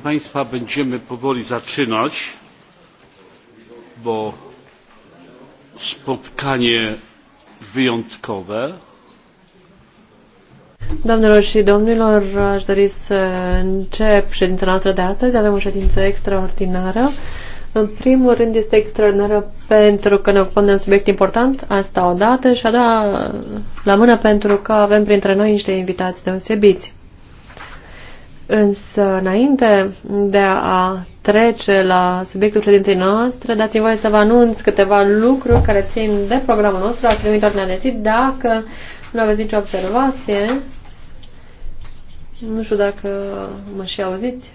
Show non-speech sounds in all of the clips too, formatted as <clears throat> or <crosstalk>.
proszę państwa będziemy powoli zaczynać bo spotkanie wyjątkowe Doamnelor și domnilor, aș dori să încep ședința noastră de astăzi. Avem o ședință extraordinară. În primul rând este extraordinară pentru că ne ocupăm de un subiect important, asta odată, și a doua la mână pentru că avem printre noi niște invitați deosebiți. Însă, înainte de a trece la subiectul ședinței noastre, dați-mi voie să vă anunț câteva lucruri care țin de programul nostru, ați primit ordinea de zi. Dacă nu aveți nicio observație, nu știu dacă mă și auziți,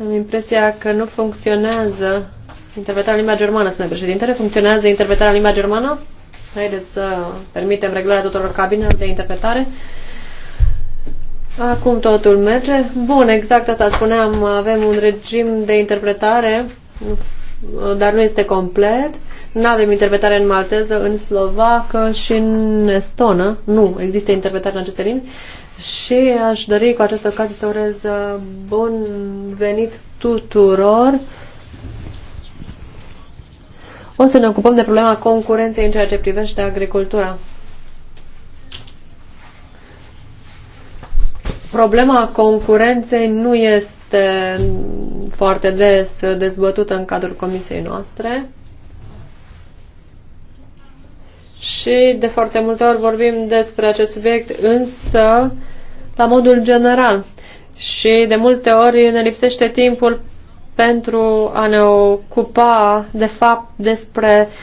am impresia că nu funcționează interpretarea limba germană, spune președintele. Funcționează interpretarea limba germană? Haideți să permitem reglarea tuturor cabinelor de interpretare. Acum totul merge. Bun, exact asta spuneam. Avem un regim de interpretare, dar nu este complet. Nu avem interpretare în malteză, în slovacă și în estonă. Nu, există interpretare în aceste limbi. Și aș dori cu această ocazie să urez uh, bun venit tuturor. O să ne ocupăm de problema concurenței în ceea ce privește agricultura. problema concurenței nu este foarte des dezbătută în cadrul comisiei noastre. Și de foarte multe ori vorbim despre acest subiect, însă la modul general. Și de multe ori ne lipsește timpul pentru a ne ocupa de fapt despre uh,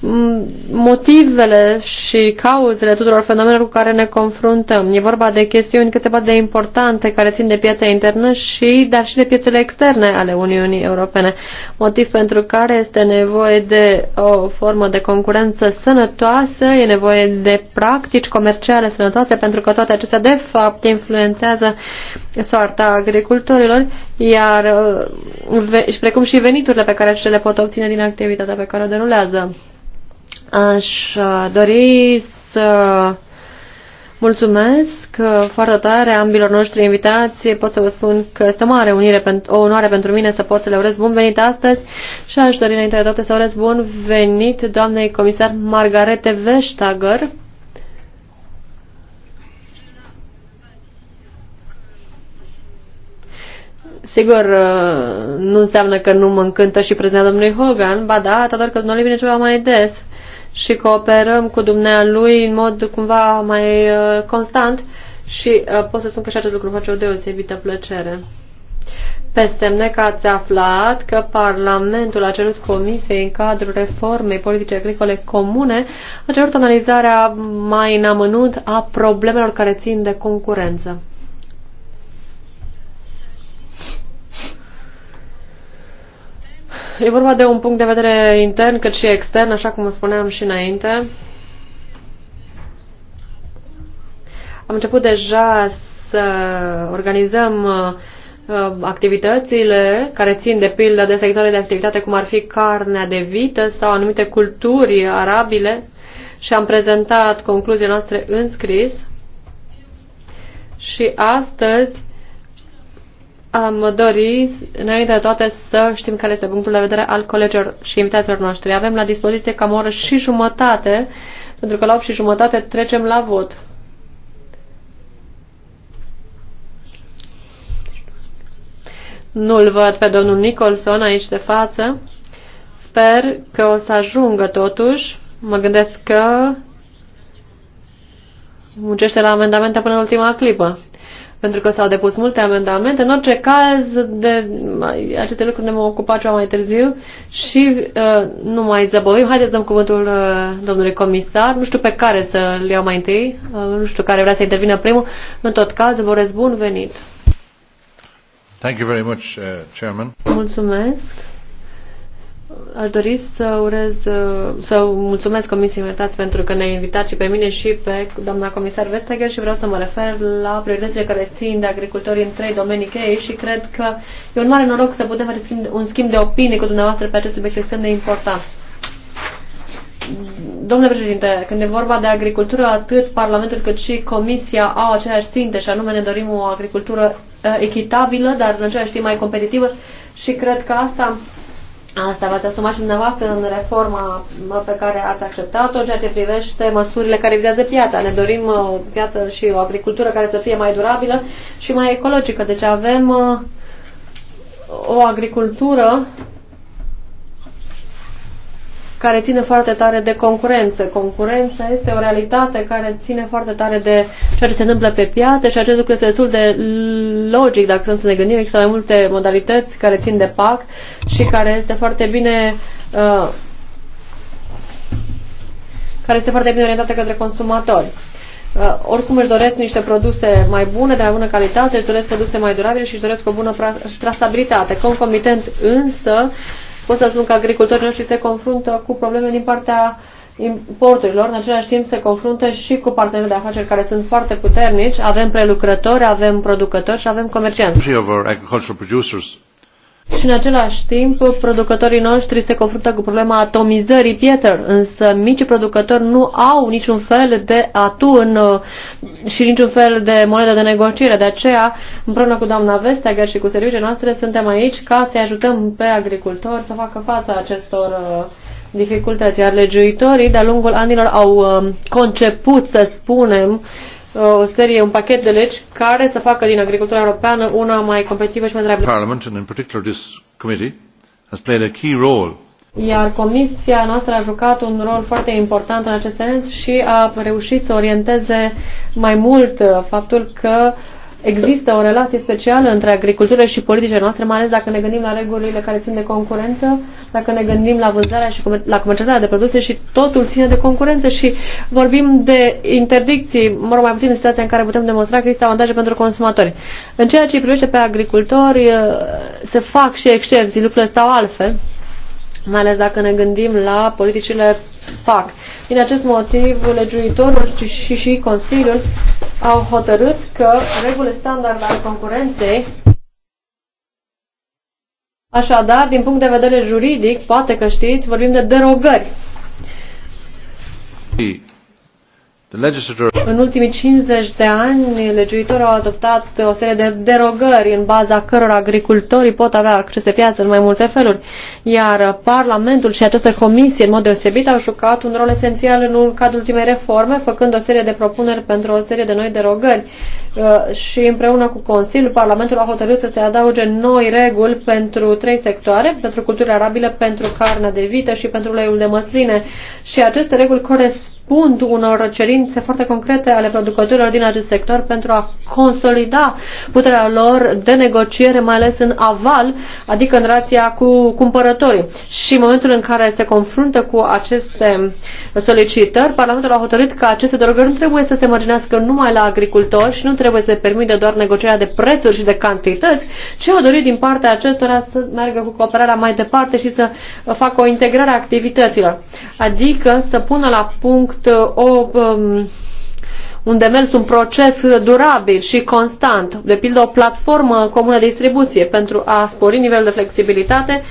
Mm, motivele și cauzele tuturor fenomenelor cu care ne confruntăm. E vorba de chestiuni cât se poate de importante care țin de piața internă și, dar și de piețele externe ale Uniunii Europene. Motiv pentru care este nevoie de o formă de concurență sănătoasă, e nevoie de practici comerciale sănătoase pentru că toate acestea de fapt influențează soarta agricultorilor, iar uh, precum și veniturile pe care ce le pot obține din activitatea pe care o derulează. Aș uh, dori să mulțumesc uh, foarte tare ambilor noștri invitații. Pot să vă spun că este o mare unire, o onoare pentru mine să pot să le urez bun venit astăzi și aș dori înainte de toate să urez bun venit doamnei comisar Margarete Vestager. Sigur, uh, nu înseamnă că nu mă încântă și prezența domnului Hogan, ba da, doar că domnului vine ceva mai des și cooperăm cu dumnealui în mod cumva mai uh, constant și uh, pot să spun că și acest lucru face o deosebită plăcere. Pe semne că ați aflat că Parlamentul a cerut Comisiei în cadrul reformei politice agricole comune, a cerut analizarea mai în amănunt a problemelor care țin de concurență. E vorba de un punct de vedere intern cât și extern, așa cum spuneam și înainte. Am început deja să organizăm uh, uh, activitățile care țin de pildă de sectoare de activitate, cum ar fi carnea de vită sau anumite culturi arabile și am prezentat concluziile noastre în scris. Și astăzi am dori, înainte de toate, să știm care este punctul de vedere al colegilor și invitațiilor noștri. Avem la dispoziție cam o oră și jumătate, pentru că la 8 și jumătate trecem la vot. Nu-l văd pe domnul Nicholson aici de față. Sper că o să ajungă totuși. Mă gândesc că muncește la amendamente până în ultima clipă pentru că s-au depus multe amendamente. În orice caz, de aceste lucruri ne vom ocupa ceva mai târziu și uh, nu mai zăbovim. Haideți să dăm cuvântul uh, domnului comisar. Nu știu pe care să-l iau mai întâi, uh, nu știu care vrea să intervină primul. În tot caz, vă urez bun venit. Thank you very much, uh, Chairman. Mulțumesc aș dori să urez, uh, să mulțumesc Comisiei Mertați pentru că ne-a invitat și pe mine și pe doamna comisar Vestager și vreau să mă refer la prioritățile care țin de agricultori în trei domenii cheie și cred că e un mare noroc să putem face un schimb de opinie cu dumneavoastră pe acest subiect extrem de important. Domnule președinte, când e vorba de agricultură, atât Parlamentul cât și Comisia au aceeași ținte și anume ne dorim o agricultură uh, echitabilă, dar în același timp mai competitivă și cred că asta Asta v-ați asumat și dumneavoastră în reforma pe care ați acceptat-o în ceea ce privește măsurile care vizează piața. Ne dorim o uh, piață și o agricultură care să fie mai durabilă și mai ecologică. Deci avem uh, o agricultură care ține foarte tare de concurență. Concurența este o realitate care ține foarte tare de ceea ce se întâmplă pe piață și acest lucru este destul de logic dacă sunt să ne gândim. Există mai multe modalități care țin de PAC și care este foarte bine uh, care este foarte bine orientată către consumatori. Uh, oricum își doresc niște produse mai bune, de mai bună calitate, își doresc produse mai durabile și își doresc o bună trasabilitate. Concomitent însă, uh, pot să spun că agricultorii noștri se confruntă cu probleme din partea importurilor, în același timp se confruntă și cu parteneri de afaceri care sunt foarte puternici. Avem prelucrători, avem producători și avem comercianți și în același timp producătorii noștri se confruntă cu problema atomizării piețelor, însă micii producători nu au niciun fel de atu în, uh, și niciun fel de monedă de negociere. De aceea, împreună cu doamna chiar și cu serviciile noastre, suntem aici ca să-i ajutăm pe agricultori să facă fața acestor uh, dificultăți. Iar legiuitorii, de-a lungul anilor, au uh, conceput, să spunem, o serie, un pachet de legi care să facă din agricultura europeană una mai competitivă și mai dreaptă. Parliament and in particular this committee has played a key role iar comisia noastră a jucat un rol foarte important în acest sens și a reușit să orienteze mai mult uh, faptul că uh, Există o relație specială între agricultură și politicile noastre, mai ales dacă ne gândim la regulile care țin de concurență, dacă ne gândim la vânzarea și la comercializarea de produse și totul ține de concurență și vorbim de interdicții, mă rog, mai puțin în situația în care putem demonstra că există avantaje pentru consumatori. În ceea ce îi privește pe agricultori, eh, se fac și excepții, lucrurile stau altfel, mai ales dacă ne gândim la politicile PAC. Din acest motiv, legiuitorul și, și, și Consiliul au hotărât că regulile standard ale concurenței Așadar, din punct de vedere juridic, poate că știți, vorbim de derogări. În ultimii 50 de ani, legiuitorul au adoptat o serie de derogări în baza cărora agricultorii pot avea acces pe piață în mai multe feluri, iar Parlamentul și această comisie, în mod deosebit, au jucat un rol esențial în cadrul ultimei reforme, făcând o serie de propuneri pentru o serie de noi derogări uh, și împreună cu Consiliul, Parlamentul a hotărât să se adauge noi reguli pentru trei sectoare, pentru culturile arabile, pentru carnea de vită și pentru uleiul de măsline. Și aceste reguli corespund răspund unor cerințe foarte concrete ale producătorilor din acest sector pentru a consolida puterea lor de negociere, mai ales în aval, adică în relația cu cumpărătorii. Și în momentul în care se confruntă cu aceste solicitări, Parlamentul a hotărât că aceste derogări nu trebuie să se mărginească numai la agricultori și nu trebuie să permite doar negocierea de prețuri și de cantități, Ce au dorit din partea acestora să meargă cu cooperarea mai departe și să facă o integrare a activităților. Adică să pună la punct punct uh, o, um, un demers, un proces durabil și constant, de pildă o platformă comună de distribuție pentru a spori nivelul de flexibilitate,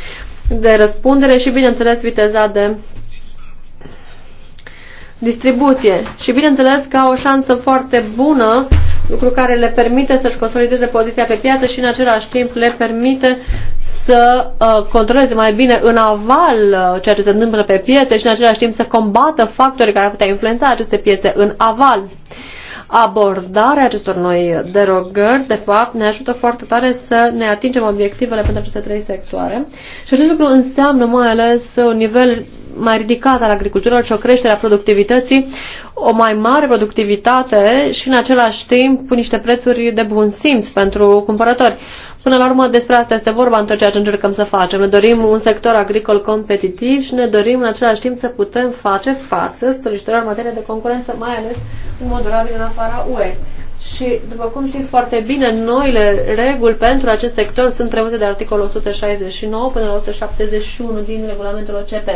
de răspundere și, bineînțeles, viteza de distribuție. Și, bineînțeles, ca o șansă foarte bună lucru care le permite să-și consolideze poziția pe piață și în același timp le permite să uh, controleze mai bine în aval uh, ceea ce se întâmplă pe piețe și în același timp să combată factorii care ar putea influența aceste piețe în aval. Abordarea acestor noi derogări, de fapt, ne ajută foarte tare să ne atingem obiectivele pentru aceste trei sectoare și acest lucru înseamnă mai ales un nivel mai ridicată al agriculturilor și o creștere a productivității, o mai mare productivitate și în același timp niște prețuri de bun simț pentru cumpărători. Până la urmă, despre asta este vorba în tot ceea ce încercăm să facem. Ne dorim un sector agricol competitiv și ne dorim în același timp să putem face față solicitărilor în materie de concurență, mai ales în mod durabil în afara UE. Și, după cum știți foarte bine, noile reguli pentru acest sector sunt prevăzute de articolul 169 până la 171 din regulamentul OCP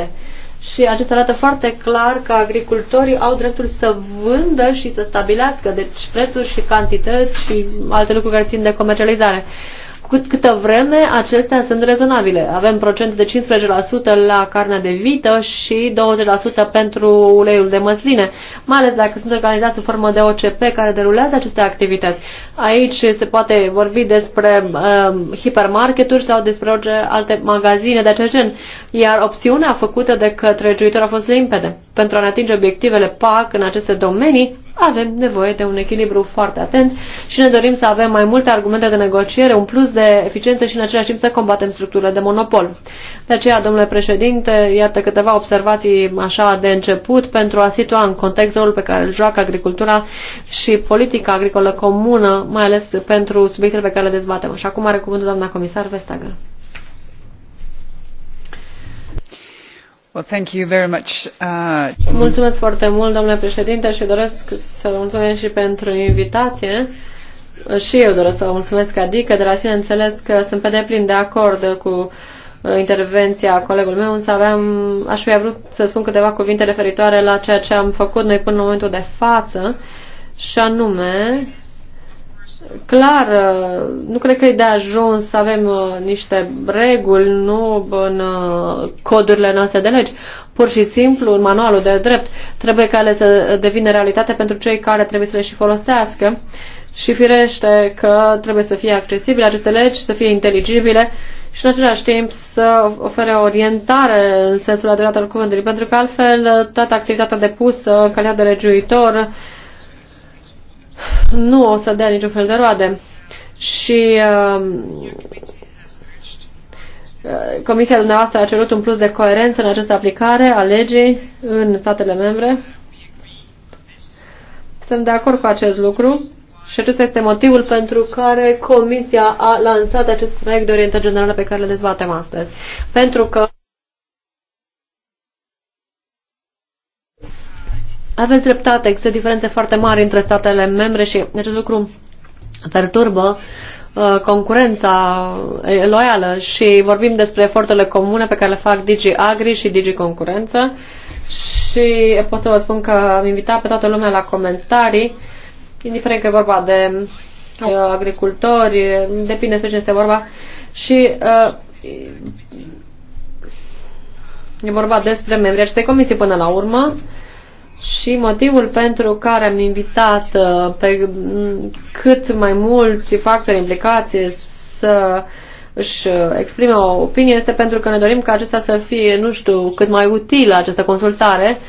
și acesta arată foarte clar că agricultorii au dreptul să vândă și să stabilească, deci prețuri și cantități și alte lucruri care țin de comercializare. Uh, cât, câtă vreme acestea sunt rezonabile. Avem procent de 15% la carnea de vită și 20% pentru uleiul de măsline, mai ales dacă sunt organizați în formă de OCP care derulează aceste activități. Aici se poate vorbi despre um, hipermarketuri sau despre orice alte magazine de acest gen, iar opțiunea făcută de către juitor a fost limpede. Pentru a ne atinge obiectivele PAC în aceste domenii, avem nevoie de un echilibru foarte atent și ne dorim să avem mai multe argumente de negociere, un plus de eficiență și în același timp să combatem structurile de monopol. De aceea, domnule președinte, iată câteva observații așa de început pentru a situa în contextul pe care îl joacă agricultura și politica agricolă comună, mai ales pentru subiectele pe care le dezbatem. Și acum are cuvântul doamna comisar Vestager. Uh, mulțumesc foarte mult, domnule președinte, și doresc să vă mulțumesc și pentru invitație. Și eu doresc să vă mulțumesc, adică de la sine înțeles că sunt pe deplin de acord cu uh, intervenția colegului meu, însă aveam, aș fi vrut să spun câteva cuvinte referitoare la ceea ce am făcut noi până în momentul de față, și anume clar, uh, nu cred că e de ajuns să avem uh, niște reguli, nu în uh, codurile noastre de legi. Pur și simplu, în manualul de drept, trebuie ca ele să devină realitate pentru cei care trebuie să le și folosească. Și firește că trebuie să fie accesibile aceste legi, să fie inteligibile și în același timp să ofere orientare în sensul adevărat al cuvântului, pentru că altfel toată activitatea depusă în calitate de legiuitor nu o să dea niciun fel de roade. Și uh, uh, Comisia dumneavoastră a cerut un plus de coerență în această aplicare a legii în statele membre. Sunt de acord cu acest lucru și acesta este motivul pentru care Comisia a lansat acest proiect de orientare generală pe care le dezbatem astăzi. Pentru că Aveți dreptate, există diferențe foarte mari între statele membre și acest lucru perturbă uh, concurența loială și vorbim despre eforturile comune pe care le fac Digi Agri și Digi Concurență și pot să vă spun că am invitat pe toată lumea la comentarii, indiferent că e vorba de uh, agricultori, depinde despre ce este vorba și uh, e vorba despre membrii acestei comisii până la urmă și motivul pentru care am invitat uh, pe cât mai mulți factori implicați să își uh, exprime o opinie este pentru că ne dorim ca acesta să fie, nu știu, cât mai utilă această consultare.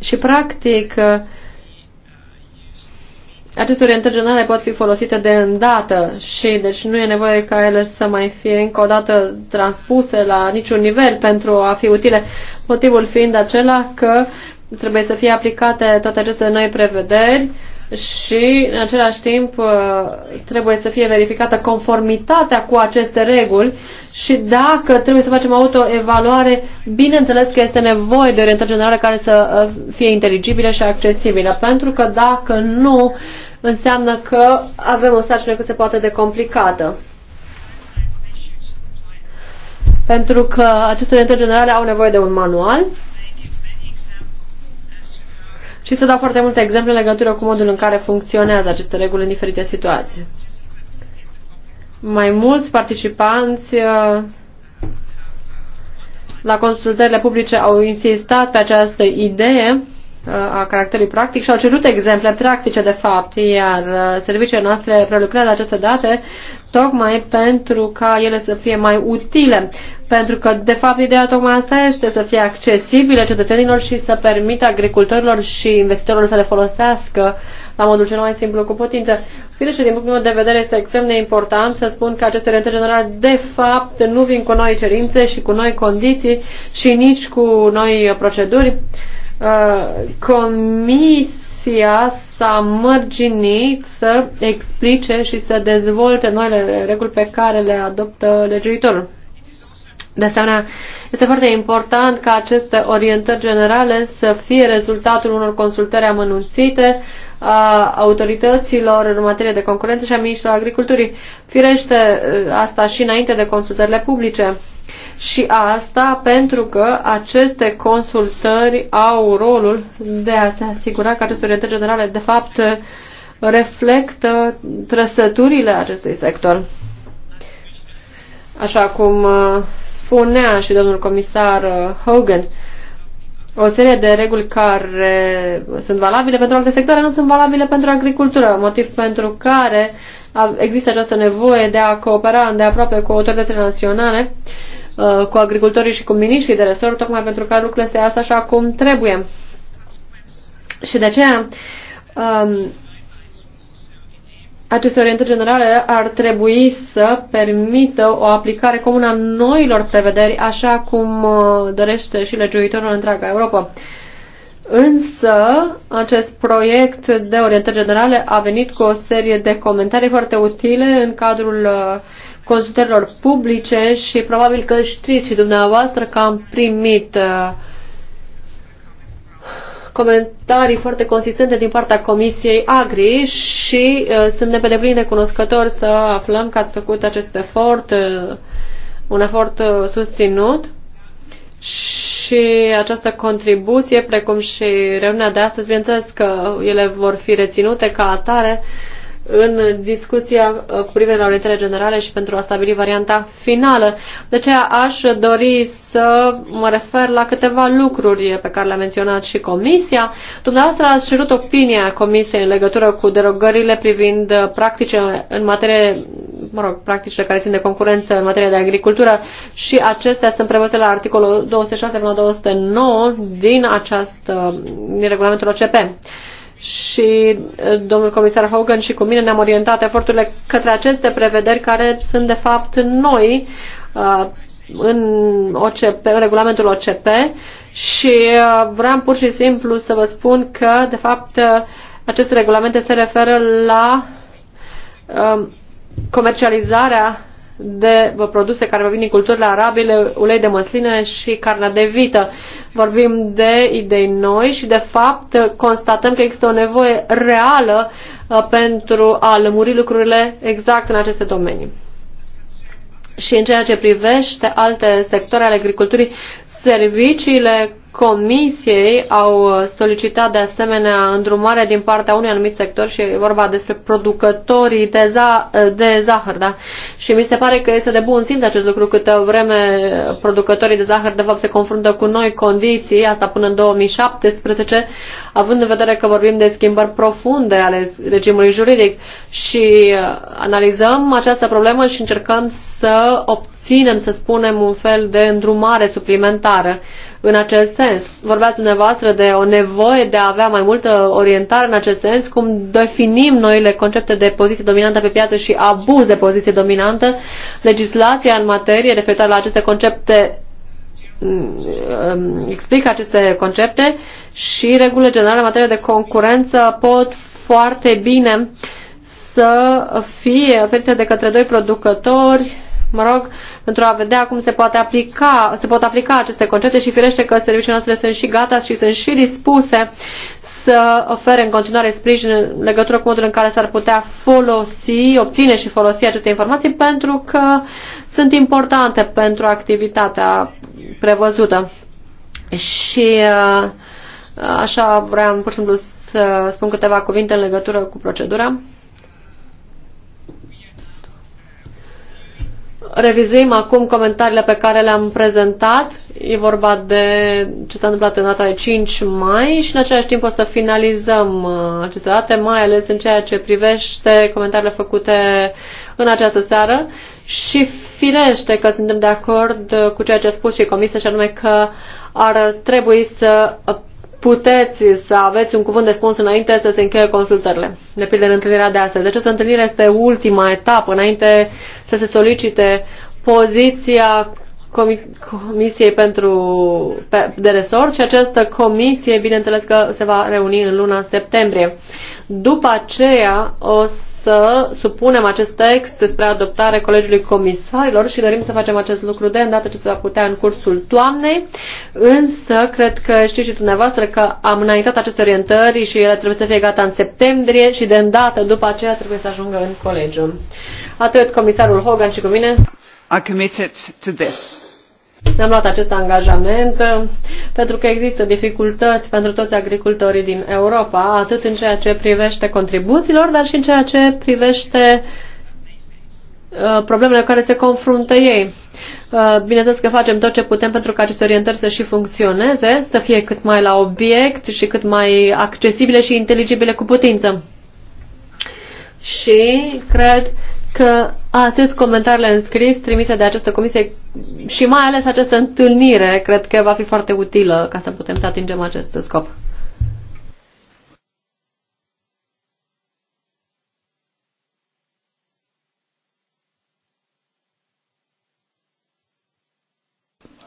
Și practic, uh, aceste orientări generale pot fi folosite de îndată și deci nu e nevoie ca ele să mai fie încă o dată transpuse la niciun nivel pentru a fi utile, motivul fiind acela că trebuie să fie aplicate toate aceste noi prevederi și în același timp uh, trebuie să fie verificată conformitatea cu aceste reguli și dacă trebuie să facem autoevaluare, bineînțeles că este nevoie de orientări generale care să uh, fie inteligibile și accesibile, pentru că dacă nu, înseamnă că avem o sarcină cât se poate de complicată. Pentru că aceste orientări generale au nevoie de un manual și să dau foarte multe exemple în legătură cu modul în care funcționează aceste reguli în diferite situații. Mai mulți participanți uh, la consultările publice au insistat pe această idee a caracterului practic și au cerut exemple practice, de fapt, iar uh, serviciile noastre prelucrează aceste date tocmai pentru ca ele să fie mai utile. Pentru că, de fapt, ideea tocmai asta este să fie accesibile cetățenilor și să permită agricultorilor și investitorilor să le folosească la modul cel mai simplu cu putință. și din punctul meu de vedere, este extrem de important să spun că aceste orientări generale, de fapt, nu vin cu noi cerințe și cu noi condiții și nici cu noi proceduri Uh, comisia s-a mărginit să explice și să dezvolte noile reguli pe care le adoptă legiuitorul. De asemenea, este foarte important ca aceste orientări generale să fie rezultatul unor consultări amănunțite a autorităților în materie de concurență și a ministrului agriculturii. Firește uh, asta și înainte de consultările publice și asta pentru că aceste consultări au rolul de a se asigura că aceste orientări generale de fapt reflectă trăsăturile acestui sector. Așa cum uh, spunea și domnul comisar uh, Hogan, o serie de reguli care sunt valabile pentru alte sectoare nu sunt valabile pentru agricultură, motiv pentru care există această nevoie de a coopera de cu autoritățile naționale Uh, cu agricultorii și cu miniștrii de resort, tocmai pentru ca lucrurile să iasă așa cum trebuie. Și de aceea, um, aceste orientări generale ar trebui să permită o aplicare comună a noilor prevederi, așa cum uh, dorește și legiuitorul întreaga Europa. Însă, acest proiect de orientări generale a venit cu o serie de comentarii foarte utile în cadrul uh, consultărilor publice și probabil că știți și dumneavoastră că am primit uh, comentarii foarte consistente din partea Comisiei Agri și uh, suntem pe deplin recunoscători să aflăm că ați făcut acest efort, uh, un efort uh, susținut și această contribuție, precum și reuniunea de astăzi, bineînțeles că ele vor fi reținute ca atare, uh, în discuția uh, cu privire la orientările generale și pentru a stabili varianta finală. De aceea aș dori să mă refer la câteva lucruri pe care le-a menționat și Comisia. Dumneavoastră ați cerut opinia Comisiei în legătură cu derogările privind uh, practice în materie, mă rog, practicile care țin de concurență în materie de agricultură și acestea sunt prevăzute la articolul 206-209 din, această, uh, din regulamentul OCP și eh, domnul comisar Hogan și cu mine ne-am orientat eforturile către aceste prevederi care sunt de fapt noi eh, în, OCP, în regulamentul OCP și eh, vreau pur și simplu să vă spun că de fapt aceste regulamente se referă la comercializarea de produse care vin din culturile arabile, ulei de măsline și carnea de vită. Vorbim de idei noi și, de fapt, constatăm că există o nevoie reală uh, pentru a lămuri lucrurile exact în aceste domenii. Și în ceea ce privește alte sectoare ale agriculturii, serviciile Comisiei au solicitat de asemenea îndrumare din partea unui anumit sector și e vorba despre producătorii de, za de zahăr, da? Și mi se pare că este de bun simț acest lucru câtă vreme producătorii de zahăr de fapt se confruntă cu noi condiții, asta până în 2017, având în vedere că vorbim de schimbări profunde ale regimului juridic și uh, analizăm această problemă și încercăm să obținem obținem, să spunem, un fel de îndrumare suplimentară în acest sens. Vorbeați dumneavoastră de o nevoie de a avea mai multă orientare în acest sens, cum definim noile concepte de poziție dominantă pe piață și abuz de poziție dominantă. Legislația în materie referitoare la aceste concepte mm, um, explică aceste concepte și regulile generale în materie de concurență pot foarte bine să fie oferite de către doi producători mă rog, pentru a vedea cum se, poate aplica, se pot aplica aceste concepte și firește că serviciile noastre sunt și gata și sunt și dispuse să ofere în continuare sprijin în legătură cu modul în care s-ar putea folosi, obține și folosi aceste informații pentru că sunt importante pentru activitatea prevăzută. Și uh, așa vreau pur și simplu să spun câteva cuvinte în legătură cu procedura. Revizuim acum comentariile pe care le-am prezentat. E vorba de ce s-a întâmplat în data de 5 mai și în același timp o să finalizăm uh, aceste date, mai ales în ceea ce privește comentariile făcute în această seară și firește că suntem de acord cu ceea ce a spus și Comisia, și anume că ar trebui să puteți să aveți un cuvânt de spus înainte să se încheie consultările. De pildă în întâlnirea de astăzi. Deci, întâlnire este ultima etapă înainte să se solicite poziția Comisiei pentru, de resort și această comisie, bineînțeles că se va reuni în luna septembrie. După aceea o să supunem acest text spre adoptare Colegiului Comisarilor și dorim să facem acest lucru de îndată ce se va putea în cursul toamnei, însă cred că știți și dumneavoastră că am înaintat aceste orientări și ele trebuie să fie gata în septembrie și de îndată după aceea trebuie să ajungă în colegiu. Atât comisarul Hogan și cu mine. I committed to this. Ne-am luat acest angajament uh, pentru că există dificultăți pentru toți agricultorii din Europa, atât în ceea ce privește contribuțiilor, dar și în ceea ce privește uh, problemele cu care se confruntă ei. Uh, bineînțeles că facem tot ce putem pentru ca aceste orientări să și funcționeze, să fie cât mai la obiect și cât mai accesibile și inteligibile cu putință. Și cred că atât comentariile în scris trimise de această comisie și mai ales această întâlnire cred că va fi foarte utilă ca să putem să atingem acest scop.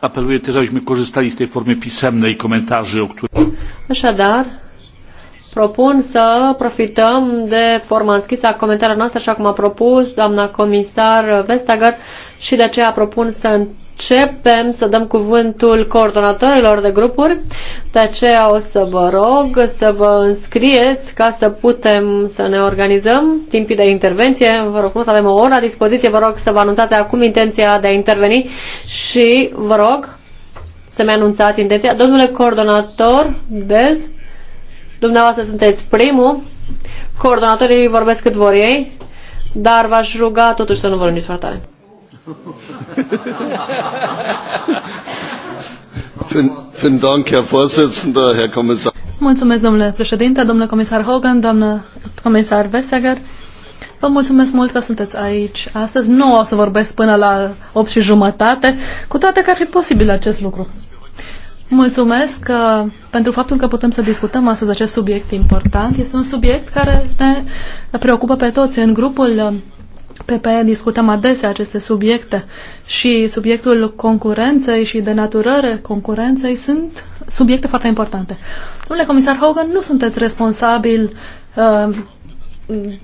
Apeluję też, abyśmy korzystali z tej formy pisemnej komentarzy, o której... Așadar, propun să profităm de forma închisă a comentariilor noastre, așa cum a propus doamna comisar Vestager, și de aceea propun să începem să dăm cuvântul coordonatorilor de grupuri. De aceea o să vă rog să vă înscrieți ca să putem să ne organizăm timpii de intervenție. Vă rog, să avem o oră la dispoziție. Vă rog să vă anunțați acum intenția de a interveni și vă rog să-mi anunțați intenția. Domnule coordonator, vezi? Dumneavoastră sunteți primul, coordonatorii vorbesc cât vor ei, dar v-aș ruga totuși să nu lungiți foarte tare. Mulțumesc, domnule președinte, domnule comisar Hogan, domnule comisar Vestager. Vă mulțumesc mult că sunteți aici astăzi. Nu o să vorbesc până la 8 și jumătate, cu toate că ar fi posibil acest lucru. Mulțumesc uh, pentru faptul că putem să discutăm astăzi acest subiect important. Este un subiect care ne preocupă pe toți. În grupul uh, PPE discutăm adesea aceste subiecte și subiectul concurenței și de naturare concurenței sunt subiecte foarte importante. Domnule comisar Hogan, nu sunteți responsabil uh,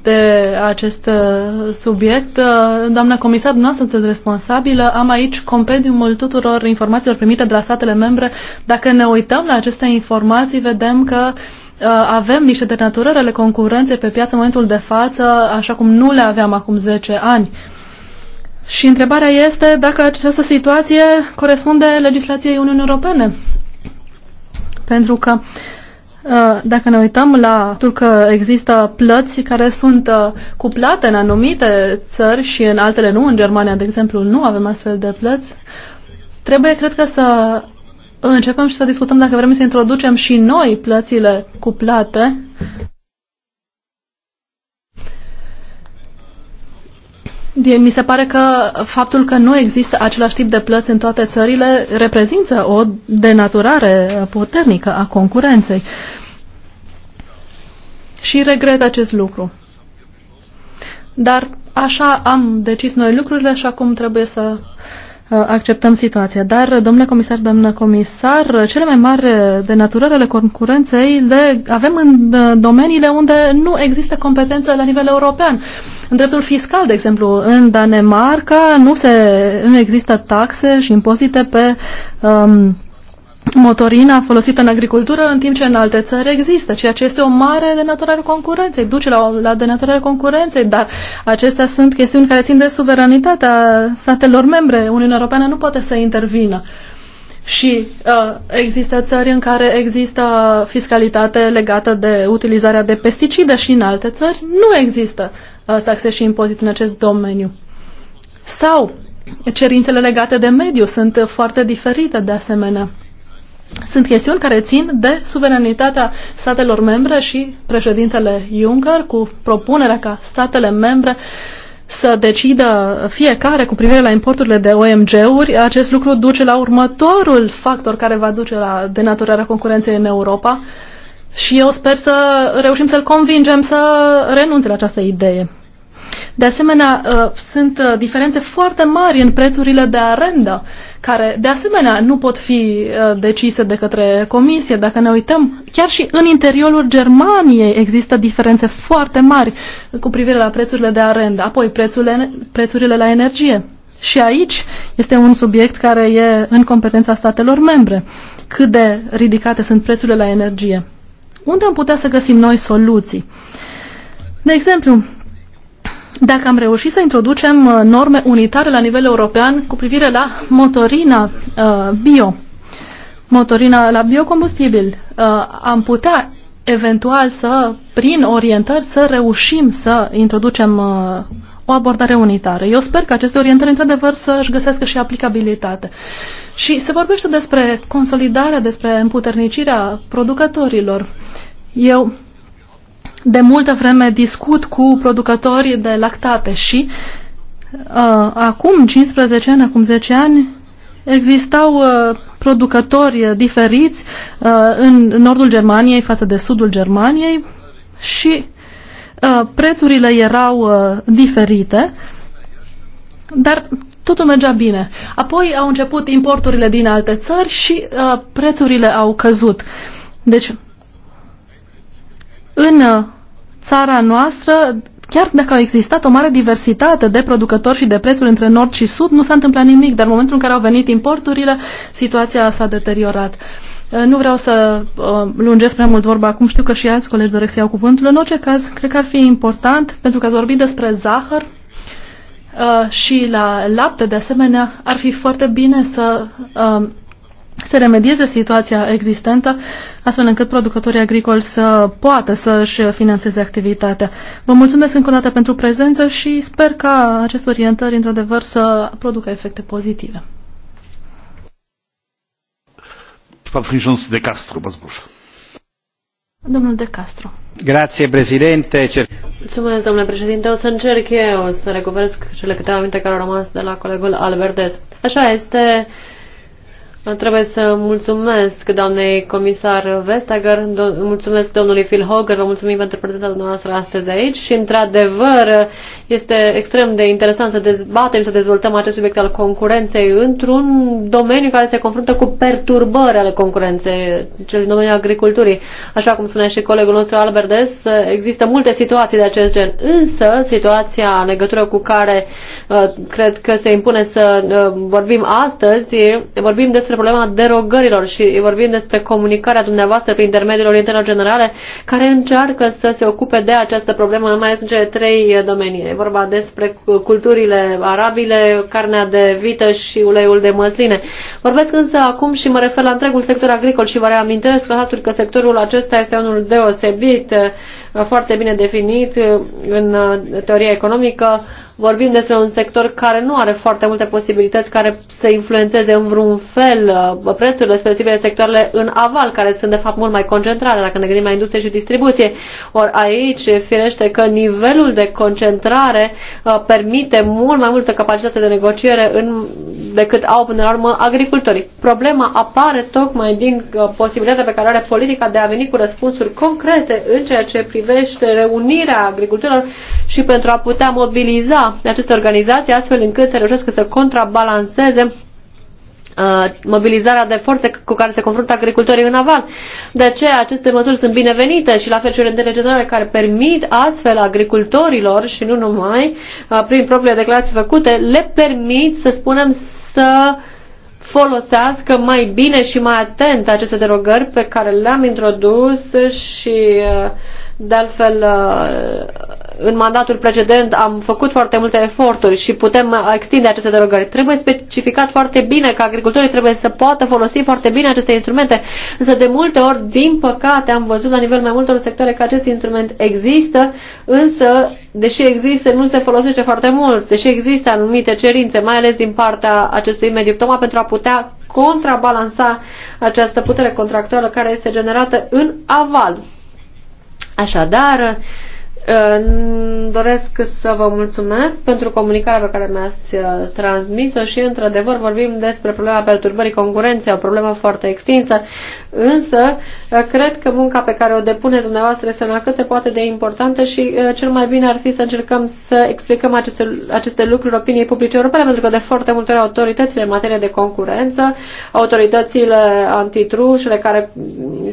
de acest uh, subiect. Uh, doamna comisar, dumneavoastră sunteți responsabilă. Am aici compendiumul tuturor informațiilor primite de la statele membre. Dacă ne uităm la aceste informații, vedem că uh, avem niște denaturări ale concurenței pe piață în momentul de față, așa cum nu le aveam acum 10 ani. Și întrebarea este dacă această situație corespunde legislației Uniunii Europene. Pentru că uh, Uh, dacă ne uităm la faptul că există plăți care sunt uh, cuplate în anumite țări și în altele nu, în Germania, de exemplu, nu avem astfel de plăți, trebuie, cred că, să începem și să discutăm dacă vrem să introducem și noi plățile cuplate Mi se pare că faptul că nu există același tip de plăți în toate țările reprezintă o denaturare puternică a concurenței. Și regret acest lucru. Dar așa am decis noi lucrurile și acum trebuie să Uh, acceptăm situația. Dar, domnule comisar, doamnă comisar, cele mai mari denaturări ale concurenței le avem în uh, domeniile unde nu există competență la nivel european. În dreptul fiscal, de exemplu, în Danemarca nu, se, nu există taxe și impozite pe um, motorina folosită în agricultură, în timp ce în alte țări există, ceea ce este o mare denaturare concurenței, duce la, o, la denaturare concurenței, dar acestea sunt chestiuni care țin de suveranitatea statelor membre. Uniunea Europeană nu poate să intervină. Și uh, există țări în care există fiscalitate legată de utilizarea de pesticide și în alte țări nu există uh, taxe și impozit în acest domeniu. Sau cerințele legate de mediu sunt foarte diferite de asemenea. Sunt chestiuni care țin de suveranitatea statelor membre și președintele Juncker cu propunerea ca statele membre să decidă fiecare cu privire la importurile de OMG-uri. Acest lucru duce la următorul factor care va duce la denaturarea concurenței în Europa și eu sper să reușim să-l convingem să renunțe la această idee. De asemenea, uh, sunt uh, diferențe foarte mari în prețurile de arendă, care de asemenea nu pot fi uh, decise de către comisie. Dacă ne uităm, chiar și în interiorul Germaniei există diferențe foarte mari cu privire la prețurile de arendă, apoi prețurile, prețurile la energie. Și aici este un subiect care e în competența statelor membre. Cât de ridicate sunt prețurile la energie? Unde am putea să găsim noi soluții? De exemplu, dacă am reușit să introducem uh, norme unitare la nivel european cu privire la motorina uh, bio, motorina la biocombustibil, uh, am putea eventual să, prin orientări, să reușim să introducem o abordare unitară. Eu sper că aceste orientări, într-adevăr, să-și găsească și aplicabilitate. Și se vorbește despre consolidarea, despre împuternicirea producătorilor. Eu de multă vreme discut cu producătorii de lactate și uh, acum 15 ani, acum 10 ani, existau uh, producători diferiți uh, în nordul Germaniei față de sudul Germaniei și uh, prețurile erau uh, diferite, dar totul mergea bine. Apoi au început importurile din alte țări și uh, prețurile au căzut. Deci în uh, țara noastră, chiar dacă au existat o mare diversitate de producători și de prețuri între nord și sud, nu s-a întâmplat nimic, dar în momentul în care au venit importurile, situația s-a deteriorat. Uh, nu vreau să uh, lungesc prea mult vorba acum, știu că și alți colegi doresc să iau cuvântul. În orice caz, cred că ar fi important, pentru că ați vorbit despre zahăr și la lapte, de asemenea, ar fi foarte bine să să remedieze situația existentă, astfel încât producătorii agricoli să poată să-și financeze activitatea. Vă mulțumesc încă o dată pentru prezență și sper ca aceste orientări, într-adevăr, să producă efecte pozitive. de Castro, Domnul De Castro. Grazie, președinte. Mulțumesc, domnule președinte. O să încerc eu să recuperez cele câteva minute care au rămas de la colegul Albertes. Așa este. Trebuie să mulțumesc doamnei comisar Vestager, do mulțumesc domnului Phil Hogan, vă mulțumim pentru prezența dumneavoastră astăzi aici și, într-adevăr, este extrem de interesant să dezbatem, să dezvoltăm acest subiect al concurenței într-un domeniu care se confruntă cu perturbări ale concurenței, cel din domeniul agriculturii. Așa cum spunea și colegul nostru Albertes, există multe situații de acest gen, însă situația în legătură cu care uh, cred că se impune să uh, vorbim astăzi, vorbim despre despre problema derogărilor și vorbim despre comunicarea dumneavoastră prin intermediul orientărilor generale care încearcă să se ocupe de această problemă, mai ales în cele trei domenii. E vorba despre culturile arabile, carnea de vită și uleiul de măsline. Vorbesc însă acum și mă refer la întregul sector agricol și vă reamintesc că sectorul acesta este unul deosebit foarte bine definit uh, în uh, teoria economică. Vorbim despre un sector care nu are foarte multe posibilități care să influențeze în vreun fel uh, prețurile spre sectoarele în aval, care sunt de fapt mult mai concentrate, dacă ne gândim la industrie și distribuție. Ori aici, firește că nivelul de concentrare permite mult mai multă capacitate de negociere în, decât au până la urmă agricultorii. Problema apare tocmai din posibilitatea pe care are politica de a veni cu răspunsuri concrete în ceea ce privește privește reunirea agricultorilor și pentru a putea mobiliza aceste organizații astfel încât să reușească să contrabalanceze uh, mobilizarea de forțe cu care se confruntă agricultorii în aval. De aceea aceste măsuri sunt binevenite și la fel și orientele generale care permit astfel agricultorilor și nu numai, uh, prin propriile declarații făcute, le permit, să spunem, să folosească mai bine și mai atent aceste derogări pe care le-am introdus și uh, de altfel, uh, în mandatul precedent am făcut foarte multe eforturi și putem extinde aceste derogări. Trebuie specificat foarte bine că agricultorii trebuie să poată folosi foarte bine aceste instrumente, însă de multe ori, din păcate, am văzut la nivel mai multor sectoare că acest instrument există, însă, deși există, nu se folosește foarte mult, deși există anumite cerințe, mai ales din partea acestui mediu, tocmai pentru a putea contrabalansa această putere contractuală care este generată în aval. Așadar, ă, doresc să vă mulțumesc pentru comunicarea pe care mi-ați ă, transmis-o și, într-adevăr, vorbim despre problema perturbării concurenței, o problemă foarte extinsă Însă, cred că munca pe care o depune dumneavoastră este una cât se poate de importantă și uh, cel mai bine ar fi să încercăm să explicăm aceste, aceste lucruri opiniei publice europene, pentru că de foarte multe ori autoritățile în materie de concurență, autoritățile antitrușele care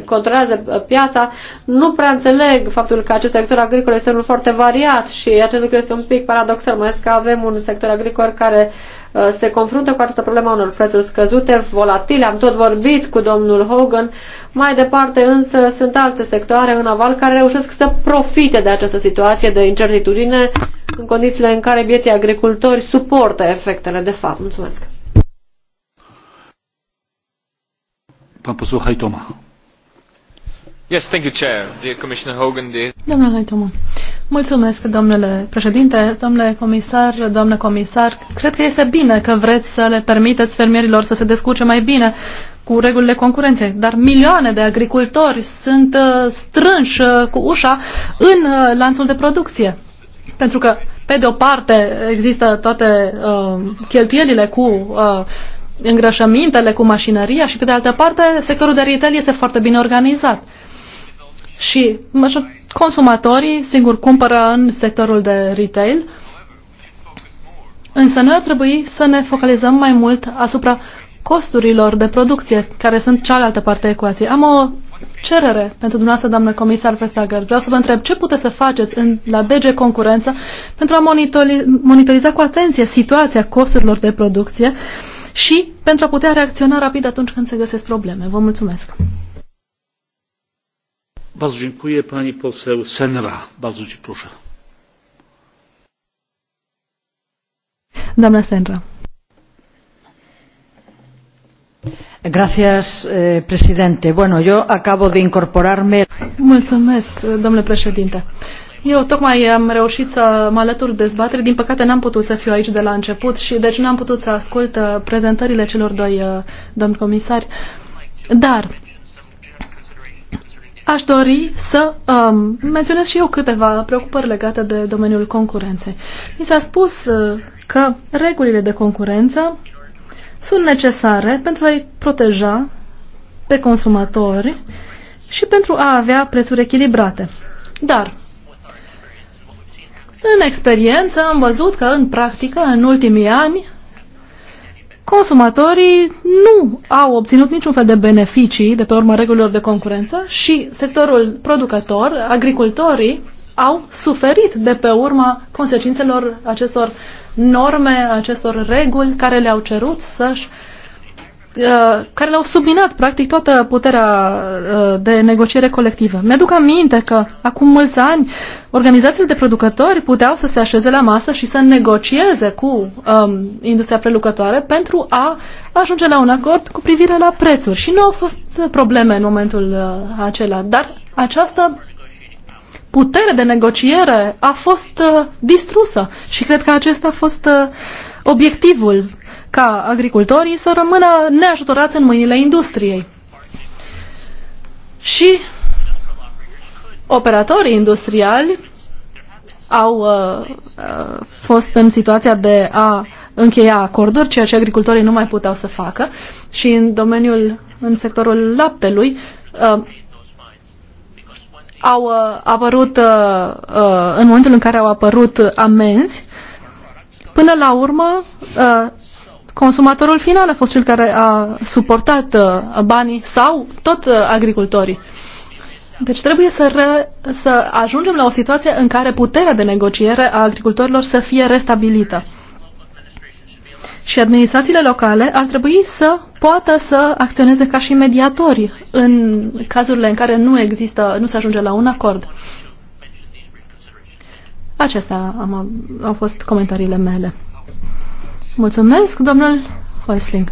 controlează uh, piața, nu prea înțeleg faptul că acest sector agricol este unul foarte variat și acest lucru este un pic paradoxal, mai ales că avem un sector agricol care uh, Uh, se confruntă cu această problemă a unor prețuri scăzute, volatile. Am tot vorbit cu domnul Hogan. Mai departe însă sunt alte sectoare în aval care reușesc să profite de această situație de incertitudine în condițiile în care vieții agricultori suportă efectele de fapt. Mulțumesc! Yes, thank you, Chair. Dear Commissioner Hogan, dear... Domnul Hajtoma, Mulțumesc, domnule președinte, domnule comisar, domnule comisar. Cred că este bine că vreți să le permiteți fermierilor să se descurce mai bine cu regulile concurenței, dar milioane de agricultori sunt uh, strânși uh, cu ușa în uh, lanțul de producție. Pentru că, pe de o parte, există toate uh, cheltuielile cu uh, îngrășămintele, cu mașinăria și, pe de altă parte, sectorul de retail este foarte bine organizat. Și consumatorii, singur, cumpără în sectorul de retail, însă noi ar trebui să ne focalizăm mai mult asupra costurilor de producție, care sunt cealaltă parte a ecuației. Am o cerere pentru dumneavoastră, doamnă comisar Vestager. Vreau să vă întreb ce puteți să faceți în, la DG Concurență pentru a monitori, monitoriza cu atenție situația costurilor de producție și pentru a putea reacționa rapid atunci când se găsesc probleme. Vă mulțumesc! Bardzo dziękuję. Pani poseł Senra. Bardzo ci proszę. Doamna Senra. Señor eh, presidente, bueno, yo acabo de incorporarme. Mulțumesc, domnule președinte. Eu tocmai am reușit să mă alătur dezbaterii. Din păcate n-am putut să fiu aici de la început și deci n-am putut să ascult uh, prezentările celor doi uh, domni comisari. Dar Aș dori să um, menționez și eu câteva preocupări legate de domeniul concurenței. Mi s-a spus uh, că regulile de concurență sunt necesare pentru a-i proteja pe consumatori și pentru a avea prețuri echilibrate. Dar, în experiență, am văzut că, în practică, în ultimii ani, consumatorii nu au obținut niciun fel de beneficii de pe urma regulilor de concurență și sectorul producător, agricultorii, au suferit de pe urma consecințelor acestor norme, acestor reguli care le-au cerut să-și uh, Uh, care le-au subminat practic toată puterea uh, de negociere colectivă. Mi-aduc aminte că acum mulți ani organizațiile de producători puteau să se așeze la masă și să negocieze cu um, industria prelucătoare pentru a ajunge la un acord cu privire la prețuri. Și nu au fost probleme în momentul uh, acela, dar această putere de negociere a fost uh, distrusă și cred că acesta a fost uh, obiectivul ca agricultorii să rămână neajutorați în mâinile industriei. Și operatorii industriali au uh, uh, fost în situația de a încheia acorduri, ceea ce agricultorii nu mai puteau să facă. Și în domeniul, în sectorul laptelui, uh, au uh, apărut, uh, uh, în momentul în care au apărut amenzi, până la urmă, uh, consumatorul final a fost cel care a suportat uh, banii sau tot uh, agricultorii. Deci trebuie să, re, să ajungem la o situație în care puterea de negociere a agricultorilor să fie restabilită. Și administrațiile locale ar trebui să poată să acționeze ca și mediatori în cazurile în care nu există, nu se ajunge la un acord. Acestea am, au fost comentariile mele. Mulțumesc, domnul Hoisling.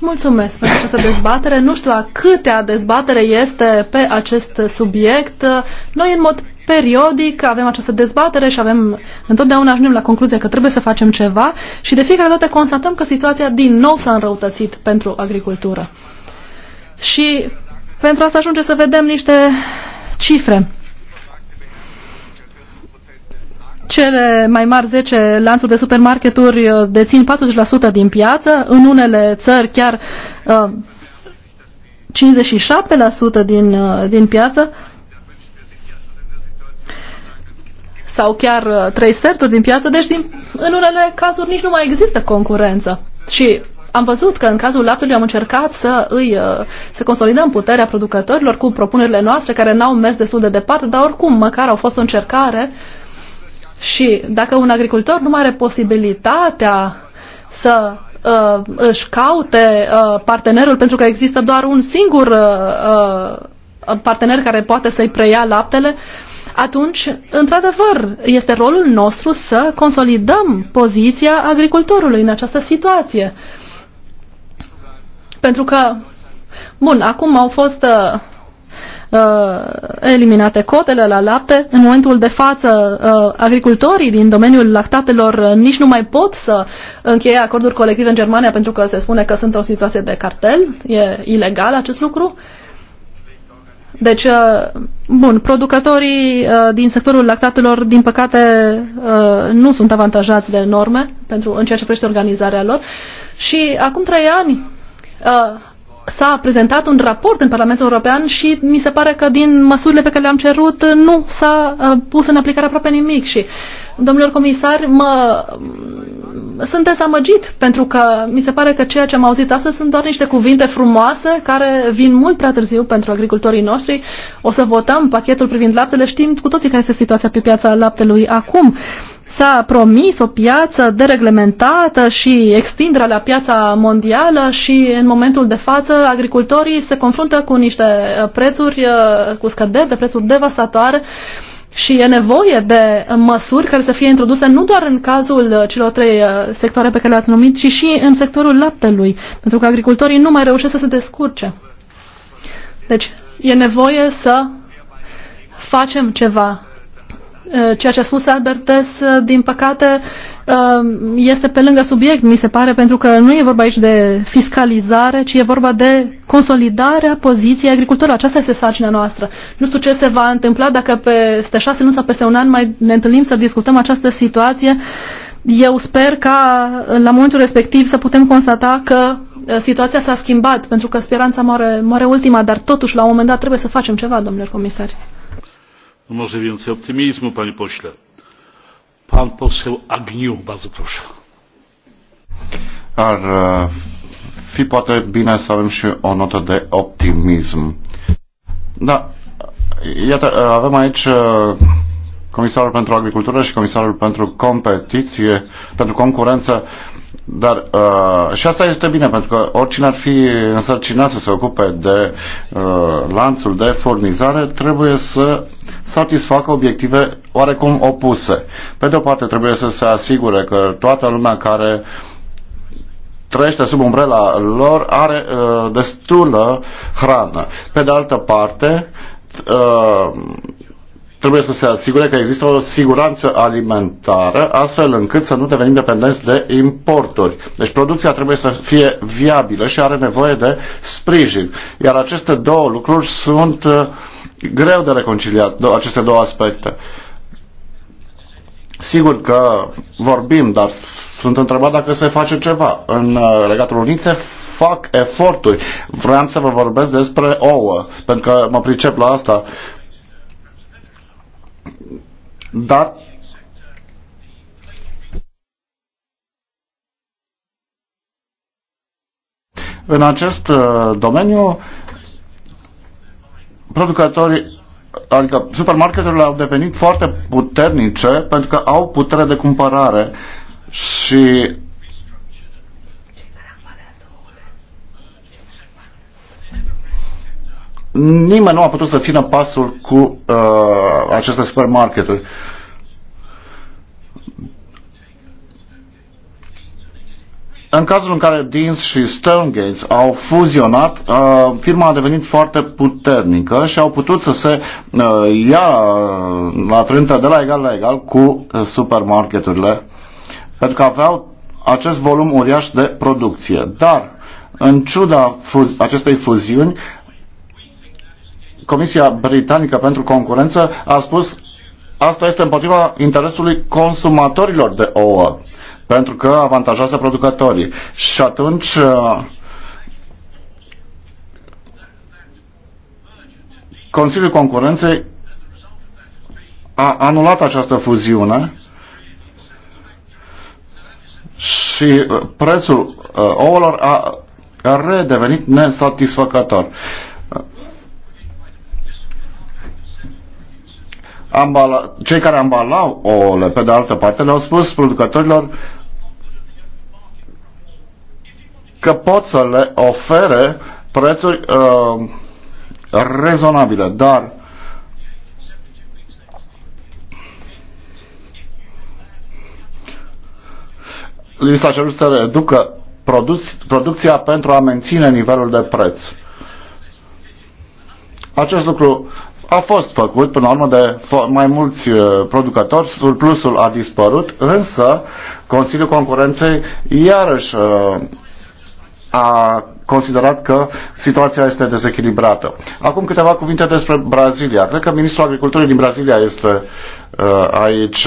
Mulțumesc pentru această dezbatere. Nu știu a câtea dezbatere este pe acest subiect. Noi, în mod periodic, avem această dezbatere și avem întotdeauna ajungem la concluzia că trebuie să facem ceva și de fiecare dată constatăm că situația din nou s-a înrăutățit pentru agricultură. Și pentru asta ajunge să vedem niște cifre. Cele mai mari 10 lanțuri de supermarketuri uh, dețin 40% din piață, în unele țări chiar uh, 57% din, uh, din piață sau chiar uh, 3 sferturi din piață, deci din, în unele cazuri nici nu mai există concurență. Și am văzut că în cazul laptelui am încercat să îi uh, să consolidăm puterea producătorilor cu propunerile noastre care n-au mers destul de departe, dar oricum măcar au fost o încercare uh, și dacă un agricultor nu are posibilitatea să uh, își caute uh, partenerul pentru că există doar un singur uh, uh, partener care poate să-i preia laptele, atunci, într-adevăr, este rolul nostru să consolidăm poziția agricultorului în această situație. Pentru că, bun, acum au fost uh, Uh, eliminate cotele la lapte. În momentul de față, uh, agricultorii din domeniul lactatelor uh, nici nu mai pot să încheie acorduri colective în Germania pentru că se spune că sunt o situație de cartel. E ilegal acest lucru. Deci, bun, producătorii din sectorul lactatelor, din păcate, nu sunt avantajați de norme pentru, în ceea ce privește organizarea lor. Și acum trei ani, s-a prezentat un raport în Parlamentul European și mi se pare că din măsurile pe care le-am cerut nu s-a uh, pus în aplicare aproape nimic și domnilor comisari, mă, mm, sunt dezamăgit pentru că mi se pare că ceea ce am auzit astăzi sunt doar niște cuvinte frumoase care vin mult prea târziu pentru agricultorii noștri. O să votăm pachetul privind laptele, știm cu toții care este situația pe piața laptelui acum. Uh, s-a promis o piață dereglementată și extinderea la piața mondială și în momentul de față agricultorii se confruntă cu niște uh, prețuri, uh, cu scăderi de prețuri devastatoare și e nevoie de măsuri care să fie introduse nu doar în cazul uh, celor trei sectoare pe care le-ați numit, ci și în sectorul laptelui, pentru că agricultorii nu mai reușesc să se descurce. Deci e nevoie să facem ceva Eh, ceea ce a spus Albertes, eh, din păcate, eh, este pe lângă subiect, mi se pare, pentru că nu e vorba aici de fiscalizare, ci e vorba de consolidarea poziției agricultorilor. Aceasta este sarcina noastră. Nu știu ce se va întâmpla dacă peste șase luni sau peste un an mai ne întâlnim să discutăm această situație. Eu sper ca la momentul respectiv să putem constata că situația s-a schimbat, pentru că speranța moare, moare ultima, dar totuși la un moment dat trebuie să facem ceva, domnule comisar może więcej optymizmu panie pośle. pan poseł agnew bardzo proszę. ar fi poate bine să avem și o notă de optimism. Da, iată, avem aici comisarul pentru agricultură și comisarul pentru competiție, pentru concurență, dar uh, și asta este bine, pentru că oricine ar fi însărcinat să se ocupe de uh, lanțul de furnizare, trebuie să satisfacă obiective oarecum opuse. Pe de o parte trebuie să se asigure că toată lumea care trăiește sub umbrela lor are uh, destulă hrană. Pe de altă parte uh, trebuie să se asigure că există o siguranță alimentară, astfel încât să nu devenim dependenți de importuri. Deci producția trebuie să fie viabilă și are nevoie de sprijin. Iar aceste două lucruri sunt uh, greu de reconciliat aceste două aspecte. Sigur că vorbim, dar sunt întrebat dacă se face ceva. În uh, Regatul Unit se fac eforturi. Vreau să vă vorbesc despre ouă, pentru că mă pricep la asta. Dar în acest uh, domeniu producătorii adică supermarketurile au devenit foarte puternice pentru că au putere de cumpărare și nimeni nu a putut să țină pasul cu uh, aceste supermarketuri. În cazul în care Deans și Stonegates au fuzionat, uh, firma a devenit foarte puternică și au putut să se uh, ia uh, la trântă de la egal la egal cu supermarketurile, pentru că aveau acest volum uriaș de producție. Dar, în ciuda fuz- acestei fuziuni, Comisia Britanică pentru Concurență a spus asta este împotriva interesului consumatorilor de ouă pentru că avantajează producătorii. Și atunci uh, Consiliul Concurenței a anulat această fuziune și uh, prețul uh, ouălor a redevenit nesatisfăcător. ambala, cei care ambalau ouăle, pe de altă parte, le-au spus producătorilor că pot să le ofere prețuri uh, rezonabile, dar li s-a cerut să reducă produc- producția pentru a menține nivelul de preț. Acest lucru a fost făcut până la urmă de mai mulți uh, producători, surplusul a dispărut, însă Consiliul Concurenței iarăși uh, a considerat că situația este dezechilibrată. Acum câteva cuvinte despre Brazilia. Cred că ministrul agriculturii din Brazilia este uh, aici.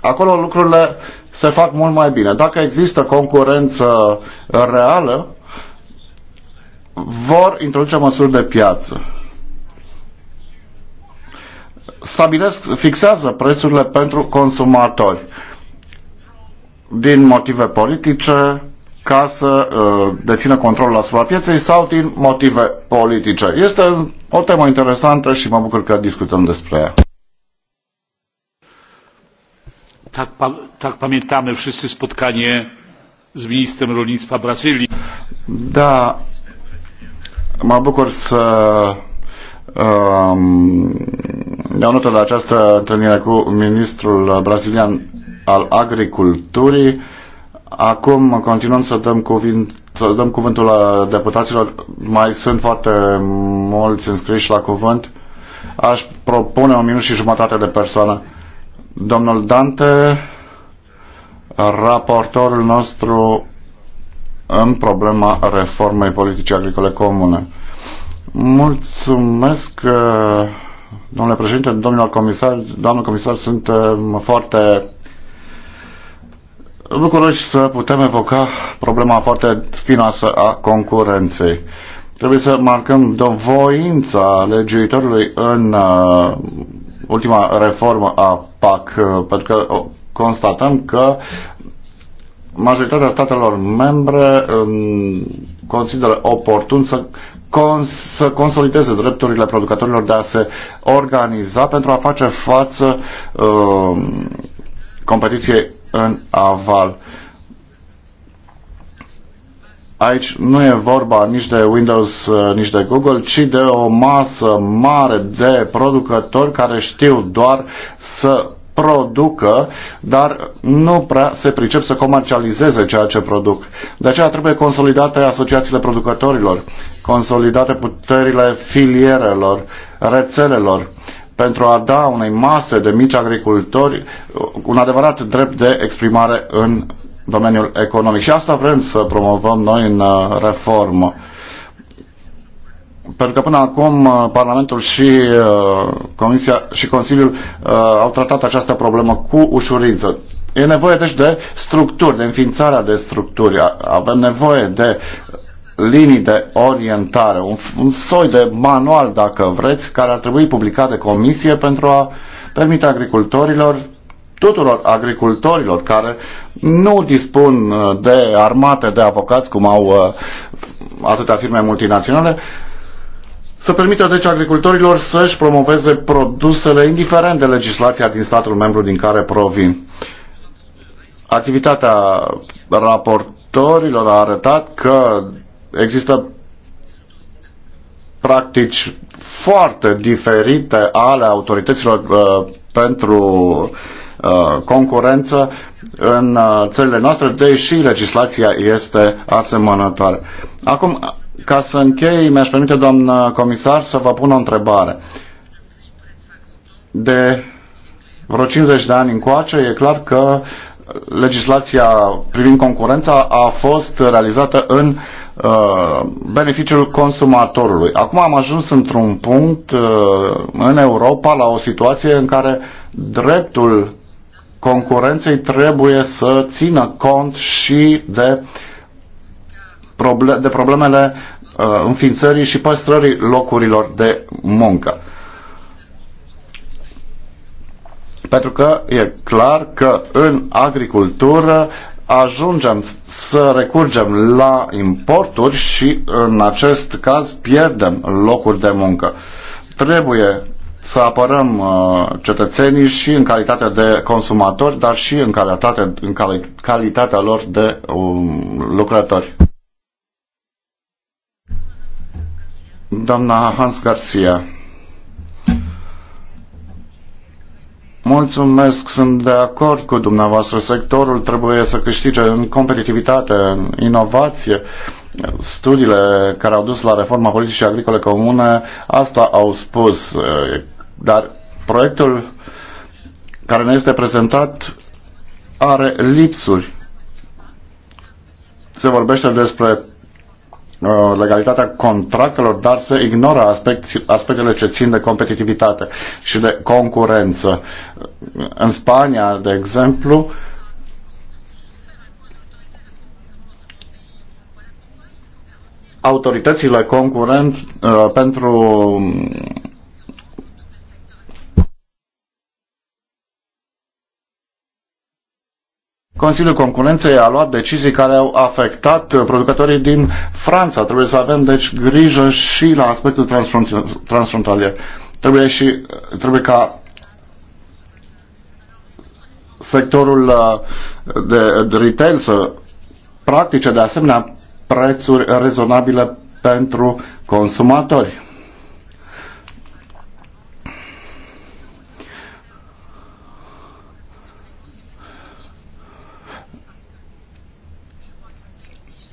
Acolo lucrurile se fac mult mai bine. Dacă există concurență reală, vor introduce măsuri de piață stabilesc, fixează prețurile pentru consumatori din motive politice ca să uh, dețină controlul asupra pieței sau din motive politice. Este o temă interesantă și mă bucur că discutăm despre ea. Tak, pa, tak pamiętamy wszyscy spotkanie z ministrem rolnictwa Brazylii. Da, mă bucur să ne-au notat la această întâlnire cu ministrul brazilian al agriculturii. Acum continuăm să dăm, cuvint, să dăm cuvântul la deputaților. Mai sunt foarte mulți înscriși la cuvânt. Aș propune un minut și jumătate de persoană. Domnul Dante, raportorul nostru în problema reformei politicii agricole comune. Mulțumesc, uh, domnule președinte, domnule comisar, doamnă comisar, suntem uh, foarte bucuroși să putem evoca problema foarte spinoasă a concurenței. Trebuie să marcăm dovoința legiuitorului în uh, ultima reformă a PAC, uh, pentru că constatăm că majoritatea statelor membre um, consideră oportun să cons- să consolideze drepturile producătorilor de a se organiza pentru a face față uh, competiției în aval. Aici nu e vorba nici de Windows, uh, nici de Google, ci de o masă mare de producători care știu doar să producă, dar nu prea se pricep să comercializeze ceea ce produc. De aceea trebuie consolidate asociațiile producătorilor, consolidate puterile filierelor, rețelelor, pentru a da unei mase de mici agricultori un adevărat drept de exprimare în domeniul economic. Și asta vrem să promovăm noi în uh, reformă pentru că până acum uh, Parlamentul și uh, Comisia și Consiliul uh, au tratat această problemă cu ușurință. E nevoie deci de structuri, de înființarea de structuri. Avem nevoie de linii de orientare, un, un soi de manual, dacă vreți, care ar trebui publicat de comisie pentru a permite agricultorilor, tuturor agricultorilor care nu dispun de armate de avocați, cum au atâtea firme multinaționale, să permită deci agricultorilor să-și promoveze produsele indiferent de legislația din statul membru din care provin. Activitatea raportorilor a arătat că există practici foarte diferite ale autorităților uh, pentru uh, concurență în uh, țările noastre, deși legislația este asemănătoare. Acum, ca să închei, mi-aș permite, doamnă comisar, să vă pun o întrebare. De vreo 50 de ani încoace, e clar că legislația privind concurența a fost realizată în uh, beneficiul consumatorului. Acum am ajuns într-un punct uh, în Europa la o situație în care dreptul concurenței trebuie să țină cont și de, proble- de problemele Uh, înființării și păstrării locurilor de muncă. Pentru că e clar că în agricultură ajungem să recurgem la importuri și în acest caz pierdem locuri de muncă. Trebuie să apărăm uh, cetățenii și în calitate de consumatori, dar și în, calitate, în calitatea lor de um, lucrători. Doamna Hans Garcia. Mulțumesc, sunt de acord cu dumneavoastră. Sectorul trebuie să câștige în competitivitate, în inovație. Studiile care au dus la reforma politicii agricole comune, asta au spus. Eh, dar proiectul care ne este prezentat are lipsuri. Se vorbește despre Uh, legalitatea contractelor, dar se ignoră aspectele ce țin de competitivitate și de concurență. În Spania, de exemplu, autoritățile concurent uh, pentru Consiliul Concurenței a luat decizii care au afectat uh, producătorii din Franța. Trebuie să avem, deci, grijă și la aspectul transfrontalier. Trebuie, și, uh, trebuie ca sectorul uh, de retail să practice, de asemenea, prețuri rezonabile pentru consumatori.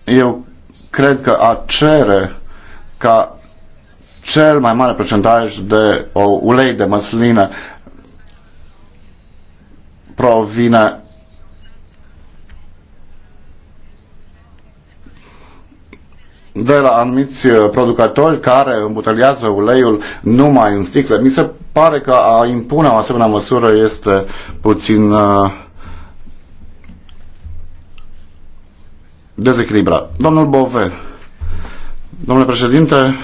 eu cred că a cere ca cel mai mare procentaj de o ulei de măslină provine de la anumiți producători care îmbuteliază uleiul numai în sticle. Mi se pare că a impune o asemenea măsură este puțin uh, dezechilibrat. Domnul Bove, domnule președinte,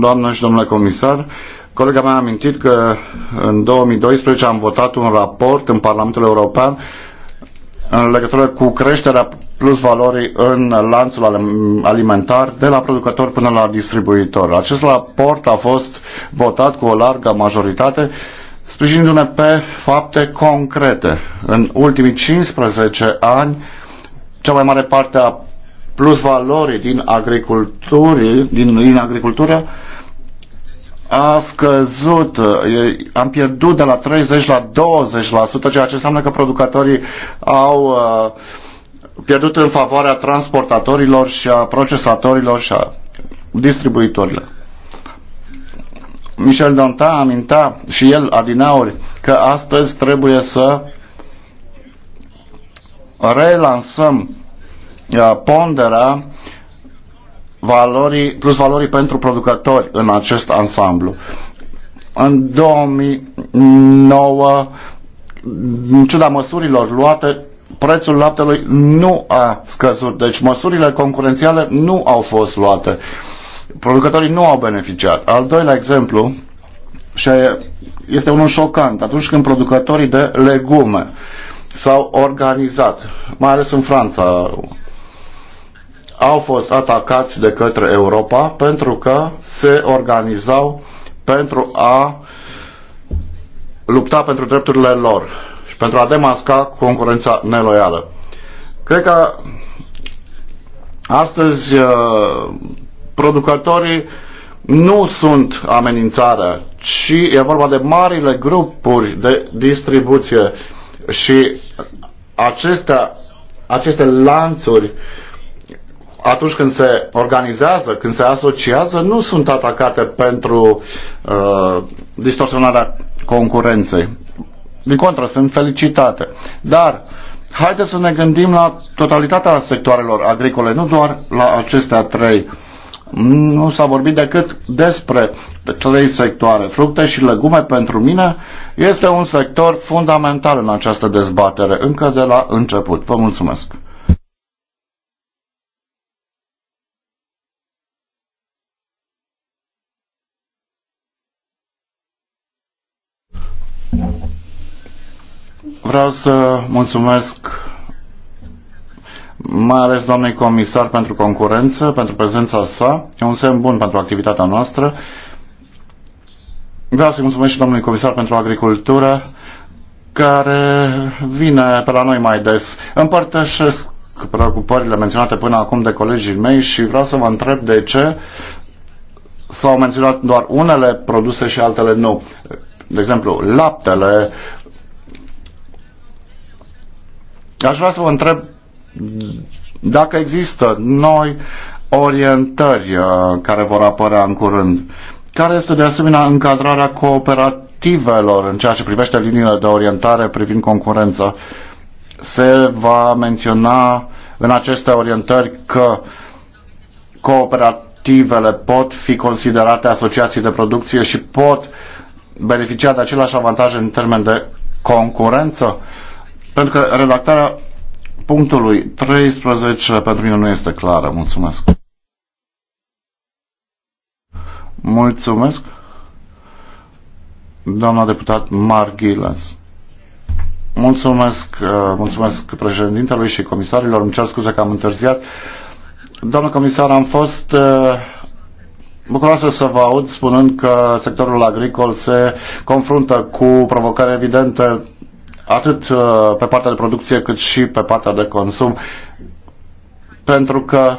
doamnă și domnule comisar, colega mea a amintit că în 2012 am votat un raport în Parlamentul European în legătură cu creșterea plus valorii în lanțul alimentar de la producător până la distribuitor. Acest raport a fost votat cu o largă majoritate sprijinindu-ne pe fapte concrete. În ultimii 15 ani, cea mai mare parte a plus valori din agricultură, din, din agricultură a scăzut, am pierdut de la 30 la 20%, ceea ce înseamnă că producătorii au uh, pierdut în favoarea transportatorilor și a procesatorilor și a distribuitorilor. Michel Danta aminta și el adinauri că astăzi trebuie să relansăm pondera valorii, plus valorii pentru producători în acest ansamblu. În 2009, în ciuda măsurilor luate, prețul laptelui nu a scăzut, deci măsurile concurențiale nu au fost luate. Producătorii nu au beneficiat. Al doilea exemplu, și este unul șocant, atunci când producătorii de legume s-au organizat, mai ales în Franța, au fost atacați de către Europa pentru că se organizau pentru a lupta pentru drepturile lor și pentru a demasca concurența neloială. Cred că astăzi uh, producătorii nu sunt amenințarea, ci e vorba de marile grupuri de distribuție și acestea, aceste lanțuri uh, atunci când se organizează, când se asociază, nu sunt atacate pentru uh, distorsionarea concurenței. Din contră, sunt felicitate. Dar haideți să ne gândim la totalitatea sectoarelor agricole, nu doar la acestea trei. Nu s-a vorbit decât despre trei sectoare. Fructe și legume, pentru mine, este un sector fundamental în această dezbatere, încă de la început. Vă mulțumesc! Vreau să mulțumesc mai ales doamnei comisar pentru concurență, pentru prezența sa. E un semn bun pentru activitatea noastră. Vreau să-i mulțumesc și domnului comisar pentru agricultură, care vine pe la noi mai des. Împărtășesc preocupările menționate până acum de colegii mei și vreau să vă întreb de ce s-au menționat doar unele produse și altele nu. De exemplu, laptele, Aș vrea să vă întreb dacă există noi orientări uh, care vor apărea în curând. Care este de asemenea încadrarea cooperativelor în ceea ce privește liniile de orientare privind concurența? Se va menționa în aceste orientări că cooperativele pot fi considerate asociații de producție și pot beneficia de același avantaj în termen de concurență? Uh, pentru că redactarea punctului 13 pentru mine nu este clară. Mulțumesc. Mulțumesc. Doamna deputat Marghiles. Mulțumesc, uh, mulțumesc președintelui și comisarilor. Îmi cer scuze că am întârziat. Doamna comisar, am fost uh, bucuroasă să vă aud spunând că sectorul agricol se confruntă cu provocări evidente atât uh, pe partea de producție cât și pe partea de consum, pentru că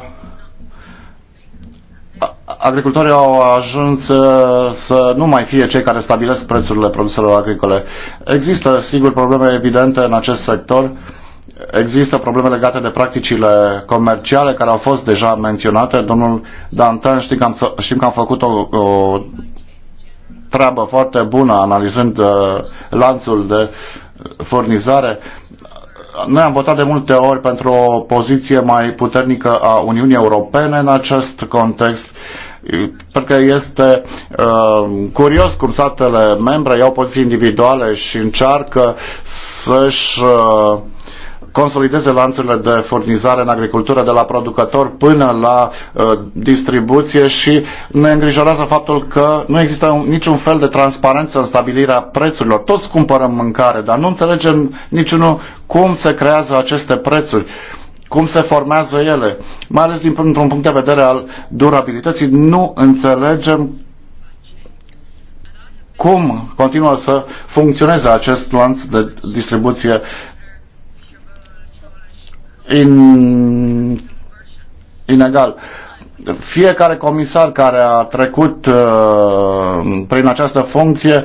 agricultorii au ajuns uh, să nu mai fie cei care stabilesc prețurile produselor agricole. Există, sigur, probleme evidente în acest sector. Există probleme legate de practicile comerciale care au fost deja menționate. Domnul Dantan știm că am, știm că am făcut o, o treabă foarte bună analizând uh, lanțul de furnizare. Noi am votat de multe ori pentru o poziție mai puternică a Uniunii Europene în acest context pentru că este uh, curios cum statele membre iau poziții individuale și încearcă să-și uh, consolideze lanțurile de furnizare în agricultură de la producător până la uh, distribuție și ne îngrijorează faptul că nu există niciun fel de transparență în stabilirea prețurilor. Toți cumpărăm mâncare, dar nu înțelegem niciunul cum se creează aceste prețuri cum se formează ele, mai ales dintr-un punct de vedere al durabilității, nu înțelegem cum continuă să funcționeze acest lanț de distribuție in, inegal. Fiecare comisar care a trecut uh, prin această funcție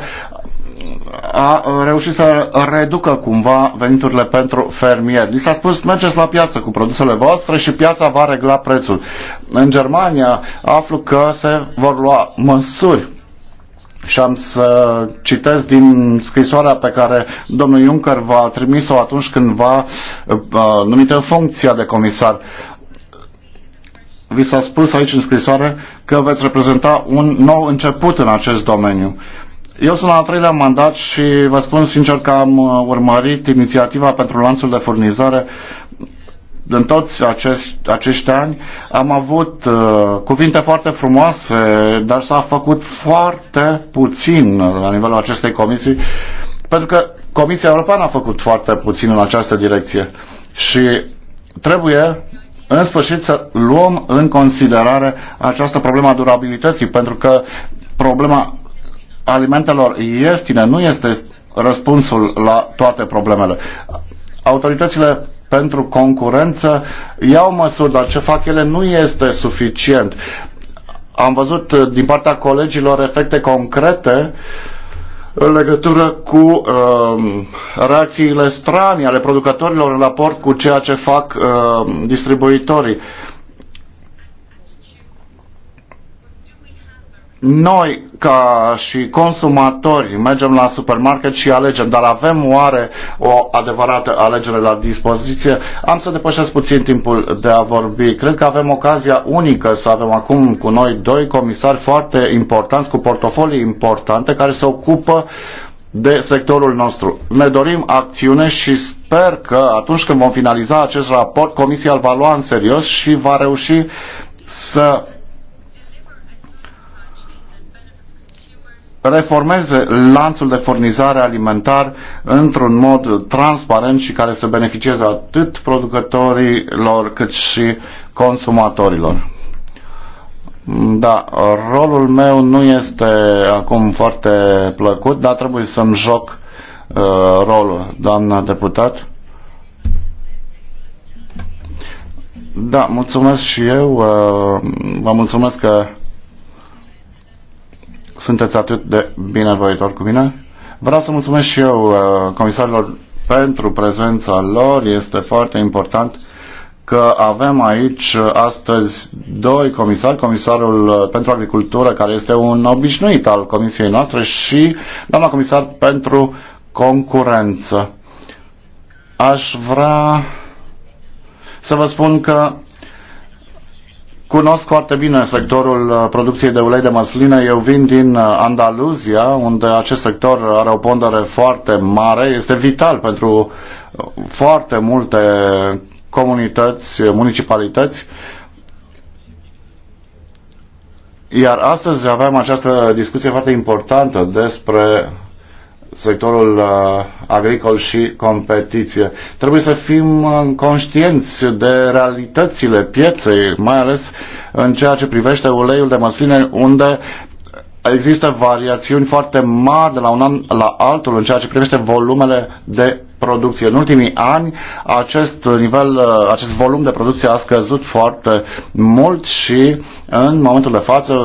a reușit să reducă cumva veniturile pentru fermieri. Li s-a spus, mergeți la piață cu produsele voastre și piața va regla prețul. În Germania aflu că se vor lua măsuri și am să citesc din scrisoarea pe care domnul Juncker va trimis-o atunci când va numită în funcția de comisar. Vi s-a spus aici în scrisoare că veți reprezenta un nou început în acest domeniu. Eu sunt la al treilea mandat și vă spun sincer că am urmărit inițiativa pentru lanțul de furnizare uh, în toți acest, acești ani am avut uh, cuvinte foarte frumoase, dar s-a făcut foarte puțin la nivelul acestei comisii, pentru că Comisia Europeană a făcut foarte puțin în această direcție și trebuie în sfârșit să luăm în considerare această problemă a durabilității, pentru că problema alimentelor ieftine nu este răspunsul la toate problemele. Autoritățile pentru concurență iau măsuri, dar ce fac ele nu este suficient. Am văzut uh, din partea colegilor efecte concrete în legătură cu uh, reacțiile strani ale producătorilor în raport cu ceea ce fac uh, distribuitorii. noi, ca și consumatori, mergem la supermarket și alegem, dar avem oare o adevărată alegere la dispoziție? Am să depășesc puțin timpul de a vorbi. Cred că avem ocazia unică să avem acum cu noi doi comisari foarte importanți, cu portofolii importante, care se ocupă de sectorul nostru. Ne dorim acțiune și sper că atunci când vom finaliza acest raport, Comisia îl va lua în serios și va reuși să reformeze lanțul de furnizare alimentar într-un mod transparent și care să beneficieze atât producătorilor cât și consumatorilor. Da, rolul meu nu este acum foarte plăcut, dar trebuie să-mi joc uh, rolul, doamna deputat. Da, mulțumesc și eu. Uh, vă mulțumesc că sunteți atât de binevoitor cu mine. Vreau să mulțumesc și eu uh, comisarilor pentru prezența lor. Este foarte important că avem aici uh, astăzi doi comisari, comisarul uh, pentru agricultură, care este un obișnuit al comisiei noastre, și doamna comisar pentru concurență. Aș vrea să vă spun că Cunosc foarte bine sectorul uh, producției de ulei de măsline. Eu vin din uh, Andaluzia, unde acest sector are o pondere foarte mare. Este vital pentru uh, foarte multe comunități, municipalități. Iar astăzi avem această discuție foarte importantă despre sectorul uh, agricol și competiție. Trebuie să fim uh, conștienți de realitățile pieței, mai ales în ceea ce privește uleiul de măsline, unde există variațiuni foarte mari de la un an la altul în ceea ce privește volumele de producție. În ultimii ani acest nivel, uh, acest volum de producție a scăzut foarte mult și în momentul de față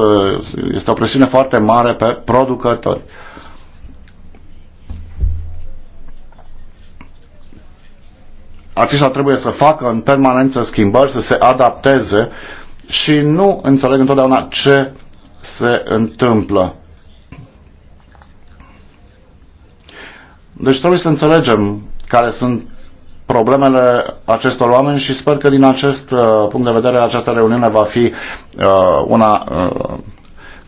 este o presiune foarte mare pe producători. aceștia trebuie să facă în permanență schimbări, să se adapteze și nu înțeleg întotdeauna ce se întâmplă. Deci trebuie să înțelegem care sunt problemele acestor oameni și sper că din acest uh, punct de vedere această reuniune va fi uh, una uh,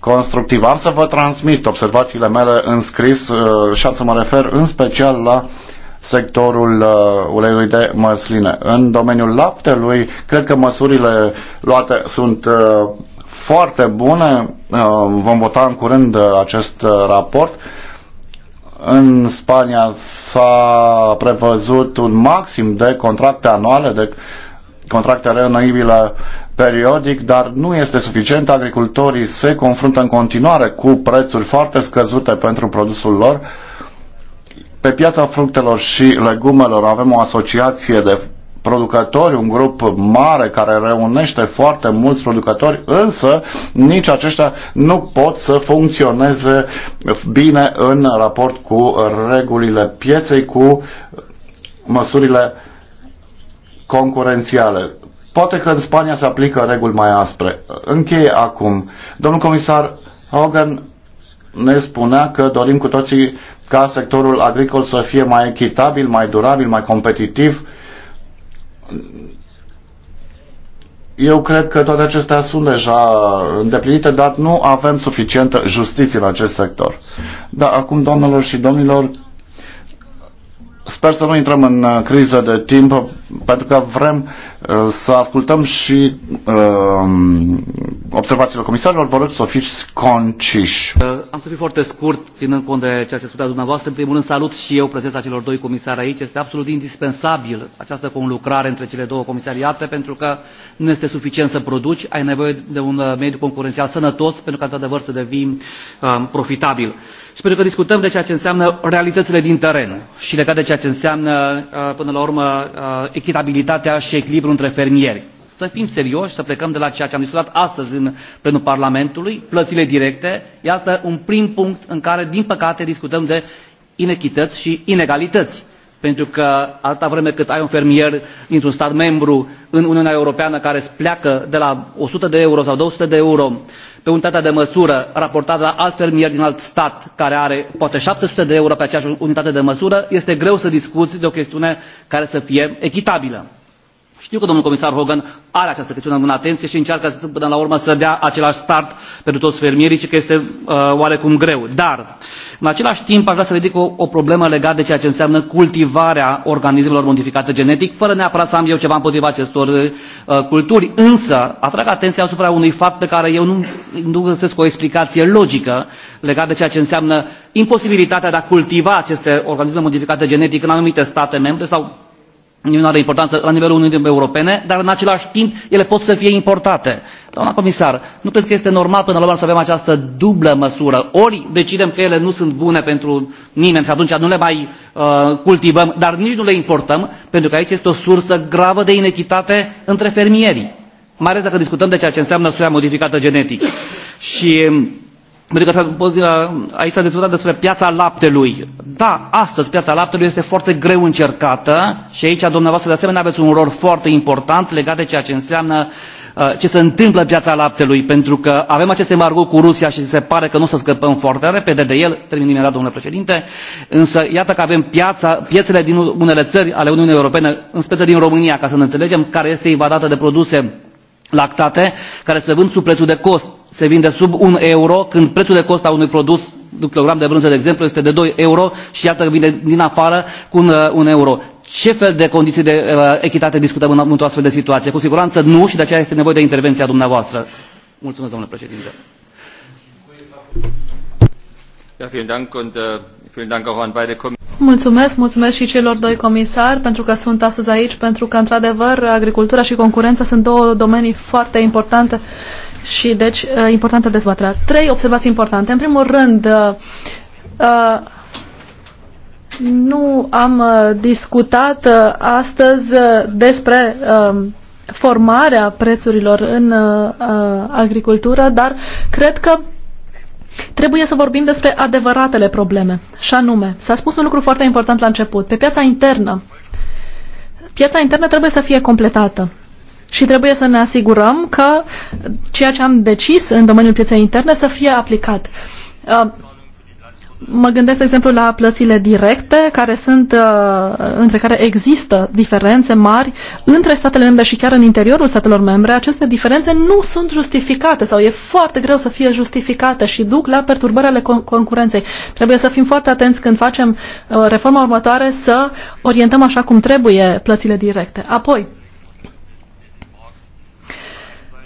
constructivă. Am să vă transmit observațiile mele în scris uh, și am să mă refer în special la uh, sectorul uh, uleiului de măsline. În domeniul laptelui, cred că măsurile luate sunt uh, foarte bune. Uh, vom vota în curând uh, acest uh, raport. În Spania s-a prevăzut un maxim de contracte anuale, de contracte reînnoibile periodic, dar nu este suficient. Agricultorii se confruntă în continuare cu prețuri foarte scăzute pentru produsul lor. Uh, pe piața fructelor și legumelor avem o asociație de producători, un grup mare care reunește foarte mulți producători, însă nici aceștia nu pot să funcționeze bine în raport cu regulile pieței, cu măsurile concurențiale. Poate că în Spania se aplică reguli mai aspre. Încheie acum. Domnul comisar Hogan ne spunea că dorim cu toții ca sectorul agricol să fie mai echitabil, mai durabil, mai competitiv. Eu cred că toate acestea sunt deja îndeplinite, dar nu avem suficientă justiție în acest sector. Da, acum, doamnelor și domnilor, Sper să nu intrăm în uh, criză de timp, pentru că vrem uh, să ascultăm și uh, observațiile comisarilor. Vă rog să fiți conciși. Uh, am să fiu foarte scurt, ținând cont de ceea ce spunea dumneavoastră. În primul rând, salut și eu prezența celor doi comisari aici. Este absolut indispensabil această conlucrare între cele două comisariate, pentru că nu este suficient să produci. Ai nevoie de un uh, mediu concurențial sănătos, pentru că, într-adevăr, să devii uh, profitabil. Uh, și pentru că discutăm de ceea ce înseamnă realitățile din teren și legat de ceea ce înseamnă, uh, până la urmă, uh, echitabilitatea și echilibrul între fermieri. Să fim serioși, să plecăm de la ceea ce am discutat astăzi în plenul Parlamentului, plățile directe. Iată un prim punct în care, din păcate, discutăm de inechități și inegalități pentru că atâta vreme cât ai un fermier dintr un stat membru în uniunea europeană care îți pleacă de la 100 de euro sau 200 de euro pe unitatea de măsură raportată alți fermieri din alt stat care are poate șapte sute de euro pe aceeași unitate de măsură este greu să discuți de o chestiune care să fie echitabilă. Știu că domnul comisar Hogan are această chestiune în atenție și încearcă să, până la urmă să dea același start pentru toți fermierii și că este uh, oarecum greu. Dar, în același timp, aș vrea să ridic o, o problemă legată de ceea ce înseamnă cultivarea organismelor modificate genetic, fără neapărat să am eu ceva împotriva acestor uh, culturi. Însă, atrag atenția asupra unui fapt pe care eu nu, nu găsesc o explicație logică legată de ceea ce înseamnă imposibilitatea de a cultiva aceste organisme modificate genetic în anumite state membre sau nu are importanță la nivelul uniunii europene dar în același timp ele pot să fie importate. doamnă comisar nu cred că este normal până la urmă să avem această dublă măsură ori decidem că ele nu sunt bune pentru nimeni și atunci nu le mai uh, cultivăm dar nici nu le importăm pentru că aici este o sursă gravă de inechitate între fermierii mai ales dacă discutăm de ceea ce înseamnă soia modificată genetic. și pentru că uh, aici s-a discutat despre piața laptelui. Da, astăzi piața laptelui este foarte greu încercată și aici dumneavoastră de asemenea aveți un rol foarte important legat de ceea ce înseamnă uh, ce se întâmplă în piața laptelui, pentru că avem acest embargo cu Rusia și se pare că nu o să scăpăm foarte repede de el, termin imediat, domnule președinte, însă iată că avem piața, piețele din unele țări ale Uniunii Europene, în speță din România, ca să ne înțelegem, care este invadată de produse lactate care se vând sub prețul de cost se vinde sub un euro când prețul de cost al unui produs un kilogram de brânză de exemplu este de doi euro și iată că vine din afară cu un, uh, un euro ce fel de condiții de uh, echitate discutăm în, într-o astfel de situație? Cu siguranță nu și de aceea este nevoie de intervenția dumneavoastră. Mulțumesc, domnule președinte. Äh, mulțumesc, mulțumesc și celor doi comisari pentru că sunt astăzi aici, pentru că, într-adevăr, agricultura și concurența sunt două domenii foarte importante și, deci, uh, importantă dezbaterea. Trei observații importante. În primul rând, uh, uh, nu am discutat astăzi despre um, formarea prețurilor în agricultură, dar cred că Trebuie să vorbim despre adevăratele probleme. Și anume, s-a spus un lucru foarte important la început. Pe piața internă, piața internă trebuie să fie completată. Și trebuie să ne asigurăm că ceea ce am decis în domeniul pieței interne să fie aplicat. Uh, Mă gândesc, de exemplu, la plățile directe, care sunt, uh, între care există diferențe mari între statele membre și chiar în interiorul statelor membre. Aceste diferențe nu sunt justificate sau e foarte greu să fie justificate și duc la perturbări ale concurenței. Trebuie să fim foarte atenți când facem uh, reforma următoare să orientăm așa cum trebuie plățile directe. Apoi,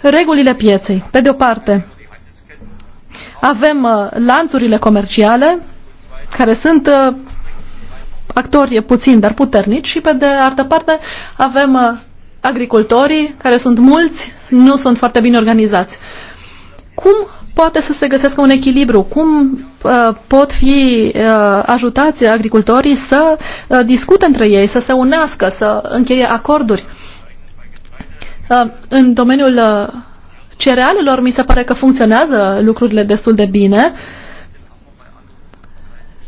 regulile pieței. Pe de o parte, avem uh, lanțurile comerciale, care sunt uh, actori puțini, dar puternici, și pe de altă parte avem uh, agricultorii, care sunt mulți, nu sunt foarte bine organizați. Cum poate să se găsească un echilibru? Cum uh, pot fi uh, ajutați agricultorii să uh, discute între ei, să se unească, să încheie acorduri? Uh, în domeniul uh, cerealelor mi se pare că funcționează lucrurile destul de bine,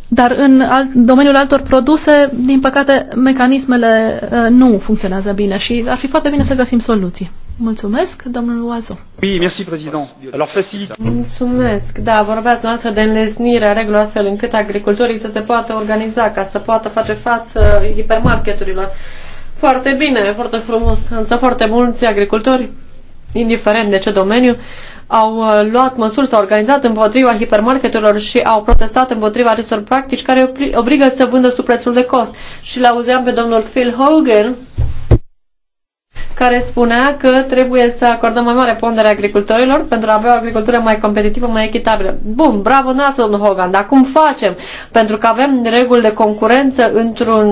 dar în alt, domeniul altor produse, din păcate, mecanismele uh, nu funcționează bine și ar fi foarte bine să găsim soluții. Mulțumesc, domnul Oazu. Oui, merci, président. Alors, facilita... Mulțumesc. Da, vorbeați noastră de înleznirea regulă astfel încât agricultorii să se poată organiza, ca să poată face față hipermarketurilor. Foarte bine, foarte frumos, însă foarte mulți agricultori indiferent de ce domeniu, au uh, luat măsuri, s-au organizat împotriva hipermarketurilor și au protestat împotriva acestor practici care obligă să vândă sub prețul de cost. Și l auzeam pe domnul Phil Hogan, care spunea că trebuie să acordăm mai mare pondere agricultorilor pentru a avea o agricultură mai competitivă, mai echitabilă. Bun, bravo nasă, domnul Hogan, dar cum facem? Pentru că avem reguli de concurență într-un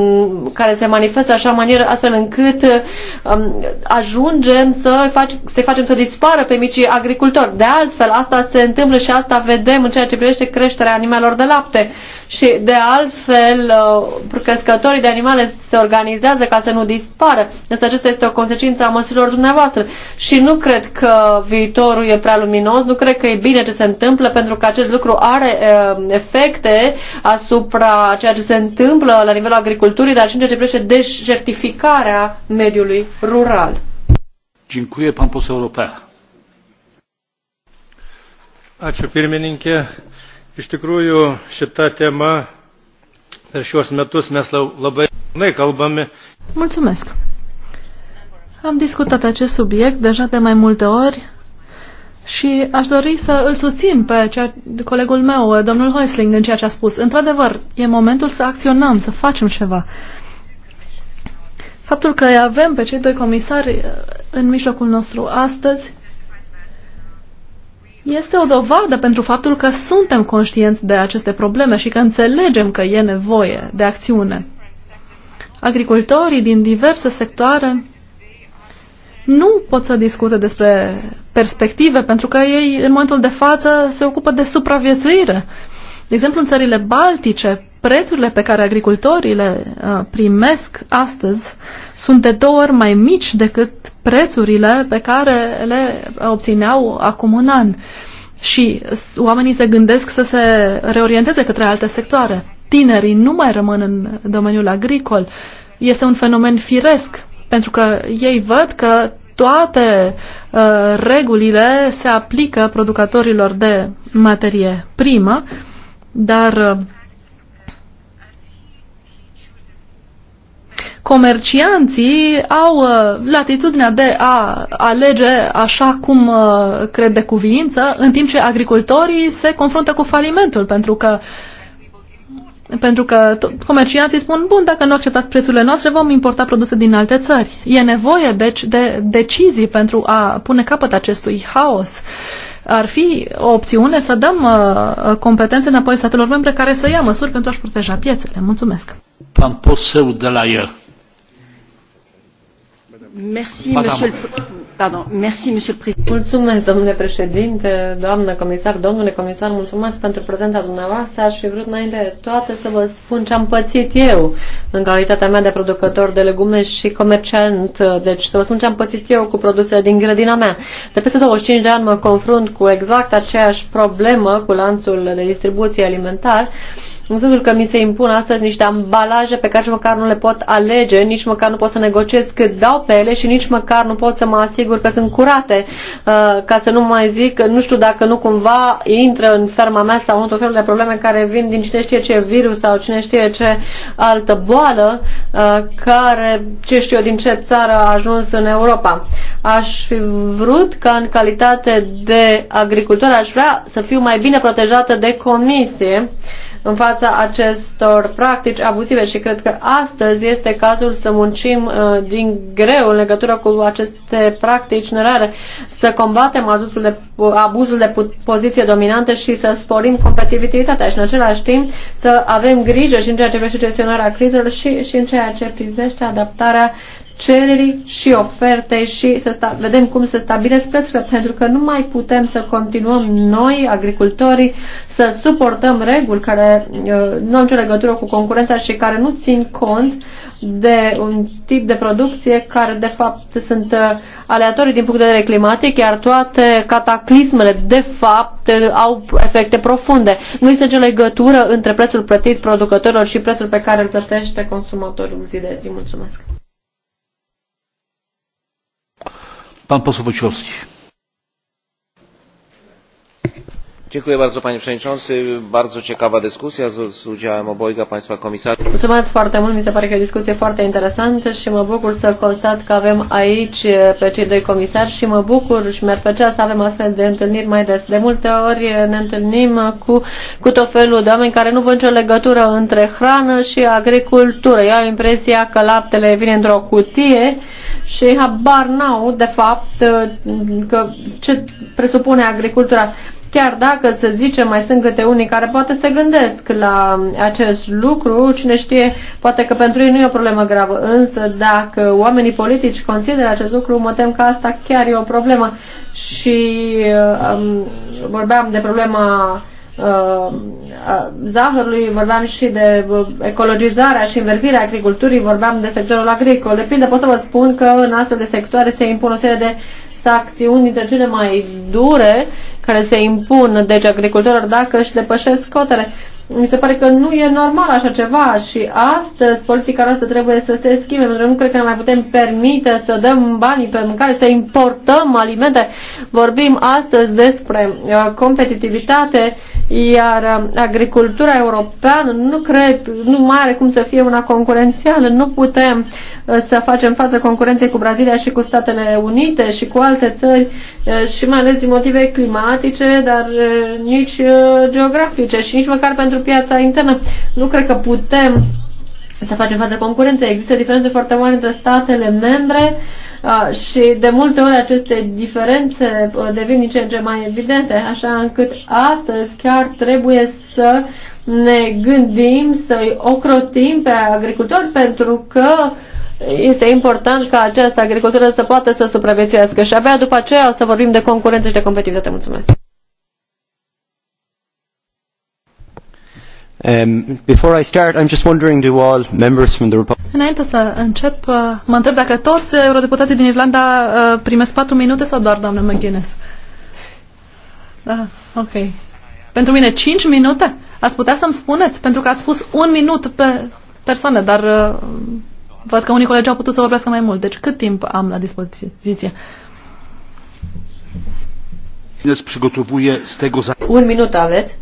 care se manifestă așa manieră astfel încât um, ajungem să fac, să facem să dispară pe micii agricultori. De altfel, asta se întâmplă și asta vedem în ceea ce privește creșterea animalelor de lapte și de altfel uh, crescătorii de animale se organizează ca să nu dispară. Însă acesta este o consecință a măsurilor dumneavoastră și nu cred că viitorul e prea luminos, nu cred că e bine ce se întâmplă pentru că acest lucru are uh, efecte asupra ceea ce se întâmplă la nivelul agriculturii, dar și în ceea ce privește deșertificarea mediului rural. Dziękuję pan poseł Europea. Ačiū pirmininkė Iš tikrųjų, šita tema per šios metus mes labai dažnai kalbame. Mulțumesc! Am discutat acest subiect deja de mai multe ori și aș dori să îl susțin pe cea, colegul meu, domnul Heusling, în ceea ce a spus. Într-adevăr, e momentul să acționăm, să facem ceva. Faptul că avem pe cei doi comisari uh, în mijlocul nostru astăzi este o dovadă pentru faptul că suntem conștienți de aceste probleme și că înțelegem că e nevoie de acțiune. Agricultorii din diverse sectoare nu pot să discute despre perspective, pentru că ei, în momentul de față, se ocupă de supraviețuire. De exemplu, în țările baltice, prețurile pe care agricultorii le uh, primesc astăzi sunt de două ori mai mici decât prețurile pe care le obțineau acum un an. Și oamenii se gândesc să se reorienteze către alte sectoare. Tinerii nu mai rămân în domeniul agricol. Este un fenomen firesc, pentru că ei văd că toate uh, regulile se aplică producătorilor de materie primă, dar uh, comercianții au uh, latitudinea de a alege așa cum uh, cred de cuvință, în timp ce agricultorii se confruntă cu falimentul, pentru că pentru că comercianții spun, bun, dacă nu acceptați prețurile noastre, vom importa produse din alte țări. E nevoie, deci, de decizii pentru a pune capăt acestui haos. Ar fi o opțiune să dăm uh, competențe înapoi statelor membre care să ia măsuri pentru a-și proteja piețele. Mulțumesc. Pan poseu de la el. Mulțumesc, domnule președinte, doamnă comisar, domnule comisar, mulțumesc pentru prezența dumneavoastră. Aș fi vrut înainte de toate să vă spun ce am pățit eu în calitatea mea de producător de legume și comerciant. Deci să vă spun ce am pățit eu cu produsele din grădina mea. De peste 25 de ani mă confrunt cu exact aceeași problemă cu lanțul de distribuție alimentar în sensul că mi se impun astăzi niște ambalaje pe care nici măcar nu le pot alege, nici măcar nu pot să negociez cât dau pe ele și nici măcar nu pot să mă asigur că sunt curate, uh, ca să nu mai zic, că nu știu dacă nu cumva intră în ferma mea sau nu tot felul de probleme care vin din cine știe ce virus sau cine știe ce altă boală uh, care, ce știu eu, din ce țară a ajuns în Europa. Aș fi vrut ca în calitate de agricultor aș vrea să fiu mai bine protejată de comisie în fața acestor practici abuzive și cred că astăzi este cazul să muncim uh, din greu în legătură cu aceste practici nerare, să combatem abuzul de, abuzul de poziție dominantă și să sporim competitivitatea și în același timp să avem grijă și în ceea ce privește gestionarea crizelor și, și în ceea ce privește adaptarea cererii și ofertei și să vedem cum se stabilesc prețurile, pentru că nu mai putem să continuăm noi, agricultorii, să suportăm reguli care uh, nu au nicio legătură cu concurența și care nu țin cont de un tip de producție care de fapt sunt uh, aleatorii din punct de vedere climatic, iar toate cataclismele de fapt au efecte profunde. Nu este nicio legătură între prețul plătit producătorilor și prețul pe care îl plătește consumatorul zi de zi. Mulțumesc! pan poseł wojciechowski. Panie przewodniczący! Bardzo ciekawa dyskusja z udziałem obojga państwa komisarzy. Mulțumesc foarte mult, mi se pare că e o discuție foarte interesantă și mă bucur să constat că avem aici eh, pe cei doi comisari și mă bucur și mi-ar plăcea să avem astfel de întâlniri mai des. De multe ori eh, ne întâlnim eh, cu, cu tot felul de oameni care nu văd nicio legătură între hrană și agricultură. Eu am impresia că laptele vine într-o cutie și habar n-au, de fapt, că ce presupune agricultura. Chiar dacă, să zicem, mai sunt câte unii care poate se gândesc la acest lucru, cine știe, poate că pentru ei nu e o problemă gravă, însă dacă oamenii politici consideră acest lucru, mă tem că asta chiar e o problemă. Și um, vorbeam de problema uh, zahărului, vorbeam și de uh, ecologizarea și inversirea agriculturii, vorbeam de sectorul agricol. De pildă pot să vă spun că în astfel de sectoare se impun o serie de sancțiuni dintre cele mai dure care se impun deci agricultorilor dacă își depășesc cotele. Mi se pare că nu e normal așa ceva și astăzi politica noastră trebuie să se schimbe, pentru că nu cred că ne mai putem permite să dăm banii pe mâncare, să importăm alimente. Vorbim astăzi despre uh, competitivitate iar um, agricultura europeană nu cred, nu mai are cum să fie una concurențială. Nu putem uh, să facem față concurenței cu Brazilia și cu Statele Unite și cu alte țări uh, și mai ales din motive climatice, dar uh, nici geografice și nici măcar pentru piața internă. Nu cred că putem să facem față concurenței. Există diferențe foarte mari între statele membre și de multe ori aceste diferențe uh, devin din ce în ce mai evidente, așa încât astăzi chiar trebuie să ne gândim, să-i ocrotim pe agricultori pentru că este important ca această agricultură să poată să supraviețuiască și abia după aceea o să vorbim de concurență și de competitivitate. Mulțumesc! Um, before I start, I'm just wondering, do all members from the Republic... Înainte să încep, uh, mă întreb dacă toți eurodeputații din Irlanda uh, primesc patru minute sau doar doamna McGuinness? Da, ok. Pentru mine cinci minute? Ați putea să-mi spuneți? Pentru că ați spus un minut pe persoană, dar uh, văd că unii colegi au putut să vorbească mai mult. Deci cât timp am la dispoziție? Un minut aveți?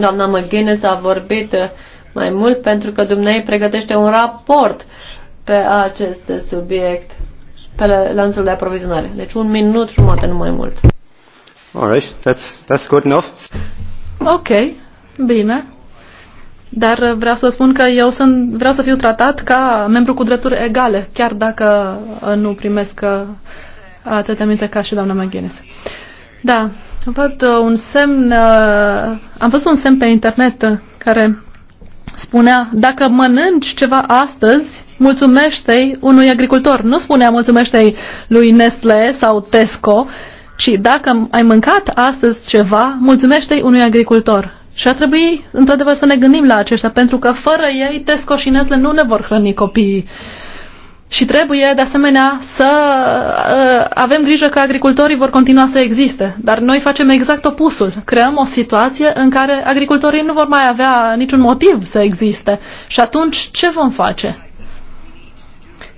Doamna McGuinness a vorbit uh, mai mult pentru că Dumnezeu pregătește un raport pe acest subiect, pe lanțul de aprovizionare. Deci un minut jumate, nu mai mult. Alright, that's, that's good enough. Ok, bine. Dar uh, vreau să spun că eu sunt, vreau să fiu tratat ca membru cu drepturi egale, chiar dacă uh, nu primesc atâtea minte ca și doamna McGuinness. Da, am fost uh, un semn, uh, am fost un semn pe internet uh, care spunea, dacă mănânci ceva astăzi, mulțumește-i unui agricultor. Nu spunea mulțumește-i lui Nestle sau Tesco, ci dacă ai mâncat astăzi ceva, mulțumește-i unui agricultor. Și ar trebui, într-adevăr, să ne gândim la aceștia, pentru că fără ei, Tesco și Nestle nu ne vor hrăni copiii. Uh, și trebuie, de asemenea, să uh, avem grijă că agricultorii vor continua să existe. Dar noi facem exact opusul. Creăm o situație în care agricultorii nu vor mai avea niciun motiv să existe. Și atunci, ce vom face?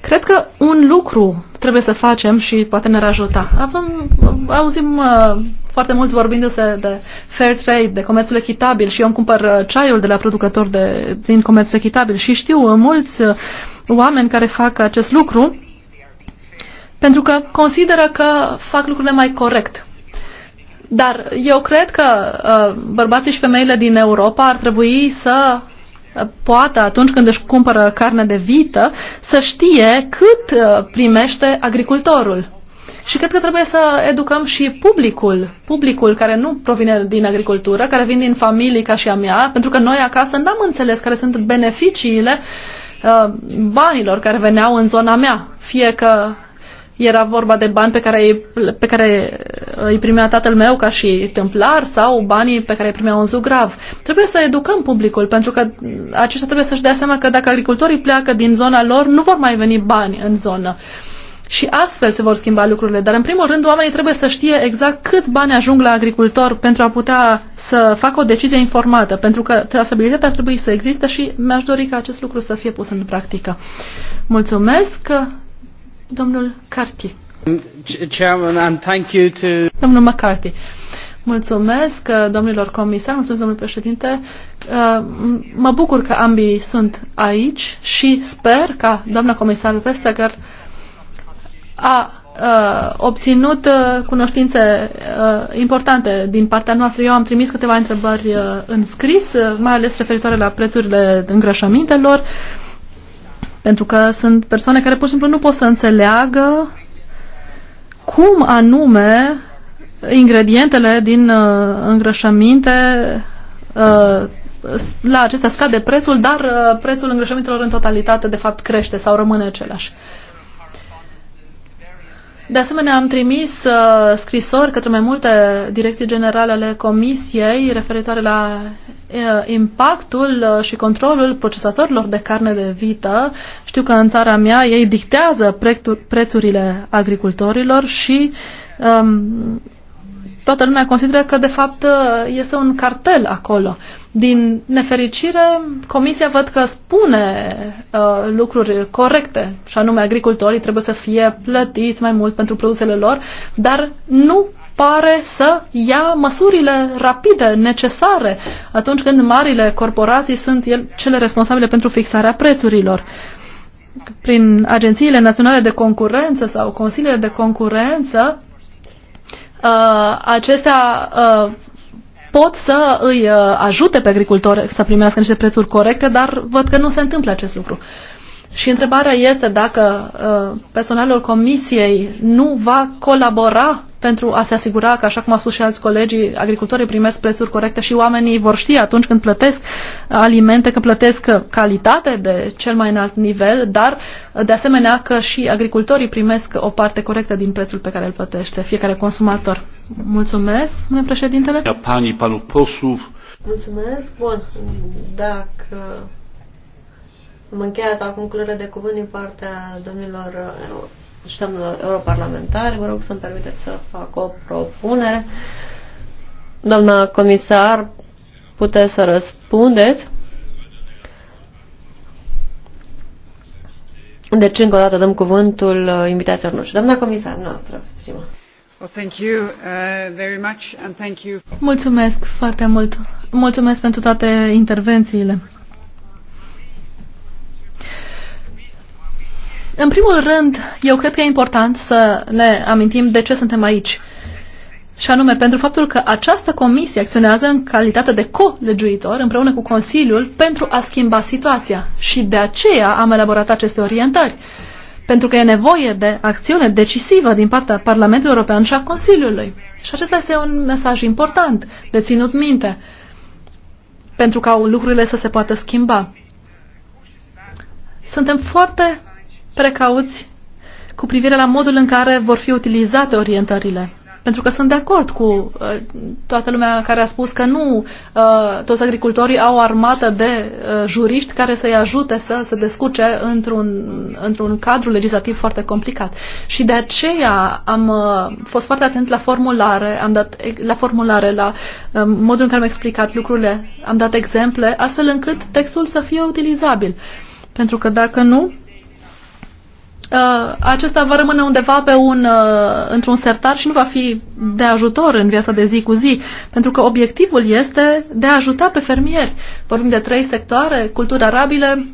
Cred că un lucru trebuie să facem și poate ne-ar ajuta. Avem, auzim uh, foarte mult vorbindu-se de fair trade, de comerțul echitabil și eu îmi cumpăr uh, ceaiul de la producători de, din comerțul echitabil și știu uh, mulți uh, oameni care fac acest lucru pentru că consideră că fac lucrurile mai corect. Dar eu cred că uh, bărbații și femeile din Europa ar trebui să uh, poată atunci când își cumpără carne de vită să știe cât uh, primește agricultorul. Și cred că trebuie să educăm și publicul, publicul care nu provine din agricultură, care vin din familii ca și a mea, pentru că noi acasă n-am înțeles care sunt beneficiile uh, Uh, banilor care veneau în zona mea. Fie că era vorba de bani pe care, îi, pe care uh, îi primea tatăl meu ca și tâmplar sau banii pe care îi primeau un zugrav. Trebuie să educăm publicul pentru că uh, acesta trebuie să-și dea seama că dacă agricultorii pleacă din zona lor, nu vor mai veni bani în zonă. Uh, și astfel se vor schimba lucrurile. Dar în primul rând oamenii trebuie să știe exact cât bani ajung la agricultor pentru a putea să facă o decizie informată, pentru că trasabilitatea ar trebui să existe și mi-aș dori ca acest lucru să fie pus în practică. Mulțumesc, domnul Carti. Chairman, and thank you to... Domnul McCarthy. Mulțumesc domnilor comisari, mulțumesc domnul președinte. Uh, mă bucur că ambii sunt aici și sper ca doamna comisar Vestager a uh, obținut uh, cunoștințe uh, importante din partea noastră. Eu am trimis câteva întrebări uh, în scris, uh, mai ales referitoare la prețurile îngrășămintelor, pentru că sunt persoane care pur și simplu nu pot să înțeleagă cum anume ingredientele din uh, îngrășăminte uh, la acestea scade prețul, dar uh, prețul îngrășămintelor în totalitate de fapt crește sau rămâne același. Uh, de asemenea, am trimis uh, scrisori către mai multe direcții generale ale Comisiei referitoare la uh, impactul uh, și controlul procesatorilor de carne de vită. Știu că în țara mea ei dictează prețurile agricultorilor și um, toată lumea consideră că, de fapt, uh, este un cartel acolo. Uh, din nefericire, Comisia văd că spune uh, lucruri corecte, și anume agricultorii trebuie să fie plătiți mai mult pentru produsele lor, dar nu pare să ia măsurile rapide, necesare, atunci când marile corporații sunt ele cele responsabile pentru fixarea prețurilor. Prin agențiile naționale de concurență sau consiliile de concurență, uh, acestea uh, pot să îi uh, ajute pe agricultori să primească niște prețuri corecte, dar văd că nu se întâmplă acest lucru. Și întrebarea este dacă uh, personalul comisiei nu va colabora pentru a se asigura că, așa cum a spus și alți colegii, agricultorii primesc prețuri corecte și oamenii vor ști atunci când plătesc alimente, că plătesc calitate de cel mai înalt nivel, dar de asemenea că și agricultorii primesc o parte corectă din prețul pe care îl plătește fiecare consumator. Mulțumesc, domnule președintele. Pani, panu posuf. Mulțumesc. Bun, dacă am încheiat acum cu de cuvânt din partea domnilor eh, și domnilor europarlamentari. Vă rog să-mi permiteți să fac o propunere. Doamna comisar, puteți să răspundeți. Deci, încă o dată dăm cuvântul eh, invitațiilor noștri. Doamna comisar noastră, prima. Eh, Mulțumesc foarte mult. Mulțumesc pentru toate intervențiile. În primul rând, eu cred că e important să ne amintim de ce suntem aici. Și anume, pentru faptul că această comisie acționează în calitate de co-legiuitor împreună cu Consiliul pentru a schimba situația. Și de aceea am elaborat aceste orientări. Pentru că e nevoie de acțiune decisivă din partea Parlamentului European și a Consiliului. Și acesta este un mesaj important de ținut minte pentru ca lucrurile să se poată schimba. Suntem foarte precauți cu privire la modul în care vor fi utilizate orientările. Pentru că sunt de acord cu uh, toată lumea care a spus că nu uh, toți agricultorii au o armată de uh, juriști care să-i ajute să se descurce într-un, într-un cadru legislativ foarte complicat. Și de aceea am uh, fost foarte atenți la formulare, am dat la formulare, la uh, modul în care am explicat lucrurile, am dat exemple, astfel încât textul să fie utilizabil. Pentru că dacă nu, Uh, acesta va rămâne undeva pe un, uh, într-un sertar și nu va fi de ajutor în viața de zi cu zi, pentru că obiectivul este de a ajuta pe fermieri. Vorbim de trei sectoare, culturi arabile,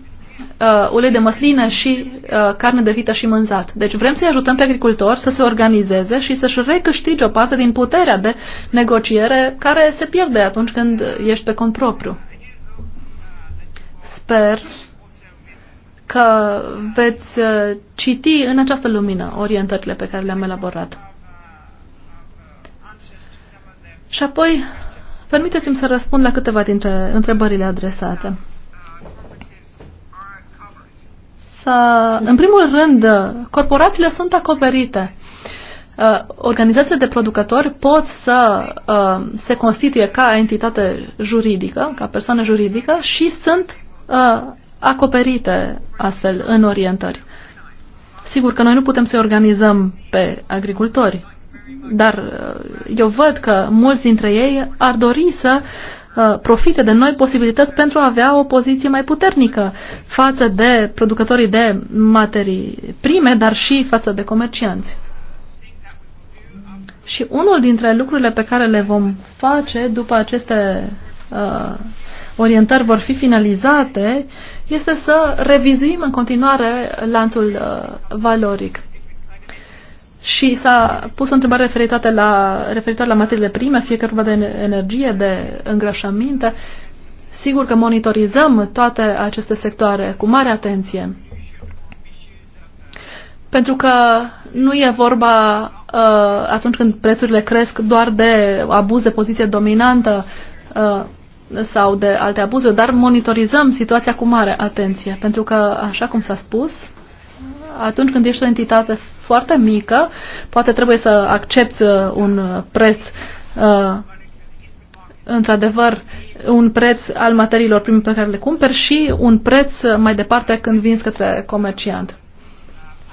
uh, ulei de măsline și uh, carne de vită și mânzat. Deci vrem să-i ajutăm pe agricultori să se organizeze și să-și recâștige o parte din puterea de negociere care se pierde atunci când ești pe cont propriu. Sper că veți uh, citi în această lumină orientările pe care le-am elaborat. Și apoi, permiteți-mi să răspund la câteva dintre întrebările adresate. Să, în primul rând, corporațiile sunt acoperite. Uh, organizațiile de producători pot să uh, se constituie ca entitate juridică, ca persoană juridică și sunt acoperite astfel în orientări. Sigur că noi nu putem să organizăm pe agricultori, dar uh, eu văd că mulți dintre ei ar dori să uh, profite de noi posibilități pentru a avea o poziție mai puternică față de producătorii de materii prime, dar și față de comercianți. Și unul dintre lucrurile pe care le vom face după aceste uh, orientări vor fi finalizate, este să revizuim în continuare lanțul uh, valoric. Și s-a pus o întrebare referitoare la, referitoare la materiile prime, fie că vorba de energie, de îngrășăminte. Sigur că monitorizăm toate aceste sectoare cu mare atenție. Pentru că nu e vorba uh, atunci când prețurile cresc doar de abuz de poziție dominantă. Uh, sau de alte abuzuri, dar monitorizăm situația cu mare atenție, pentru că, așa cum s-a spus, atunci când ești o entitate foarte mică, poate trebuie să accepti uh, un uh, preț uh, într-adevăr un preț al materiilor prime pe care le cumperi și un preț mai departe când vinzi către comerciant.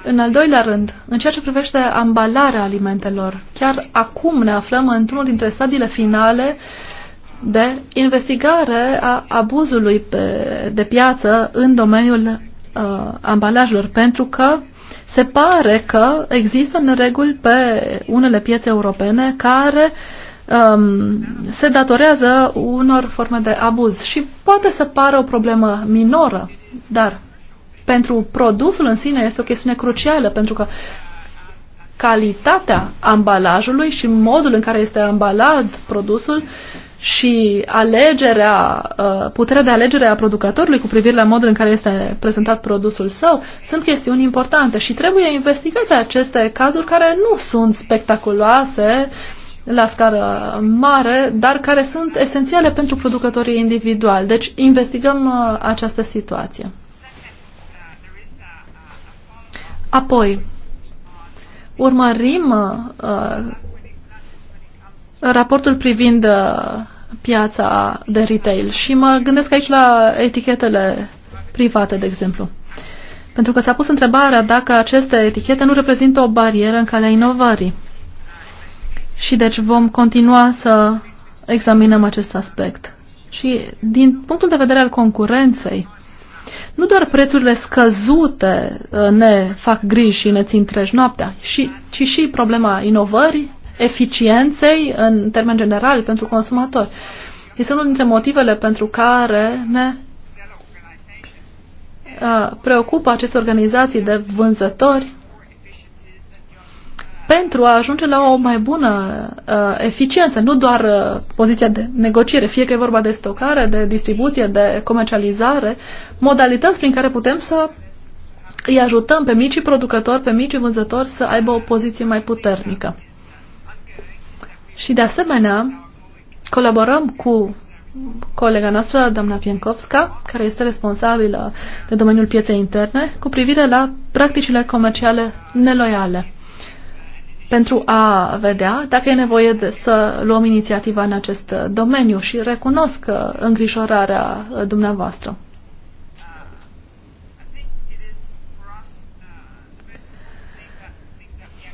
În al doilea rând, în ceea ce privește ambalarea alimentelor, chiar acum ne aflăm într-unul dintre stadiile finale uh, de investigare a abuzului pe, de piață în domeniul uh, ambalajelor, pentru că se pare că există nereguli pe unele piețe europene care um, se datorează unor forme de abuz și poate să pară o problemă minoră, dar pentru produsul în sine este o chestiune crucială, pentru că calitatea ambalajului și modul în care este ambalat produsul și alegerea, uh, puterea de alegere a producătorului cu privire la modul în care este prezentat produsul său, sunt chestiuni importante și trebuie investigate aceste cazuri care nu sunt spectaculoase la scară mare, dar care sunt esențiale pentru producătorii individuali. Deci investigăm uh, această situație. Apoi, urmărim uh, raportul privind uh, piața de retail. Și mă gândesc aici la etichetele private, de exemplu. Pentru că s-a pus întrebarea dacă aceste etichete nu reprezintă o barieră în calea inovării. Și deci vom continua să examinăm acest aspect. Și din punctul de vedere al concurenței, nu doar prețurile scăzute uh, ne fac griji și ne țin treci noaptea, și, ci și problema inovării, eficienței în termen general pentru consumatori. Este unul dintre motivele pentru care ne uh, preocupă aceste organizații de vânzători pentru a ajunge la o mai bună uh, eficiență, nu doar uh, poziția de negociere, fie că e vorba de stocare, de distribuție, de comercializare, modalități prin care putem să îi ajutăm pe micii producători, pe micii vânzători să aibă o poziție mai puternică. Și de asemenea, colaborăm cu colega noastră, doamna Pienkovska, care este responsabilă de domeniul pieței interne, cu privire la practicile comerciale neloiale. Pentru a vedea dacă e nevoie de să luăm inițiativa în acest domeniu și recunosc uh, îngrijorarea uh, dumneavoastră.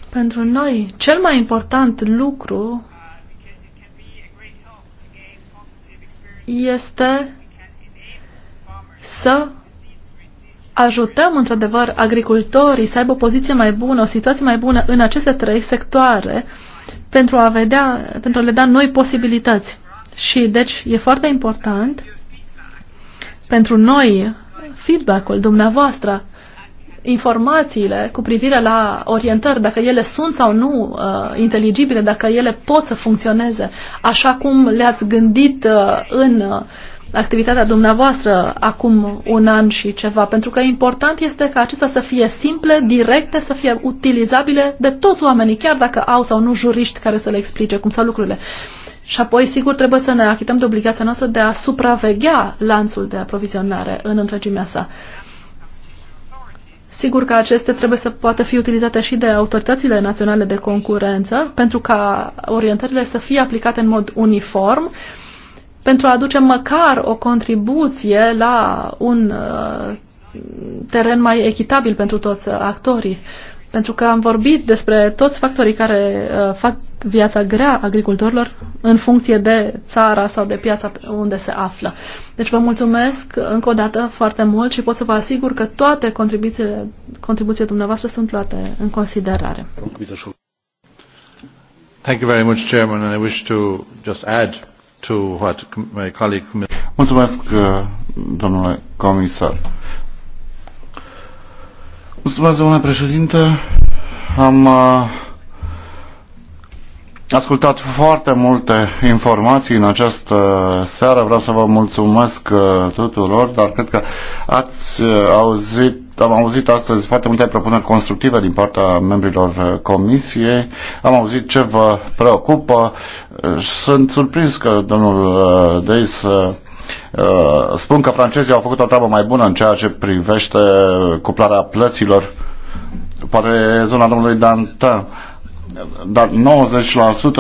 Pentru noi, cel mai important lucru este să ajutăm într-adevăr agricultorii să aibă o poziție mai bună, o situație mai bună în aceste trei sectoare pentru a, vedea, pentru a le da noi posibilități. Și deci e foarte important pentru noi feedback-ul dumneavoastră informațiile cu privire la orientări, dacă ele sunt sau nu uh, inteligibile, dacă ele pot să funcționeze așa cum le-ați gândit uh, în uh, activitatea dumneavoastră acum un an și ceva, pentru că important este ca acestea să fie simple, directe, să fie utilizabile de toți oamenii, chiar dacă au sau nu juriști care să le explice cum sunt lucrurile. Și apoi, sigur, trebuie să ne achităm de obligația noastră de a supraveghea lanțul de aprovizionare în întregimea sa. Sigur că acestea trebuie să poată fi utilizate și de autoritățile naționale de concurență pentru ca orientările să fie aplicate în mod uniform pentru a aduce măcar o contribuție la un uh, teren mai echitabil pentru toți actorii. Pentru că am vorbit despre toți factorii care uh, fac viața grea agricultorilor în funcție de țara sau de piața unde se află. Deci vă mulțumesc încă o dată foarte mult și pot să vă asigur că toate contribuțiile, contribuțiile dumneavoastră sunt luate în considerare. Thank you very much, Chairman, and I wish to just add to what my colleague... Mulțumesc, uh, domnule comisar. Mulțumesc, domnule președinte. Am uh, ascultat foarte multe informații în această seară. Vreau să vă mulțumesc uh, tuturor, dar cred că ați uh, auzit am auzit astăzi foarte multe propuneri constructive din partea membrilor uh, comisiei, am auzit ce vă preocupă. Uh, sunt surprins că domnul uh, Deis Uh, spun că francezii au făcut o treabă mai bună în ceea ce privește cuplarea plăților. Poate zona domnului Dantin dar 90%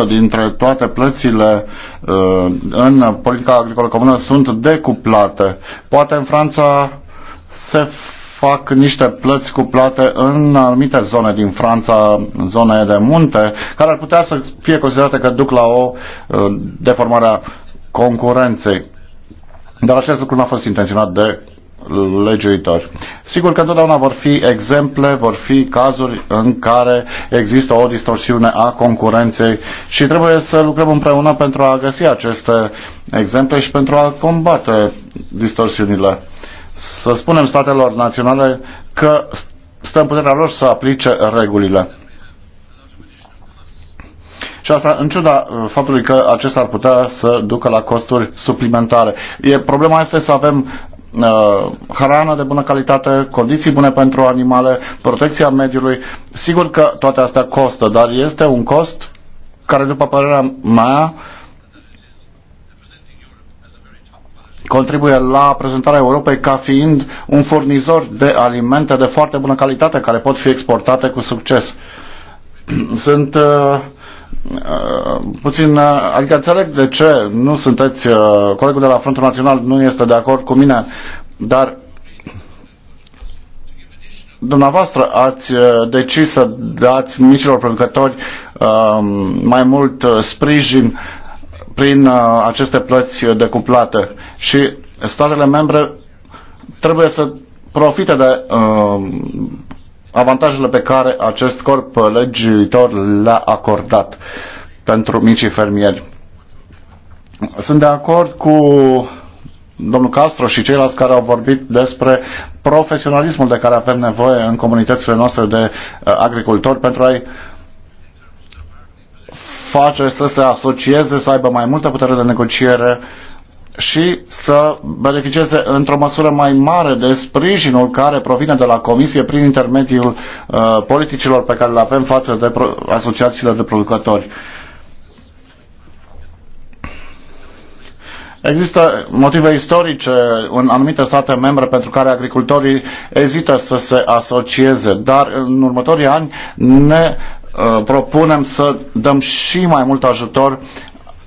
dintre toate plățile uh, în politica agricolă comună sunt decuplate. Poate în Franța se fac niște plăți cuplate în anumite zone din Franța, zone de munte, care ar putea să fie considerate că duc la o uh, deformare a concurenței. Dar acest lucru nu a fost intenționat de legiuitori. Sigur că întotdeauna vor fi exemple, vor fi cazuri în care există o distorsiune a concurenței și trebuie să lucrăm împreună pentru a găsi aceste exemple și pentru a combate distorsiunile. Să spunem statelor naționale că stă în puterea lor să aplice regulile. Și asta în ciuda uh, faptului că acesta ar putea să ducă la costuri suplimentare. E, problema este să avem uh, hrană de bună calitate, condiții bune pentru animale, protecția mediului. Sigur că toate astea costă, dar este un cost care, după părerea mea, contribuie la prezentarea Europei ca fiind un furnizor de alimente de foarte bună calitate care pot fi exportate cu succes. <clears throat> Sunt uh, Uh, puțin, uh, adică înțeleg de ce nu sunteți, uh, colegul de la Frontul Național nu este de acord cu mine, dar dumneavoastră ați decis să dați micilor producători mai mult sprijin prin aceste plăți decuplate și statele membre trebuie să profite de uh, avantajele pe care acest corp legiuitor le-a acordat pentru micii fermieri. Sunt de acord cu domnul Castro și ceilalți care au vorbit despre profesionalismul de care avem nevoie în comunitățile noastre de uh, agricultori pentru a-i face să se asocieze, să aibă mai multă putere de negociere și să beneficieze într-o măsură mai mare de sprijinul care provine de la Comisie prin intermediul uh, politicilor pe care le avem față de asociațiile de producători. Există motive istorice în anumite state membre pentru care agricultorii ezită să se asocieze, dar în următorii ani ne uh, propunem să dăm și mai mult ajutor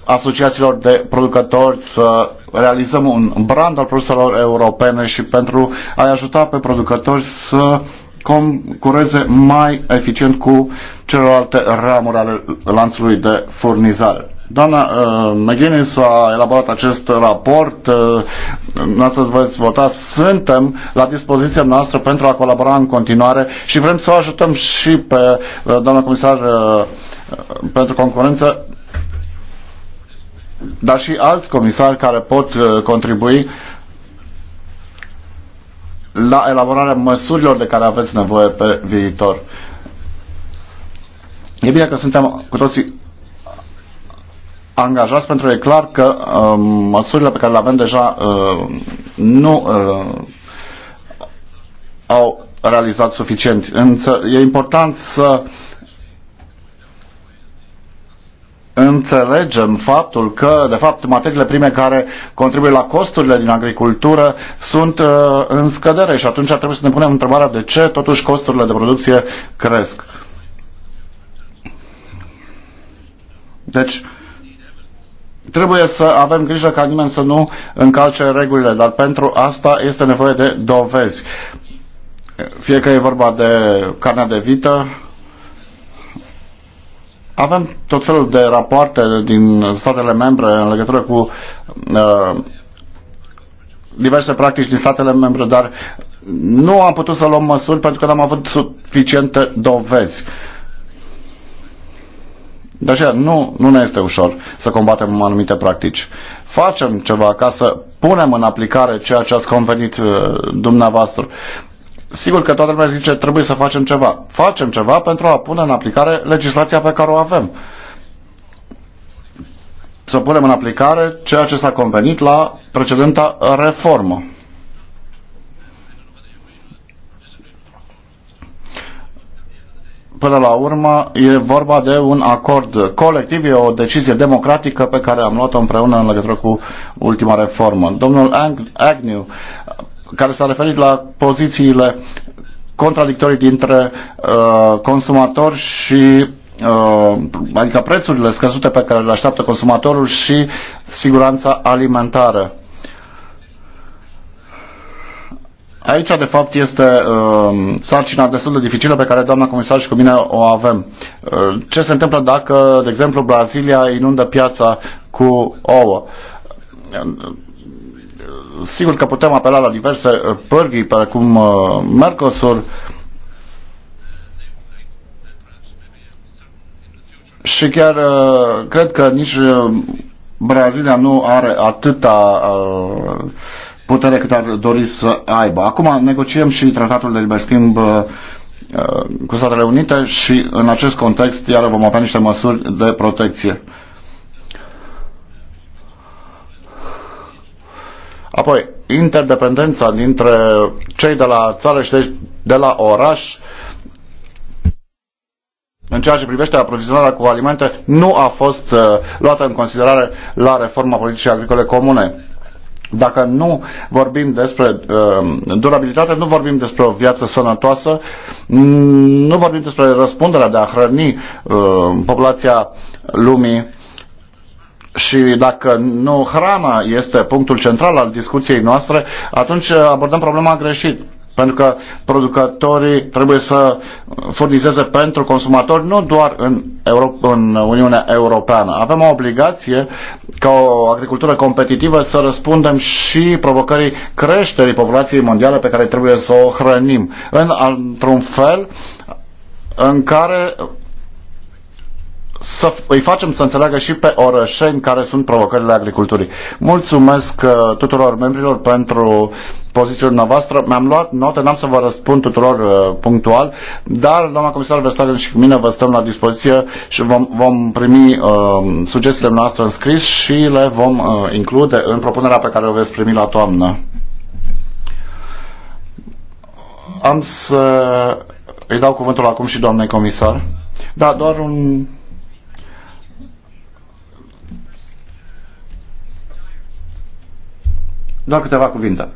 asociațiilor de producători să realizăm un brand al produselor europene și pentru a-i ajuta pe producători să concureze mai eficient cu celelalte ramuri ale lanțului de furnizare. Doamna uh, McGuinness a elaborat acest raport, uh, noastră vă vota, suntem la dispoziția noastră pentru a colabora în continuare și vrem să o ajutăm și pe uh, doamna comisar uh, pentru concurență dar și alți comisari care pot uh, contribui la elaborarea măsurilor de care aveți nevoie pe viitor. E bine că suntem cu toții angajați pentru că e clar că uh, măsurile pe care le avem deja uh, nu uh, au realizat suficient. Însă e important să uh, înțelegem faptul că, de fapt, materiile prime care contribuie la costurile din agricultură sunt uh, în scădere și atunci trebuie să ne punem întrebarea de ce totuși costurile de producție cresc. Deci, trebuie să avem grijă ca nimeni să nu încalce regulile, dar pentru asta este nevoie de dovezi. Fie că e vorba de carnea de vită, avem tot felul de rapoarte din statele membre în legătură cu uh, diverse practici din statele membre, dar nu am putut să luăm măsuri pentru că n-am avut suficiente dovezi. De aceea nu, nu ne este ușor să combatem anumite practici. Facem ceva ca să punem în aplicare ceea ce ați convenit uh, dumneavoastră sigur că toată lumea zice trebuie să facem ceva. Facem ceva pentru a pune în aplicare legislația pe care o avem. Să punem în aplicare ceea ce s-a convenit la precedenta reformă. Până la urmă, e vorba de un acord colectiv, e o decizie democratică pe care am luat-o împreună în legătură cu ultima reformă. Domnul Agnew, care s-a referit la pozițiile contradictorii dintre uh, consumatori și uh, adică prețurile scăzute pe care le așteaptă consumatorul și siguranța alimentară. Aici, de fapt, este uh, sarcina destul de dificilă pe care doamna comisar și cu mine o avem. Uh, ce se întâmplă dacă, de exemplu, Brazilia inundă piața cu ouă? Uh, sigur că putem apela la diverse uh, pârghii, precum uh, Mercosur, și chiar uh, cred că nici Brazilia nu are atâta putere cât ar dori să aibă. Acum negociem și tratatul de liber schimb cu Statele Unite și în acest context iară vom avea niște măsuri de protecție. Apoi, interdependența dintre cei de la țară și de, de la oraș în ceea ce privește aprovizionarea cu alimente nu a fost uh, luată în considerare la reforma politicii agricole comune. Dacă nu vorbim despre uh, durabilitate, nu vorbim despre o viață sănătoasă, nu vorbim despre răspunderea de a hrăni uh, populația lumii și dacă nu hrana este punctul central al discuției noastre, atunci abordăm problema greșit. Pentru că producătorii trebuie să furnizeze pentru consumatori, nu doar în, Euro- în Uniunea Europeană. Avem o obligație ca o agricultură competitivă să răspundem și provocării creșterii populației mondiale pe care trebuie să o hrănim. În, într-un fel în care să îi facem să înțeleagă și pe orășeni care sunt provocările agriculturii. Mulțumesc uh, tuturor membrilor pentru poziția noastre. Mi-am luat note, n-am să vă răspund tuturor uh, punctual, dar doamna comisar Verstagen și cu mine vă stăm la dispoziție și vom, vom primi uh, sugestiile noastre în scris și le vom uh, include în propunerea pe care o veți primi la toamnă. Am să îi dau cuvântul acum și doamnei comisar. Da, doar un Doar câteva cuvinte.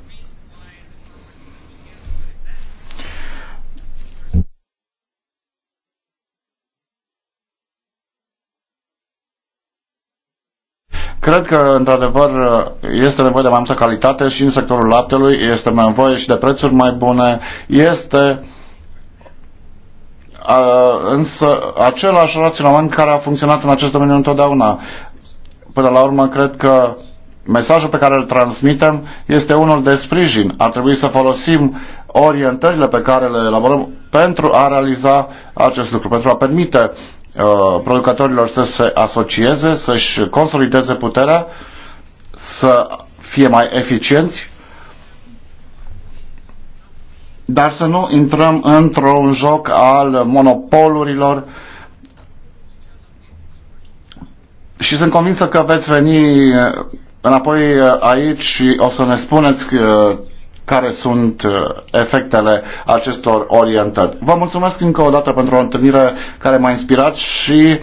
Cred că, într-adevăr, este nevoie de mai multă calitate și în sectorul laptelui, este nevoie și de prețuri mai bune, este însă același raționament care a funcționat în acest domeniu întotdeauna. Până la urmă, cred că mesajul pe care îl transmitem este unul de sprijin. Ar trebui să folosim orientările pe care le elaborăm pentru a realiza acest lucru, pentru a permite uh, producătorilor să se asocieze, să-și consolideze puterea, să fie mai eficienți, dar să nu intrăm într-un joc al monopolurilor și sunt convinsă că veți veni Înapoi uh, aici o să ne spuneți uh, care sunt uh, efectele acestor orientări. Vă mulțumesc încă o dată pentru o întâlnire care m-a inspirat și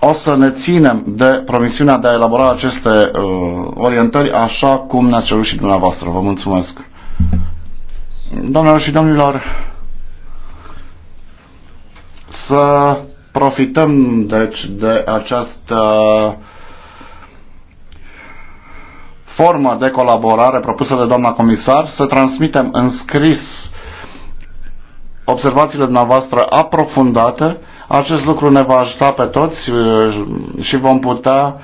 o să ne ținem de promisiunea de a elabora aceste uh, orientări așa cum ne-ați cerut și dumneavoastră. Vă mulțumesc. Domnilor și domnilor, să profităm deci de această uh, formă de colaborare propusă de doamna comisar, să transmitem în scris observațiile dumneavoastră aprofundate. Acest lucru ne va ajuta pe toți uh, și vom putea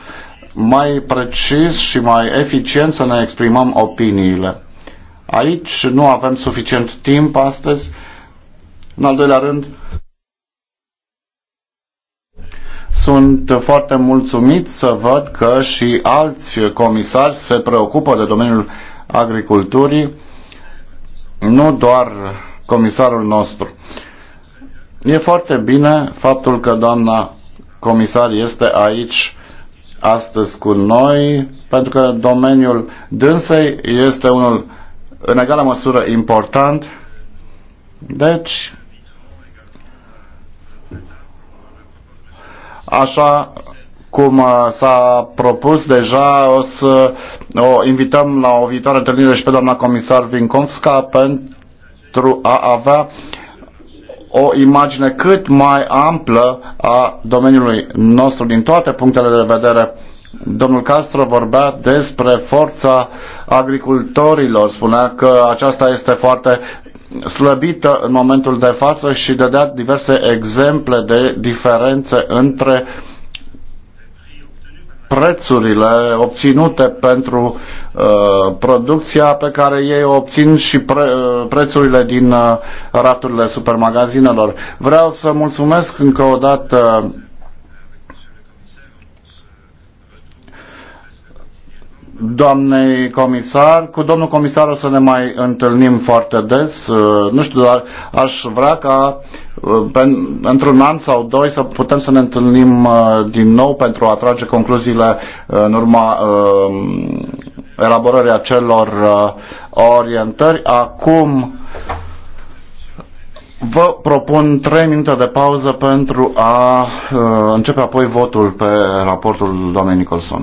mai precis și mai eficient să ne exprimăm opiniile. Aici nu avem suficient timp astăzi. În al doilea rând, sunt foarte mulțumit să văd că și alți comisari se preocupă de domeniul agriculturii, nu doar comisarul nostru. E foarte bine faptul că doamna comisar este aici astăzi cu noi, pentru că domeniul dânsei este unul în egală măsură important. Deci, așa cum uh, s-a propus deja, o să o invităm la o viitoare întâlnire și pe doamna comisar Vinkovska pentru a avea o imagine cât mai amplă a domeniului nostru din toate punctele de vedere. Domnul Castro vorbea despre forța agricultorilor, spunea că aceasta este foarte slăbită în momentul de față și dădea diverse exemple de diferențe între prețurile obținute pentru uh, producția pe care ei o obțin și pre, uh, prețurile din uh, rafturile supermagazinelor. Vreau să mulțumesc încă o dată doamnei comisar. Cu domnul comisar o să ne mai întâlnim foarte des. Uh, nu știu, dar aș vrea ca uh, într-un an sau doi să putem să ne întâlnim uh, din nou pentru a trage concluziile în urma elaborării acelor orientări. Acum Vă propun 3 minute de pauză pentru a începe apoi votul pe raportul doamnei Nicholson.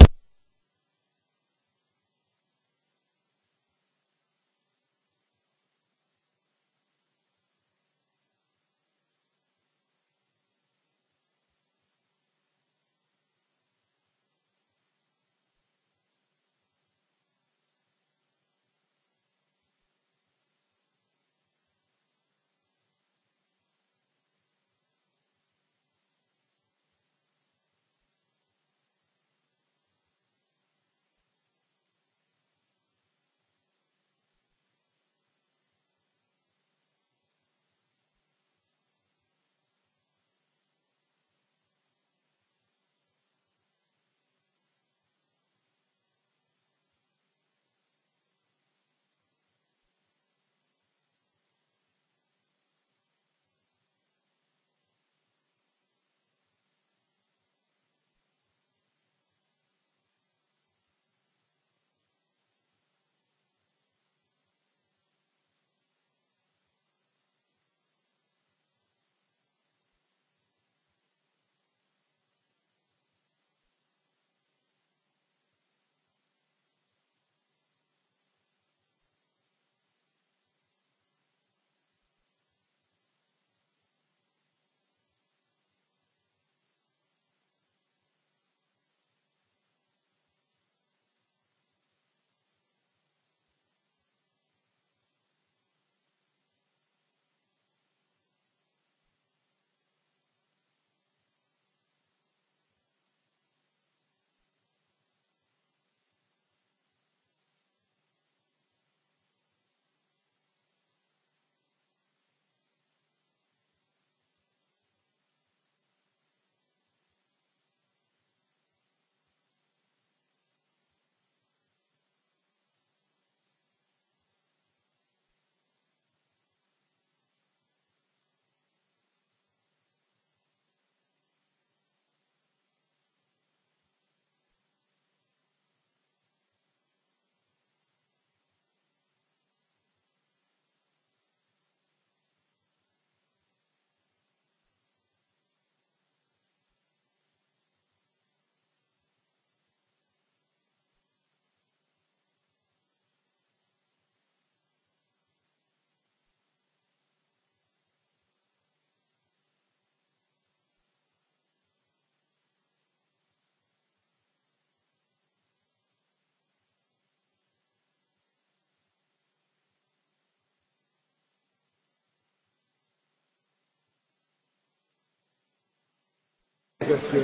Proszę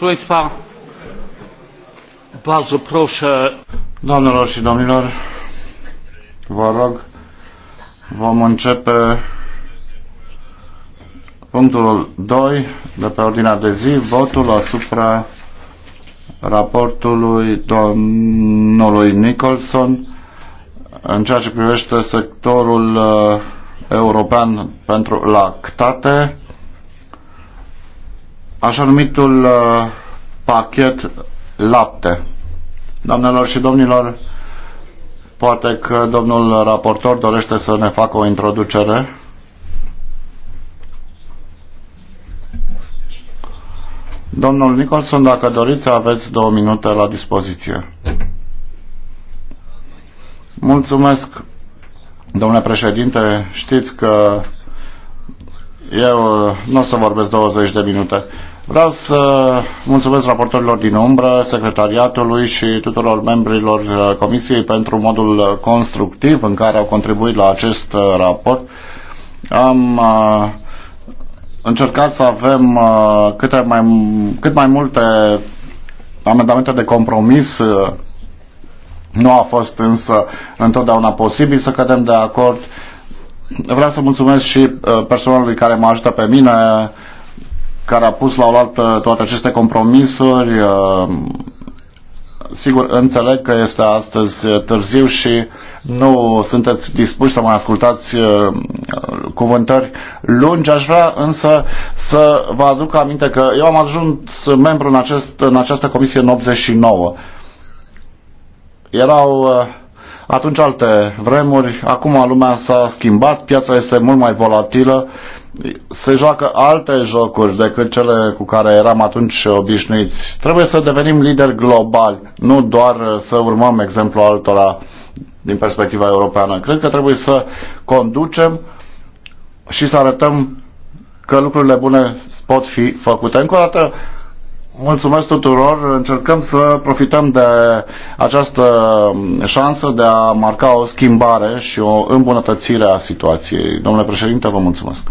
Państwa, bardzo proszę. Doamnelor și domnilor, vă rog, vom începe punctul 2 de pe ordinea de zi, votul asupra raportului domnului Nicholson în ceea ce privește sectorul uh, european pentru lactate, așa numitul uh, pachet lapte. Doamnelor și domnilor, poate că domnul raportor dorește să ne facă o introducere. Domnul Nicholson, dacă doriți, aveți două minute la dispoziție. Mulțumesc, domnule președinte. Știți că eu nu o să vorbesc 20 de minute. Vreau să mulțumesc raportorilor din umbră, secretariatului și tuturor membrilor uh, comisiei pentru modul constructiv în care au contribuit la acest uh, raport. Am uh, încercat să avem câte mai, cât mai multe amendamente de compromis nu a fost însă întotdeauna posibil să cădem de acord. Vreau să mulțumesc și uh, personalului care mă ajută pe mine, care a pus la oaltă toate aceste compromisuri. Uh, sigur, înțeleg că este astăzi uh, târziu și nu sunteți dispuși să mai ascultați cuvântări lungi. Aș vrea însă să vă aduc aminte că eu am ajuns membru în, acest, în această comisie în 89 erau uh, atunci alte vremuri, acum lumea s-a schimbat, piața este mult mai volatilă, se joacă alte jocuri decât cele cu care eram atunci obișnuiți. Trebuie să devenim lideri globali, nu doar să urmăm exemplul altora din perspectiva europeană. Cred că trebuie să conducem și să arătăm că lucrurile bune pot fi făcute. Încă o dată, Mulțumesc tuturor, încercăm să profităm de această um, șansă de a marca o schimbare și o îmbunătățire a situației. Domnule președinte, vă mulțumesc.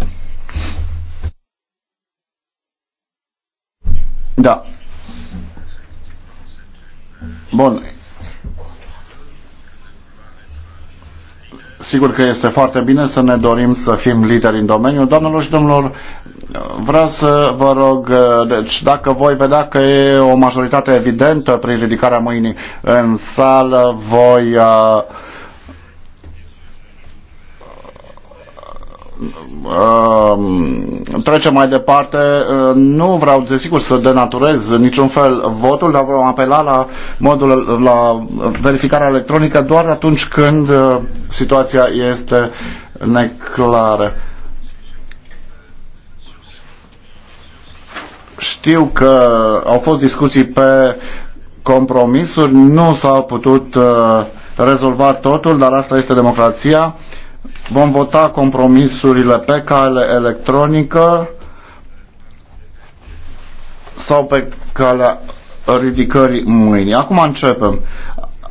Da. Bun. Sigur că este foarte bine să ne dorim să fim lideri în domeniu. Doamnelor și domnilor, Vreau să vă rog, uh, deci dacă voi vedea că e o majoritate evidentă prin ridicarea mâinii în sală, voi uh, um, trecem mai departe. Uh, nu vreau, desigur, să denaturez niciun fel votul, dar vreau apela la modul la verificarea electronică doar atunci când uh, situația este neclară. Știu că au fost discuții pe compromisuri, nu s-a putut uh, rezolva totul, dar asta este democrația. Vom vota compromisurile pe cale electronică sau pe calea ridicării mâinii. Acum începem.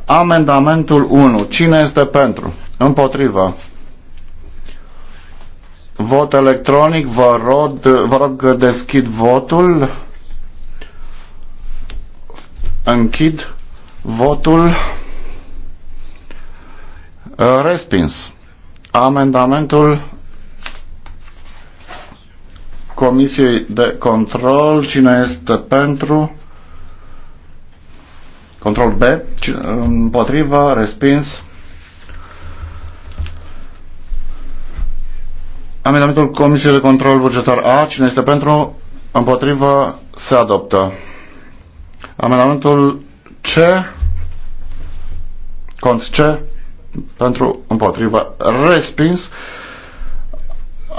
Amendamentul 1. Cine este pentru? Împotrivă vot electronic. Vă rog, vă rog deschid votul. Închid votul. Respins. Amendamentul Comisiei de Control. Cine este pentru? Control B. Împotrivă. Respins. Amendamentul Comisiei de Control Bugetar A. Cine este pentru? Împotrivă? Se adoptă. Amendamentul C. Cont C. Pentru? Împotrivă? Respins.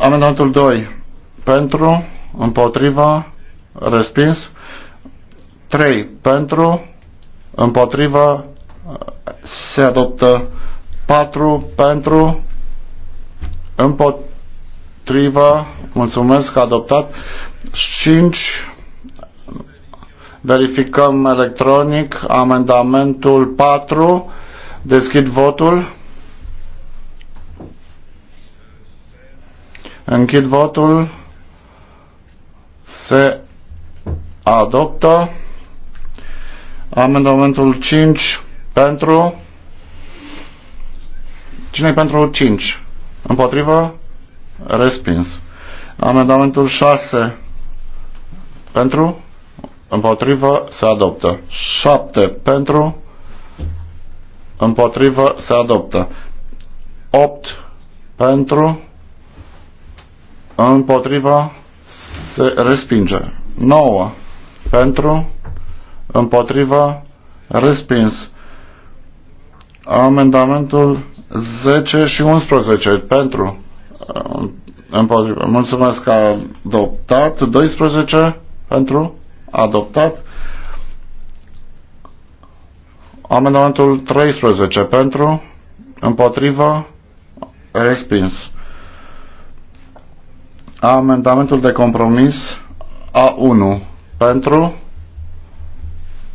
Amendamentul 2. Pentru? Împotrivă? Respins. 3. Pentru? Împotrivă? Se adoptă. 4. Pentru? Împotrivă? împotrivă, mulțumesc, adoptat. 5. Verificăm electronic amendamentul 4. Deschid votul. Închid votul. Se adoptă. Amendamentul 5 pentru. Cine pentru 5? Împotrivă? Respins. Amendamentul 6 pentru, împotrivă, se adoptă. 7 pentru, împotrivă, se adoptă. 8 pentru, împotrivă, se respinge. 9 pentru, împotrivă, respins. Amendamentul 10 și 11 pentru, împotriva. Mulțumesc că adoptat. 12 pentru adoptat. Amendamentul 13 pentru împotriva respins. Amendamentul de compromis A1 pentru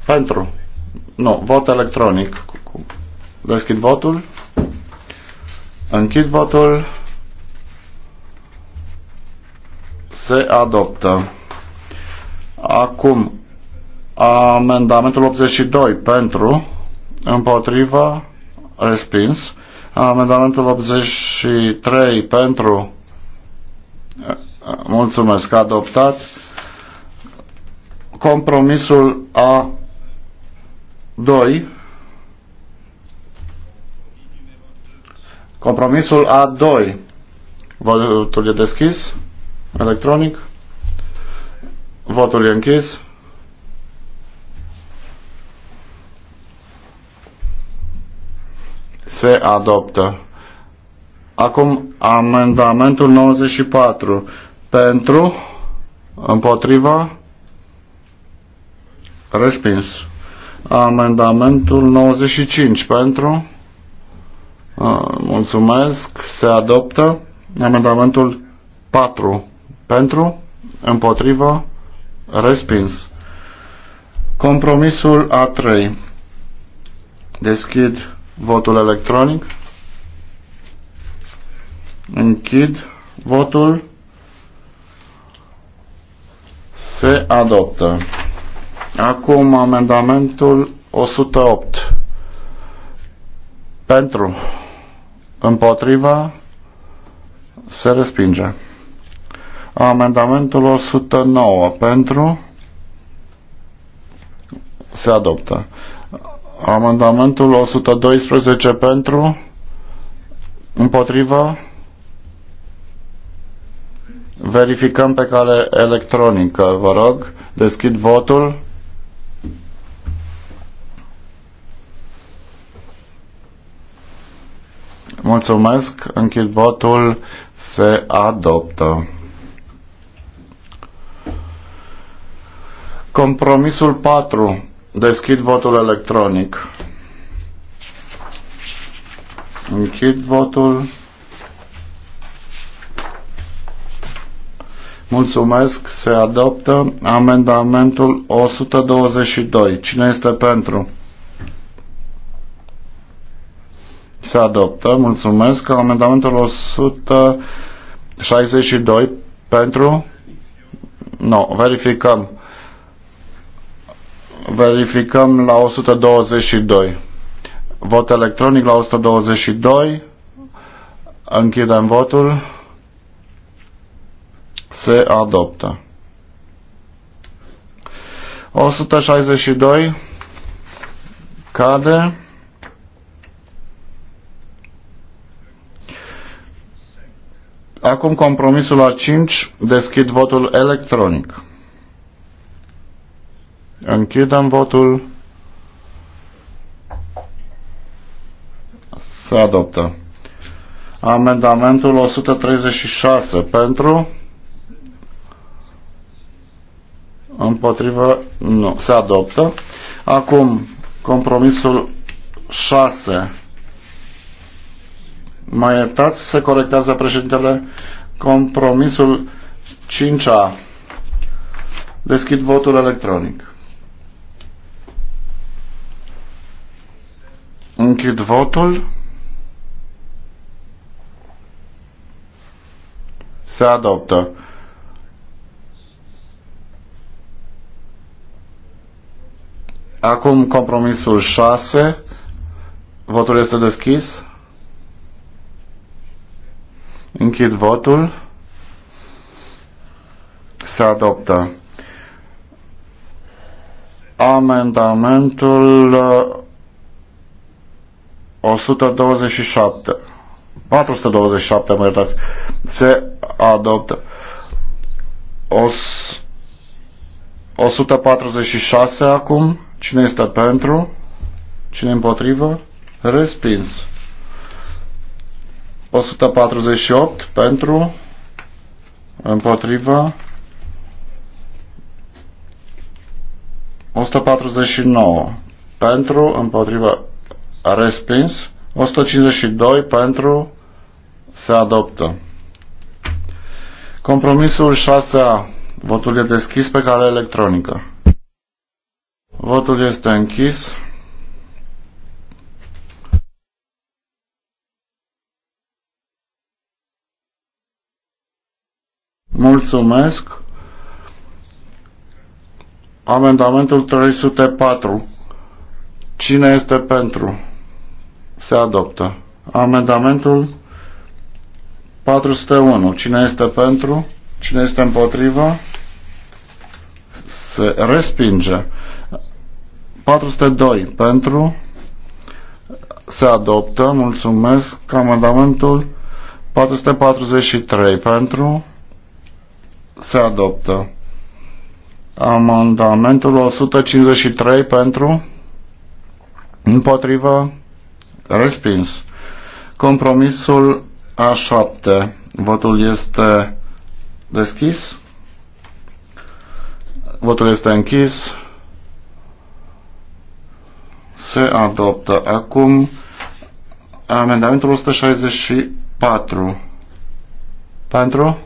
pentru nu, vot electronic. Deschid votul. Închid votul. se adoptă. Acum, amendamentul 82 pentru, împotriva, respins. Amendamentul 83 pentru, mulțumesc, adoptat. Compromisul A2 Compromisul A2 Votul e deschis electronic. Votul e închis. Se adoptă. Acum amendamentul 94. Pentru, împotriva, respins. Amendamentul 95. Pentru, mulțumesc, se adoptă. Amendamentul 4. Pentru, împotrivă, respins. Compromisul A3. Deschid votul electronic. Închid votul. Se adoptă. Acum amendamentul 108. Pentru, împotriva, se respinge. Amendamentul 109 pentru se adoptă. Amendamentul 112 pentru împotriva verificăm pe cale electronică, vă rog. Deschid votul. Mulțumesc. Închid votul. Se adoptă. Compromisul 4. Deschid votul electronic. Închid votul. Mulțumesc. Se adoptă amendamentul 122. Cine este pentru? Se adoptă. Mulțumesc. Amendamentul 162 pentru? Nu. Verificăm. Verificăm la 122. Vot electronic la 122. Închidem votul. Se adoptă. 162 cade. Acum compromisul la 5, deschid votul electronic. Închidem votul. Se adoptă. Amendamentul 136 pentru împotrivă nu, se adoptă. Acum compromisul 6 mai iertați, se corectează președintele compromisul 5A. Deschid votul electronic. Închid votul. Se adoptă. Acum compromisul 6. Votul este deschis. Închid votul. Se adoptă. Amendamentul uh, 127. 427, mă iertați. Se adoptă. O, 146 acum. Cine este pentru? Cine împotrivă? Respins. 148 pentru împotriva 149 pentru împotriva respins. 152 pentru se adoptă. Compromisul 6A. Votul e deschis pe cale electronică. Votul este închis. Mulțumesc. Amendamentul 304. Cine este pentru? Se adoptă. Amendamentul 401. Cine este pentru? Cine este împotrivă? Se respinge. 402. Pentru? Se adoptă. Mulțumesc. Amendamentul 443. Pentru? Se adoptă. Amendamentul 153 pentru? Împotrivă? Respins. Compromisul A7. Votul este deschis. Votul este închis. Se adoptă. Acum amendamentul 164. Pentru?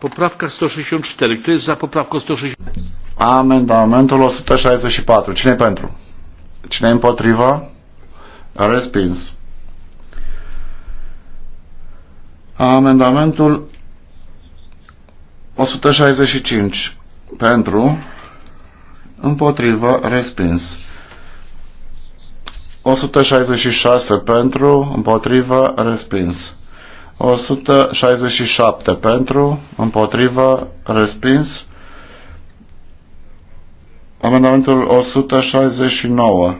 Poprawka 164. Kto jest za poprawką 164? Amendamentul 164. cine pentru? cine împotriva? Respins. Amendamentul 165. Pentru. împotriva. Respins. 166 pentru, împotriva. respins. 167 pentru, împotrivă, respins. Amendamentul 169.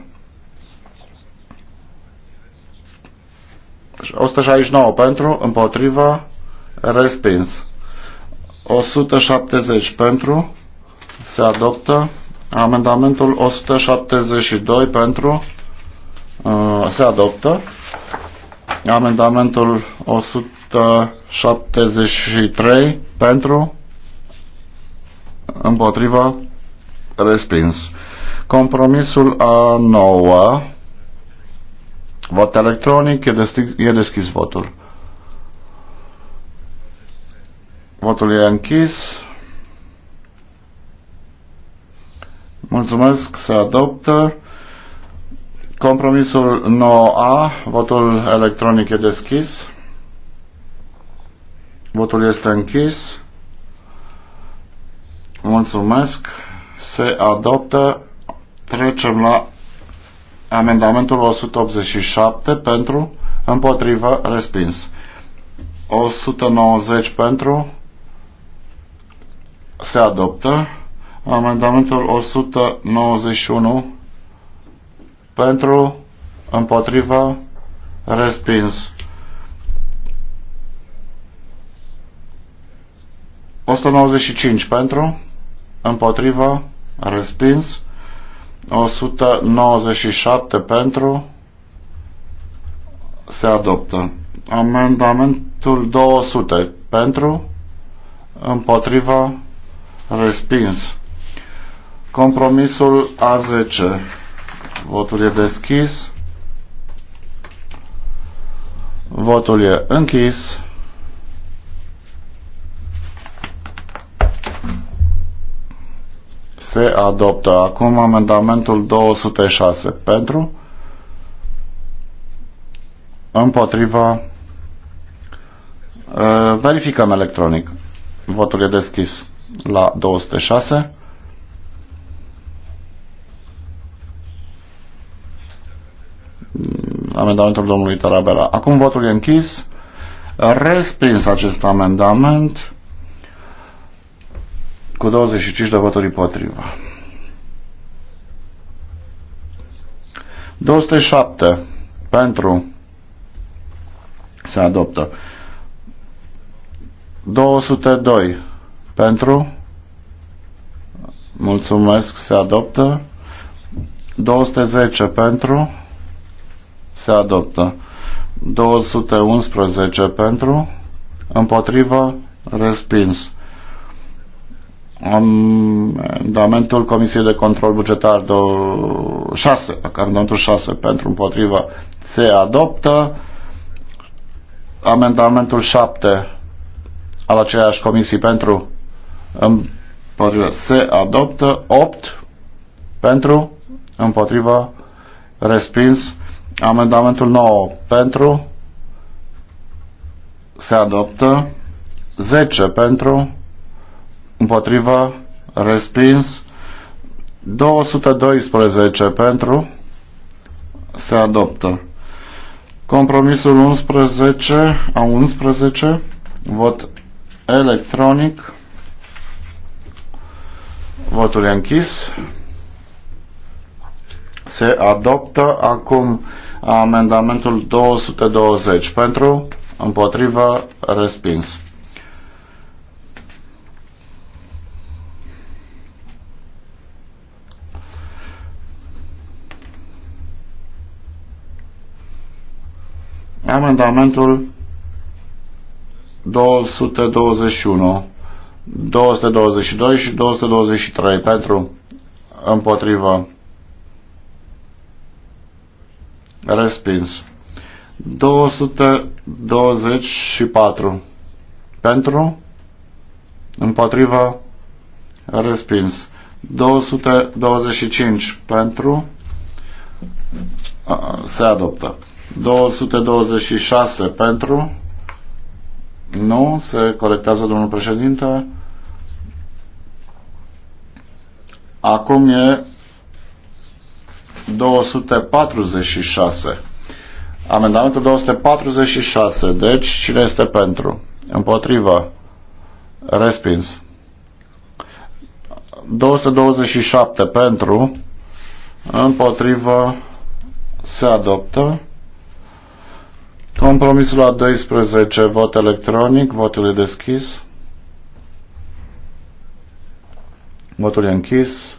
169 pentru, împotrivă, respins. 170 pentru, se adoptă. Amendamentul 172 pentru, uh, se adoptă. Amendamentul 173 pentru, împotriva, respins. Compromisul a noua vot electronic, e deschis, e deschis votul. Votul e închis. Mulțumesc, se adoptă. Compromisul 9A, votul electronic e deschis. Votul este închis. Mulțumesc. Se adoptă. Trecem la amendamentul 187 pentru, împotrivă, respins. 190 pentru, se adoptă. Amendamentul 191 pentru, împotriva, respins. 195 pentru, împotriva, respins. 197 pentru, se adoptă. Amendamentul 200 pentru, împotriva, respins. Compromisul A10 Votul e deschis. Votul e închis. Se adoptă acum amendamentul 206 pentru împotriva verificăm electronic. Votul e deschis la 206. amendamentul domnului Tarabela. Acum votul e închis. Respins acest amendament cu 25 de voturi împotriva. 207 pentru se adoptă. 202 pentru mulțumesc se adoptă. 210 pentru se adoptă. 211 pentru, împotrivă, respins. Amendamentul Comisiei de Control Bugetar 6, amendamentul 6 pentru împotrivă se adoptă. Amendamentul 7 al aceeași comisii pentru împotrivă se adoptă. 8 pentru împotrivă respins. Amendamentul 9 pentru, se adoptă, 10 pentru, împotrivă, respins, 212 pentru, se adoptă. Compromisul 11 a 11, vot electronic, votul e închis, se adoptă acum Amendamentul 220 pentru, împotrivă, respins. Amendamentul 221, 222 și 223 pentru împotriva Respins. 224. Pentru? Împotrivă? Respins. 225. Pentru? Se adoptă. 226. Pentru? Nu, se corectează domnul președinte. Acum e 246. Amendamentul 246. Deci, cine este pentru? Împotrivă. Respins. 227 pentru. Împotrivă. Se adoptă. Compromisul la 12. Vot electronic. Votul e deschis. Votul e închis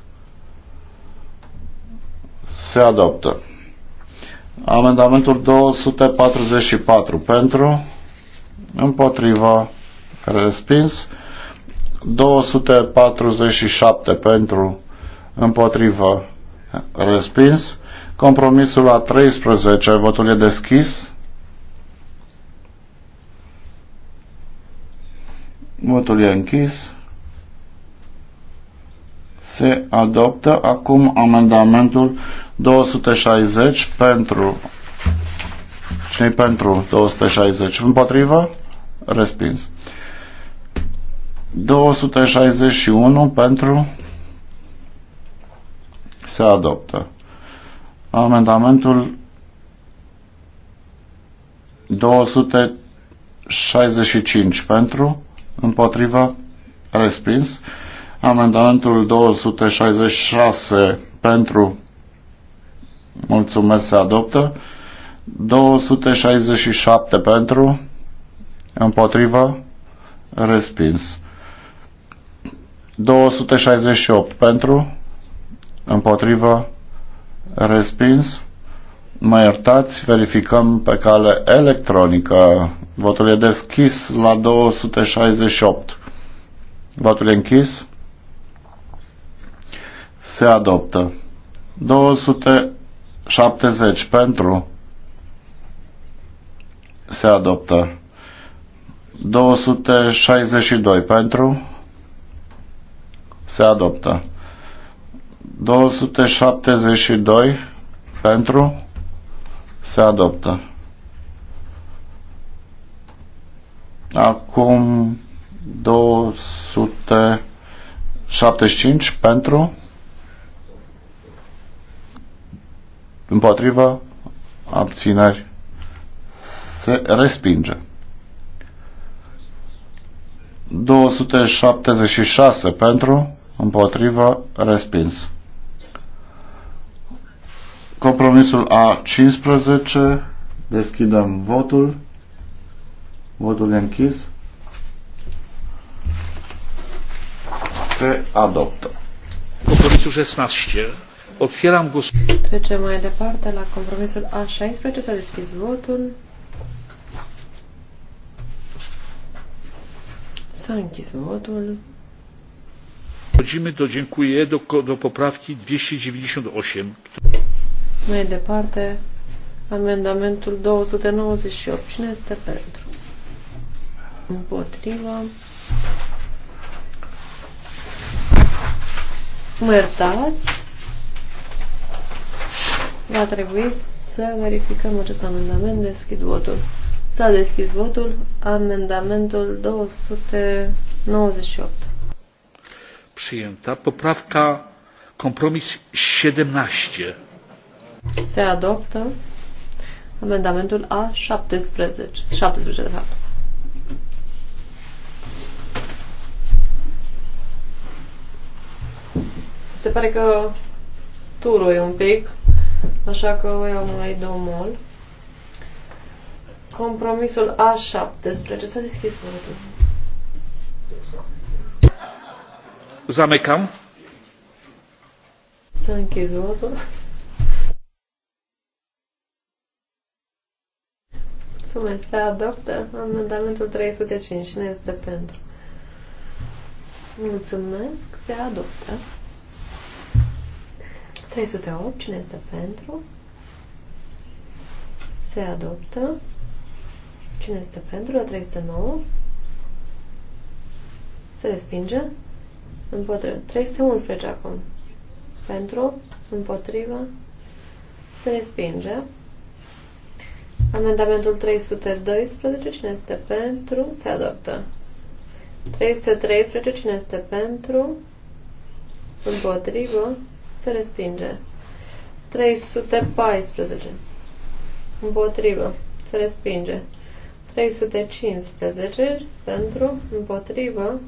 se adoptă. Amendamentul 244 pentru, împotriva, respins. 247 pentru, împotriva, respins. Compromisul la 13, votul e deschis. Votul e închis. Se adoptă acum amendamentul 260 pentru. cine pentru 260? Împotrivă? Respins. 261 pentru. Se adoptă. Amendamentul 265 pentru, împotriva, respins. Amendamentul 266 pentru, Mulțumesc, se adoptă. 267 pentru, împotrivă, respins. 268 pentru, împotrivă, respins. Mă iertați, verificăm pe cale electronică. Votul e deschis la 268. Votul e închis. Se adoptă. 200 70 pentru se adoptă. 262 pentru se adoptă. 272 pentru se adoptă. Acum 275 pentru împotrivă, abțineri, se respinge. 276 pentru, împotrivă, respins. Compromisul A15, deschidem votul. Votul e închis. Se adoptă. Compromisul 16. Otwieram głosowanie. Trecem mai departe la compromisul A16. S-a votul. S-a votul. Przechodzimy do, dziękuję, do, do poprawki 298. Mai departe, amendamentul 298. Cine este pentru? Împotriva. Mă iertați. Va trebui să verificăm acest amendament. Deschid votul. S-a deschis votul. Amendamentul 298. Przyjęta. Poprawka kompromis 17. Se adoptă amendamentul A17. 17, de fapt. Se pare că turul e un pic Așa că o iau mai domol. Compromisul a ce S-a deschis vorbitul? Zamecam. S-a închis votul. Mulțumesc. Se adoptă amendamentul 305. Cine este pentru? Mulțumesc. Se adoptă. 308. Cine este pentru? Se adoptă. Cine este pentru? La 309. Se respinge. Împotriva. 311 acum. Pentru. Împotriva. Se respinge. Amendamentul 312. Cine este pentru? Se adoptă. 313. Cine este pentru? Împotrivă se respinge. 314 împotrivă, se respinge. 315 pentru, împotrivă,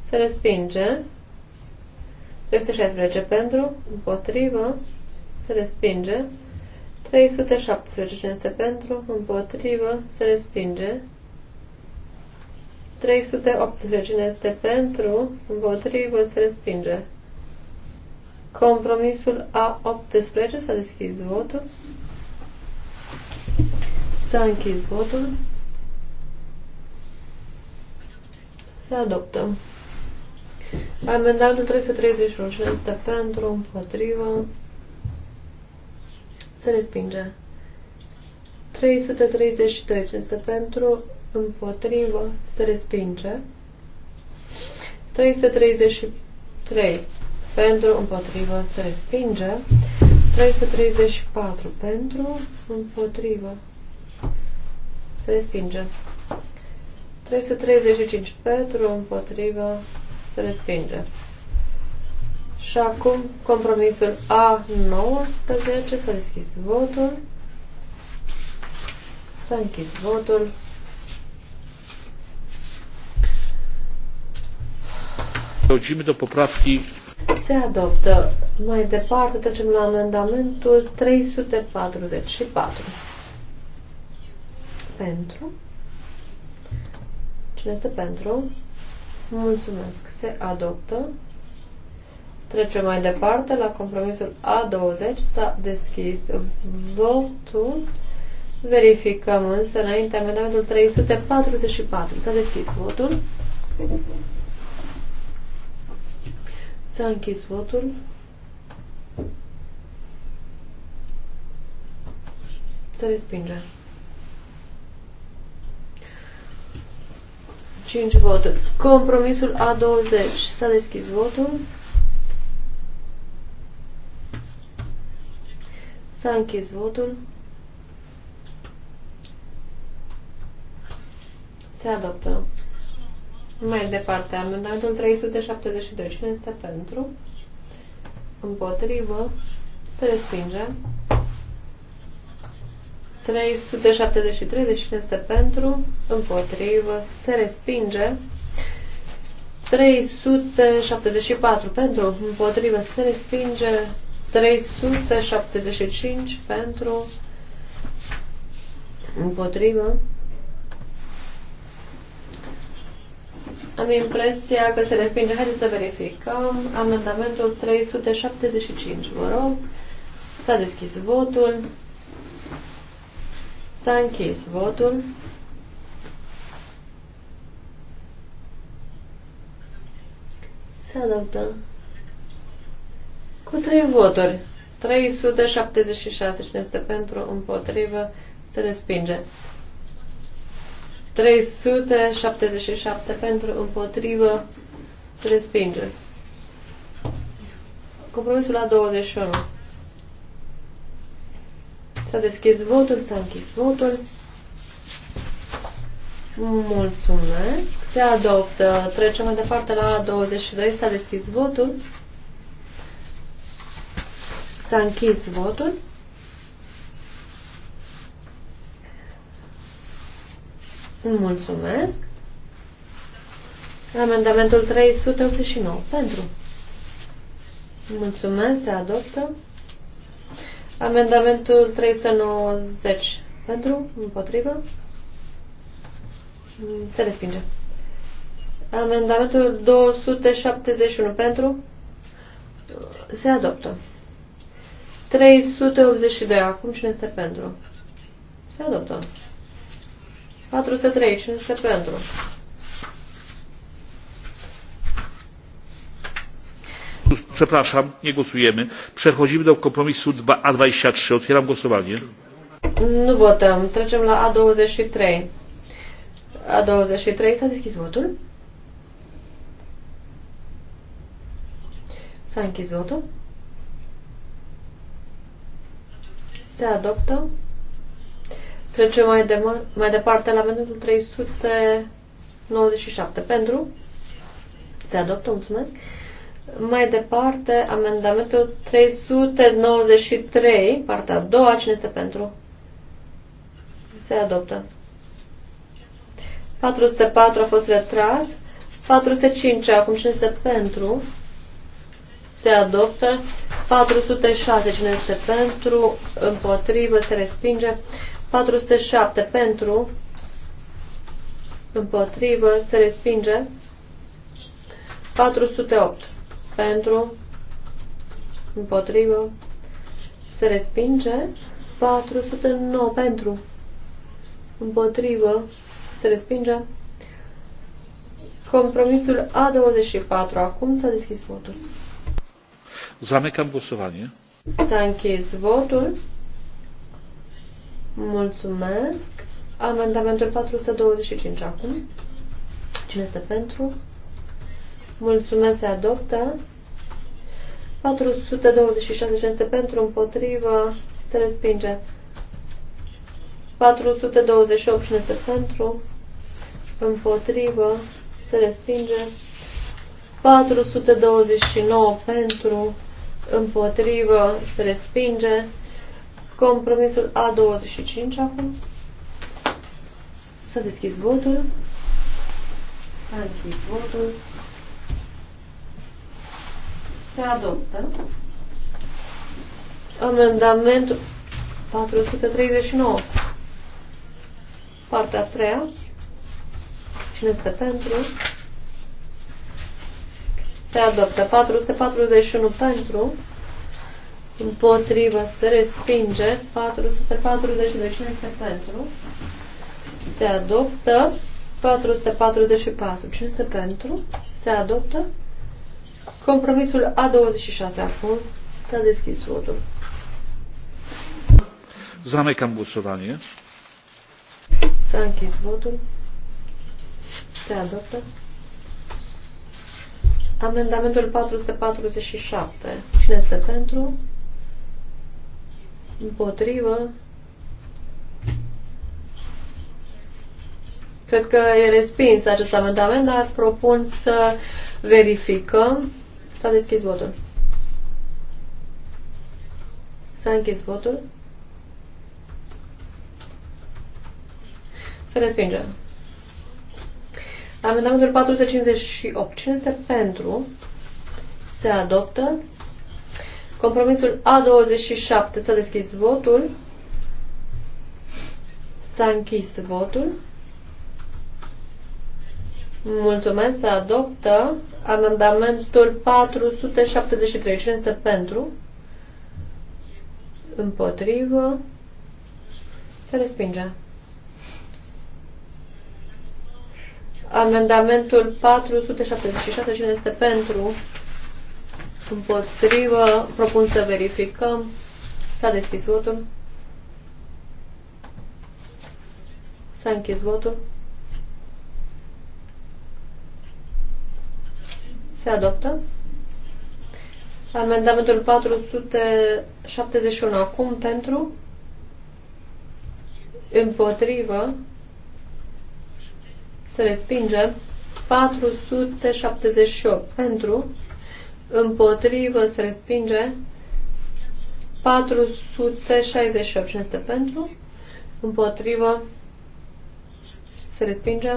se respinge. 316 pentru, împotrivă, se respinge. 317 este pentru, împotrivă, se respinge. 318 este pentru, împotrivă, se respinge. Compromisul A18 s-a deschis votul. S-a închis votul. Se adoptă. Amendamentul 336 este pentru, împotrivă. Se respinge. 332 este pentru, împotrivă, se respinge. 333 pentru, împotrivă, se respinge. 334 pentru, împotrivă, se respinge. 335 pentru, împotrivă, se respinge. Și acum compromisul A19, s-a deschis votul, s-a închis votul. Przechodzimy do poprawki se adoptă. Mai departe trecem la amendamentul 344. Pentru. Cine este pentru? Mulțumesc. Se adoptă. Trecem mai departe la compromisul A20. S-a deschis votul. Verificăm însă înainte amendamentul 344. S-a deschis votul. S-a închis votul. Se respinge. 5 voturi. Compromisul A20. S-a deschis votul. S-a închis votul. Se adoptă. Mai departe, amendamentul 372. Cine este pentru? Împotrivă. Se respinge. 373. Deci cine este pentru? Împotrivă. Se respinge. 374 pentru, împotrivă, se respinge 375 pentru, împotrivă, Am impresia că se respinge. Haideți să verificăm. Amendamentul 375, vă rog. S-a deschis votul. S-a închis votul. Se adoptă. Cu trei voturi. 376. Cine este pentru, împotrivă, se respinge. 377 pentru împotrivă se respinge. Compromisul la 21. S-a deschis votul, s-a închis votul. Mulțumesc. Se adoptă. Trecem mai departe la 22. S-a deschis votul. S-a închis votul. Mulțumesc. Amendamentul 389. Pentru. Mulțumesc. Se adoptă. Amendamentul 390. Pentru. Împotrivă. Se respinge. Amendamentul 271. Pentru. Se adoptă. 382. Acum cine este pentru? Se adoptă. 403. Cine este pentru? Przepraszam, nie głosujemy. Przechodzimy do kompromisu A23. Otwieram głosowanie. Nu votăm. Trecem la A23. A23 s-a deschis votul. S-a închis votul. Se adoptă Trecem mai, de, mai departe la amendamentul 397. Pentru? Se adoptă, mulțumesc. Mai departe, amendamentul 393, partea a doua, cine este pentru? Se adoptă. 404 a fost retras. 405 acum cine este pentru? Se adoptă. 406 cine este pentru? Împotrivă, se respinge. 407 pentru, împotrivă, se respinge. 408 pentru, împotrivă, se respinge. 409 pentru, împotrivă, se respinge. Compromisul A24. Acum s-a deschis votul. Zamecam głosowanie. S-a închis votul. Mulțumesc. Amendamentul 425 acum. Cine este pentru? Mulțumesc, se adoptă. 426, cine este pentru, împotrivă, se respinge. 428, cine este pentru, împotrivă, se respinge. 429 pentru, împotrivă, se respinge. Compromisul A25 acum. Să deschis votul. S-a votul. Se adoptă. Amendamentul 439. Partea a treia. Cine este pentru? Se adoptă. 441 pentru împotrivă se respinge, 442 cine este pentru, se adoptă, 444 cine este pentru, se adoptă, compromisul A26 acum s-a deschis votul. Zamecam głosowanie. S-a închis votul. Se adoptă. Amendamentul 447. Cine este pentru? Împotrivă. Cred că e respins acest amendament, dar îți propun să verificăm. S-a deschis votul. S-a închis votul. Să respingem. Amendamentul 458. Cine este pentru? Se adoptă. Compromisul A27. S-a deschis votul. S-a închis votul. Mulțumesc. Se adoptă amendamentul 473. Cine este pentru? Împotrivă. Se respinge. Amendamentul 476. Cine este pentru? împotrivă, propun să verificăm. S-a deschis votul. S-a închis votul. Se adoptă. Amendamentul 471 acum pentru împotrivă se respinge 478 pentru împotrivă, se respinge. 468 este pentru, împotrivă, se respinge.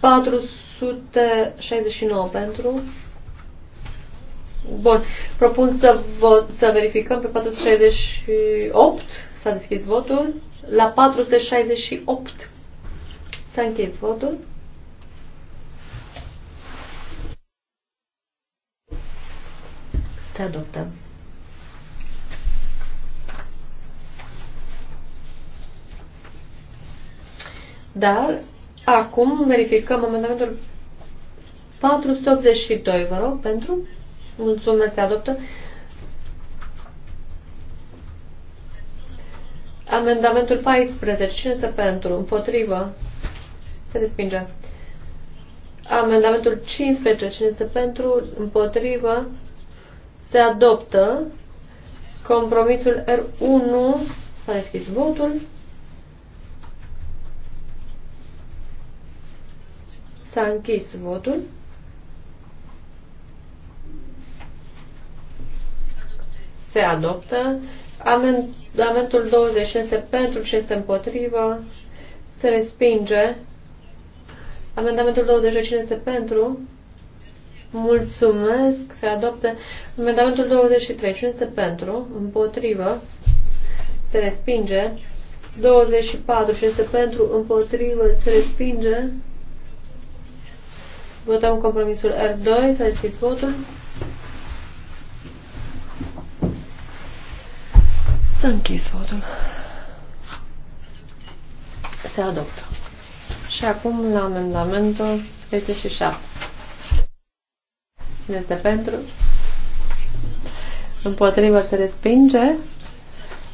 469 pentru. Bun. Propun să, vot, să verificăm pe 468. S-a deschis votul. La 468 s-a închis votul. Se adoptă. Dar acum verificăm amendamentul 482, vă rog, pentru. Mulțumesc, se adoptă. Amendamentul 14. Cine este pentru? Împotrivă? Se respinge. Amendamentul 15. Cine este pentru? Împotrivă? Se adoptă compromisul R1. S-a deschis votul. S-a închis votul. Se adoptă. Amendamentul 26 pentru, ce este împotrivă. Se respinge. Amendamentul 25 este pentru, Mulțumesc. Se adoptă amendamentul 23. Cine este pentru? Împotrivă. Se respinge. 24. Cine este pentru? Împotrivă. Se respinge. Votăm compromisul R2. S-a deschis votul. S-a închis votul. Se adoptă. Și acum la amendamentul 37. Cine este pentru? Împotrivă se respinge.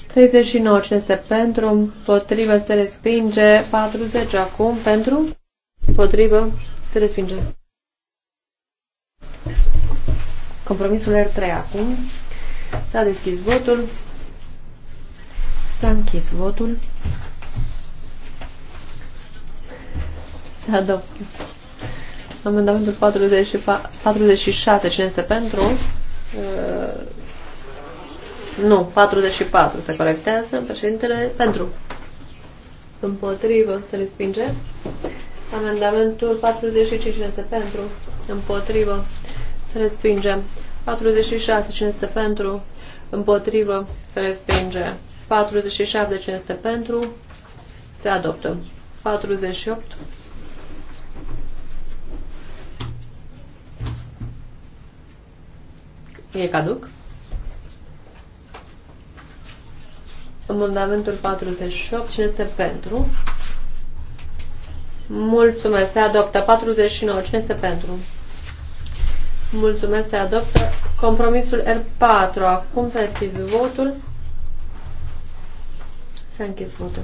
39. Cine este pentru? Împotrivă se respinge. 40. Acum pentru? Împotrivă se respinge. Compromisul R3 acum. S-a deschis votul. S-a închis votul. S-a adoptat. Amendamentul 46, cine este pentru? Uh, nu, 44 se corectează, președintele, pentru. Împotrivă, se respinge. Amendamentul 45, cine este pentru? Împotrivă, se respinge. 46, cine este pentru? Împotrivă, se respinge. 47, cine este pentru? Se adoptă. 48, E caduc. Amendamentul 48. Cine este pentru? Mulțumesc. Se adoptă. 49. Cine este pentru? Mulțumesc. Se adoptă. Compromisul R4. Acum s-a deschis votul. S-a închis votul.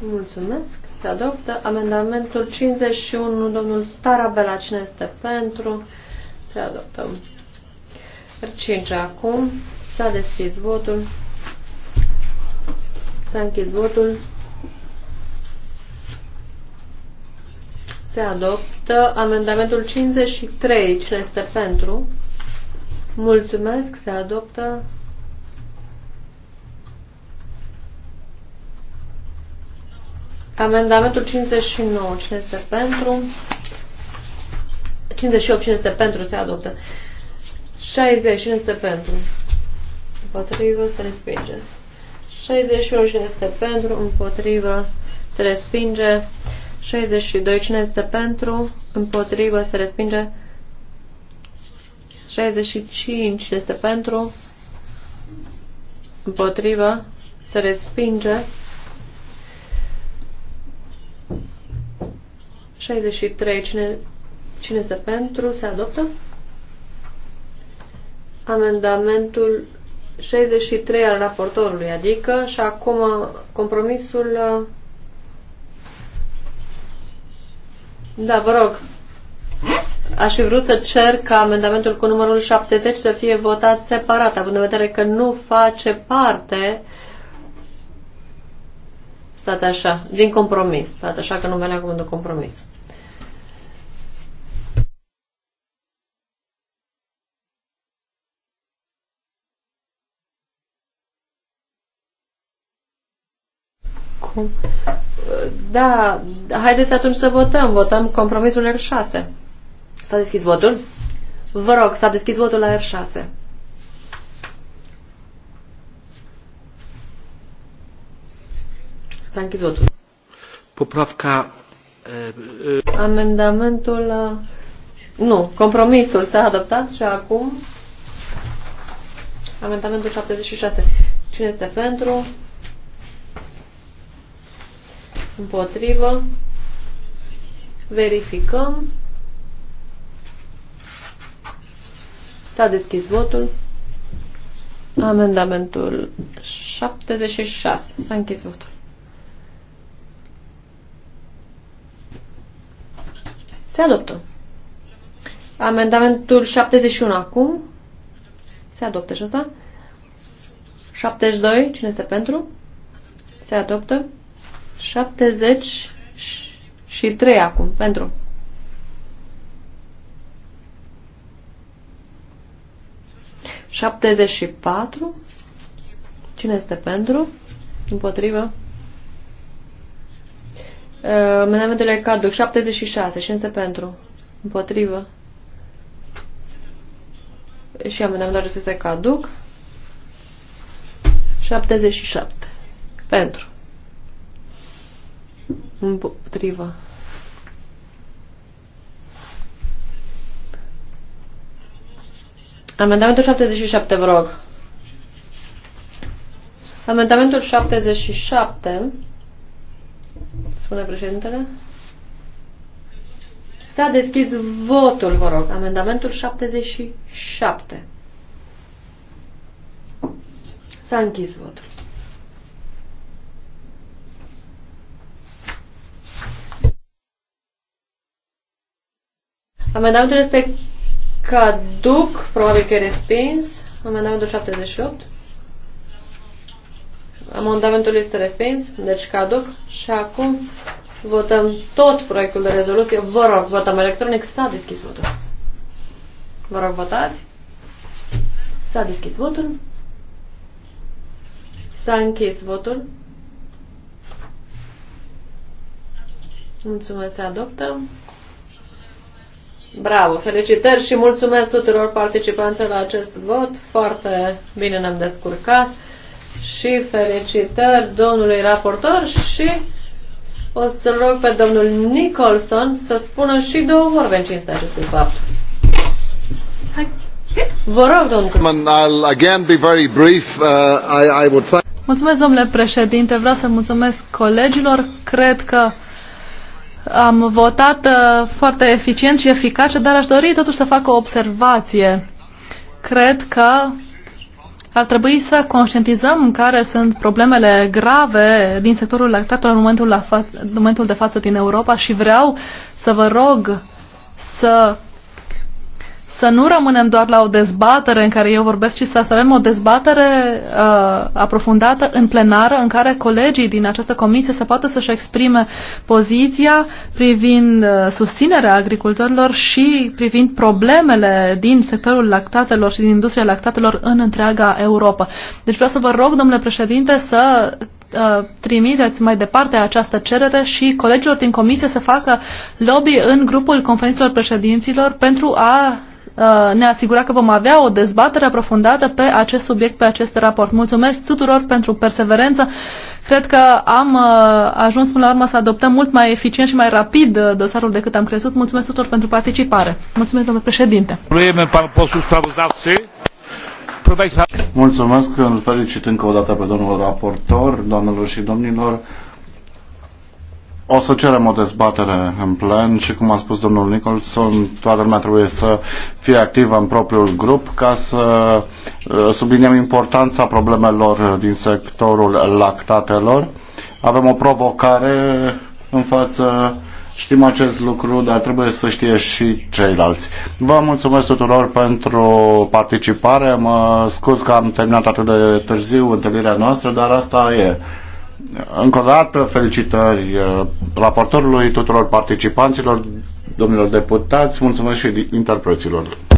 Mulțumesc. Se adoptă amendamentul 51, domnul Tarabela, cine este pentru? Se adoptă. 5 acum. S-a deschis votul. S-a închis votul. Se adoptă amendamentul 53. Cine este pentru? Mulțumesc. Se adoptă. Amendamentul 59. Cine este pentru? 58 este pentru se adoptă. 60 este pentru. Împotrivă se respinge. 61 este pentru. Împotrivă se respinge. 62 cine este pentru. Împotrivă se respinge. 65 este pentru. Împotrivă se respinge. 63 cine Cine este pentru? Se adoptă. Amendamentul 63 al raportorului, adică și acum compromisul... Da, vă rog. Aș fi vrut să cer ca amendamentul cu numărul 70 să fie votat separat, având în vedere că nu face parte stați așa, din compromis, stați așa că nu venea cuvântul compromis. acum. Da, haideți atunci să votăm. Votăm compromisul R6. S-a deschis votul? Vă rog, s-a deschis votul la R6. S-a închis votul. Poprawka... Amendamentul... Nu, compromisul s-a adoptat și acum... Amendamentul 76. Cine este pentru? împotrivă, verificăm, s-a deschis votul, amendamentul 76, s-a închis votul. Se adoptă. Amendamentul 71 acum. Se adoptă și asta. 72. Cine este pentru? Se adoptă. 70 și 3 acum, pentru. Șaptezeci și patru. Cine este pentru? Împotrivă. Uh, amendamentele caduc. 76. Cine este pentru? Împotrivă. Și amendamentele acestea caduc. 77. Pentru împotriva. Amendamentul 77, vă rog. Amendamentul 77, spune președintele. S-a deschis votul, vă rog. Amendamentul 77. S-a închis votul. Amendamentul este caduc, probabil că e respins. Amendamentul 78. Amendamentul este respins, deci caduc. Și acum votăm tot proiectul de rezoluție. Vă rog, votăm electronic. S-a deschis votul. Vă rog, votați. S-a deschis votul. S-a închis votul. Mulțumesc, se adoptă. Bravo! Felicitări și mulțumesc tuturor participanților la acest vot. Foarte bine ne-am descurcat și felicitări domnului raportor și o să rog pe domnul Nicholson să spună și două vorbe în cinstea acestui fapt. Vă rog, domnul. again be very brief. Uh, I, I would... Mulțumesc, domnule președinte. Vreau să mulțumesc colegilor. Cred că am votat uh, foarte eficient și eficace, dar aș dori totuși să fac o observație. Cred că ar trebui să conștientizăm care sunt problemele grave din sectorul lactatelor în momentul, la fa- momentul de față din Europa și vreau să vă rog să să nu rămânem doar la o dezbatere în care eu vorbesc, ci să, avem o dezbatere uh, aprofundată în plenară în care colegii din această comisie să poată să-și exprime poziția privind uh, susținerea agricultorilor și privind problemele din sectorul lactatelor și din industria lactatelor în întreaga Europa. Deci vreau să vă rog, domnule președinte, să uh, trimiteți mai departe această cerere și colegilor din comisie să facă lobby în grupul conferințelor președinților pentru a Uh, ne asigura că vom avea o dezbatere aprofundată pe acest subiect, pe acest raport. Mulțumesc tuturor pentru perseverență. Cred că am uh, ajuns până la urmă să adoptăm mult mai eficient și mai rapid uh, dosarul decât am crezut. Mulțumesc tuturor pentru participare. Mulțumesc, domnule președinte. Da, Mulțumesc, îl felicit încă o dată pe domnul raportor, doamnelor și domnilor. O să cerem o dezbatere în plen și, cum a spus domnul Nicholson, toată lumea trebuie să fie activă în propriul grup ca să uh, subliniem importanța problemelor din sectorul lactatelor. Avem o provocare în față, știm acest lucru, dar trebuie să știe și ceilalți. Vă mulțumesc tuturor pentru participare, mă scuz că am terminat atât de târziu întâlnirea noastră, dar asta e. Încă o dată, felicitări uh, raportorului, tuturor participanților, domnilor deputați, mulțumesc și interpreților.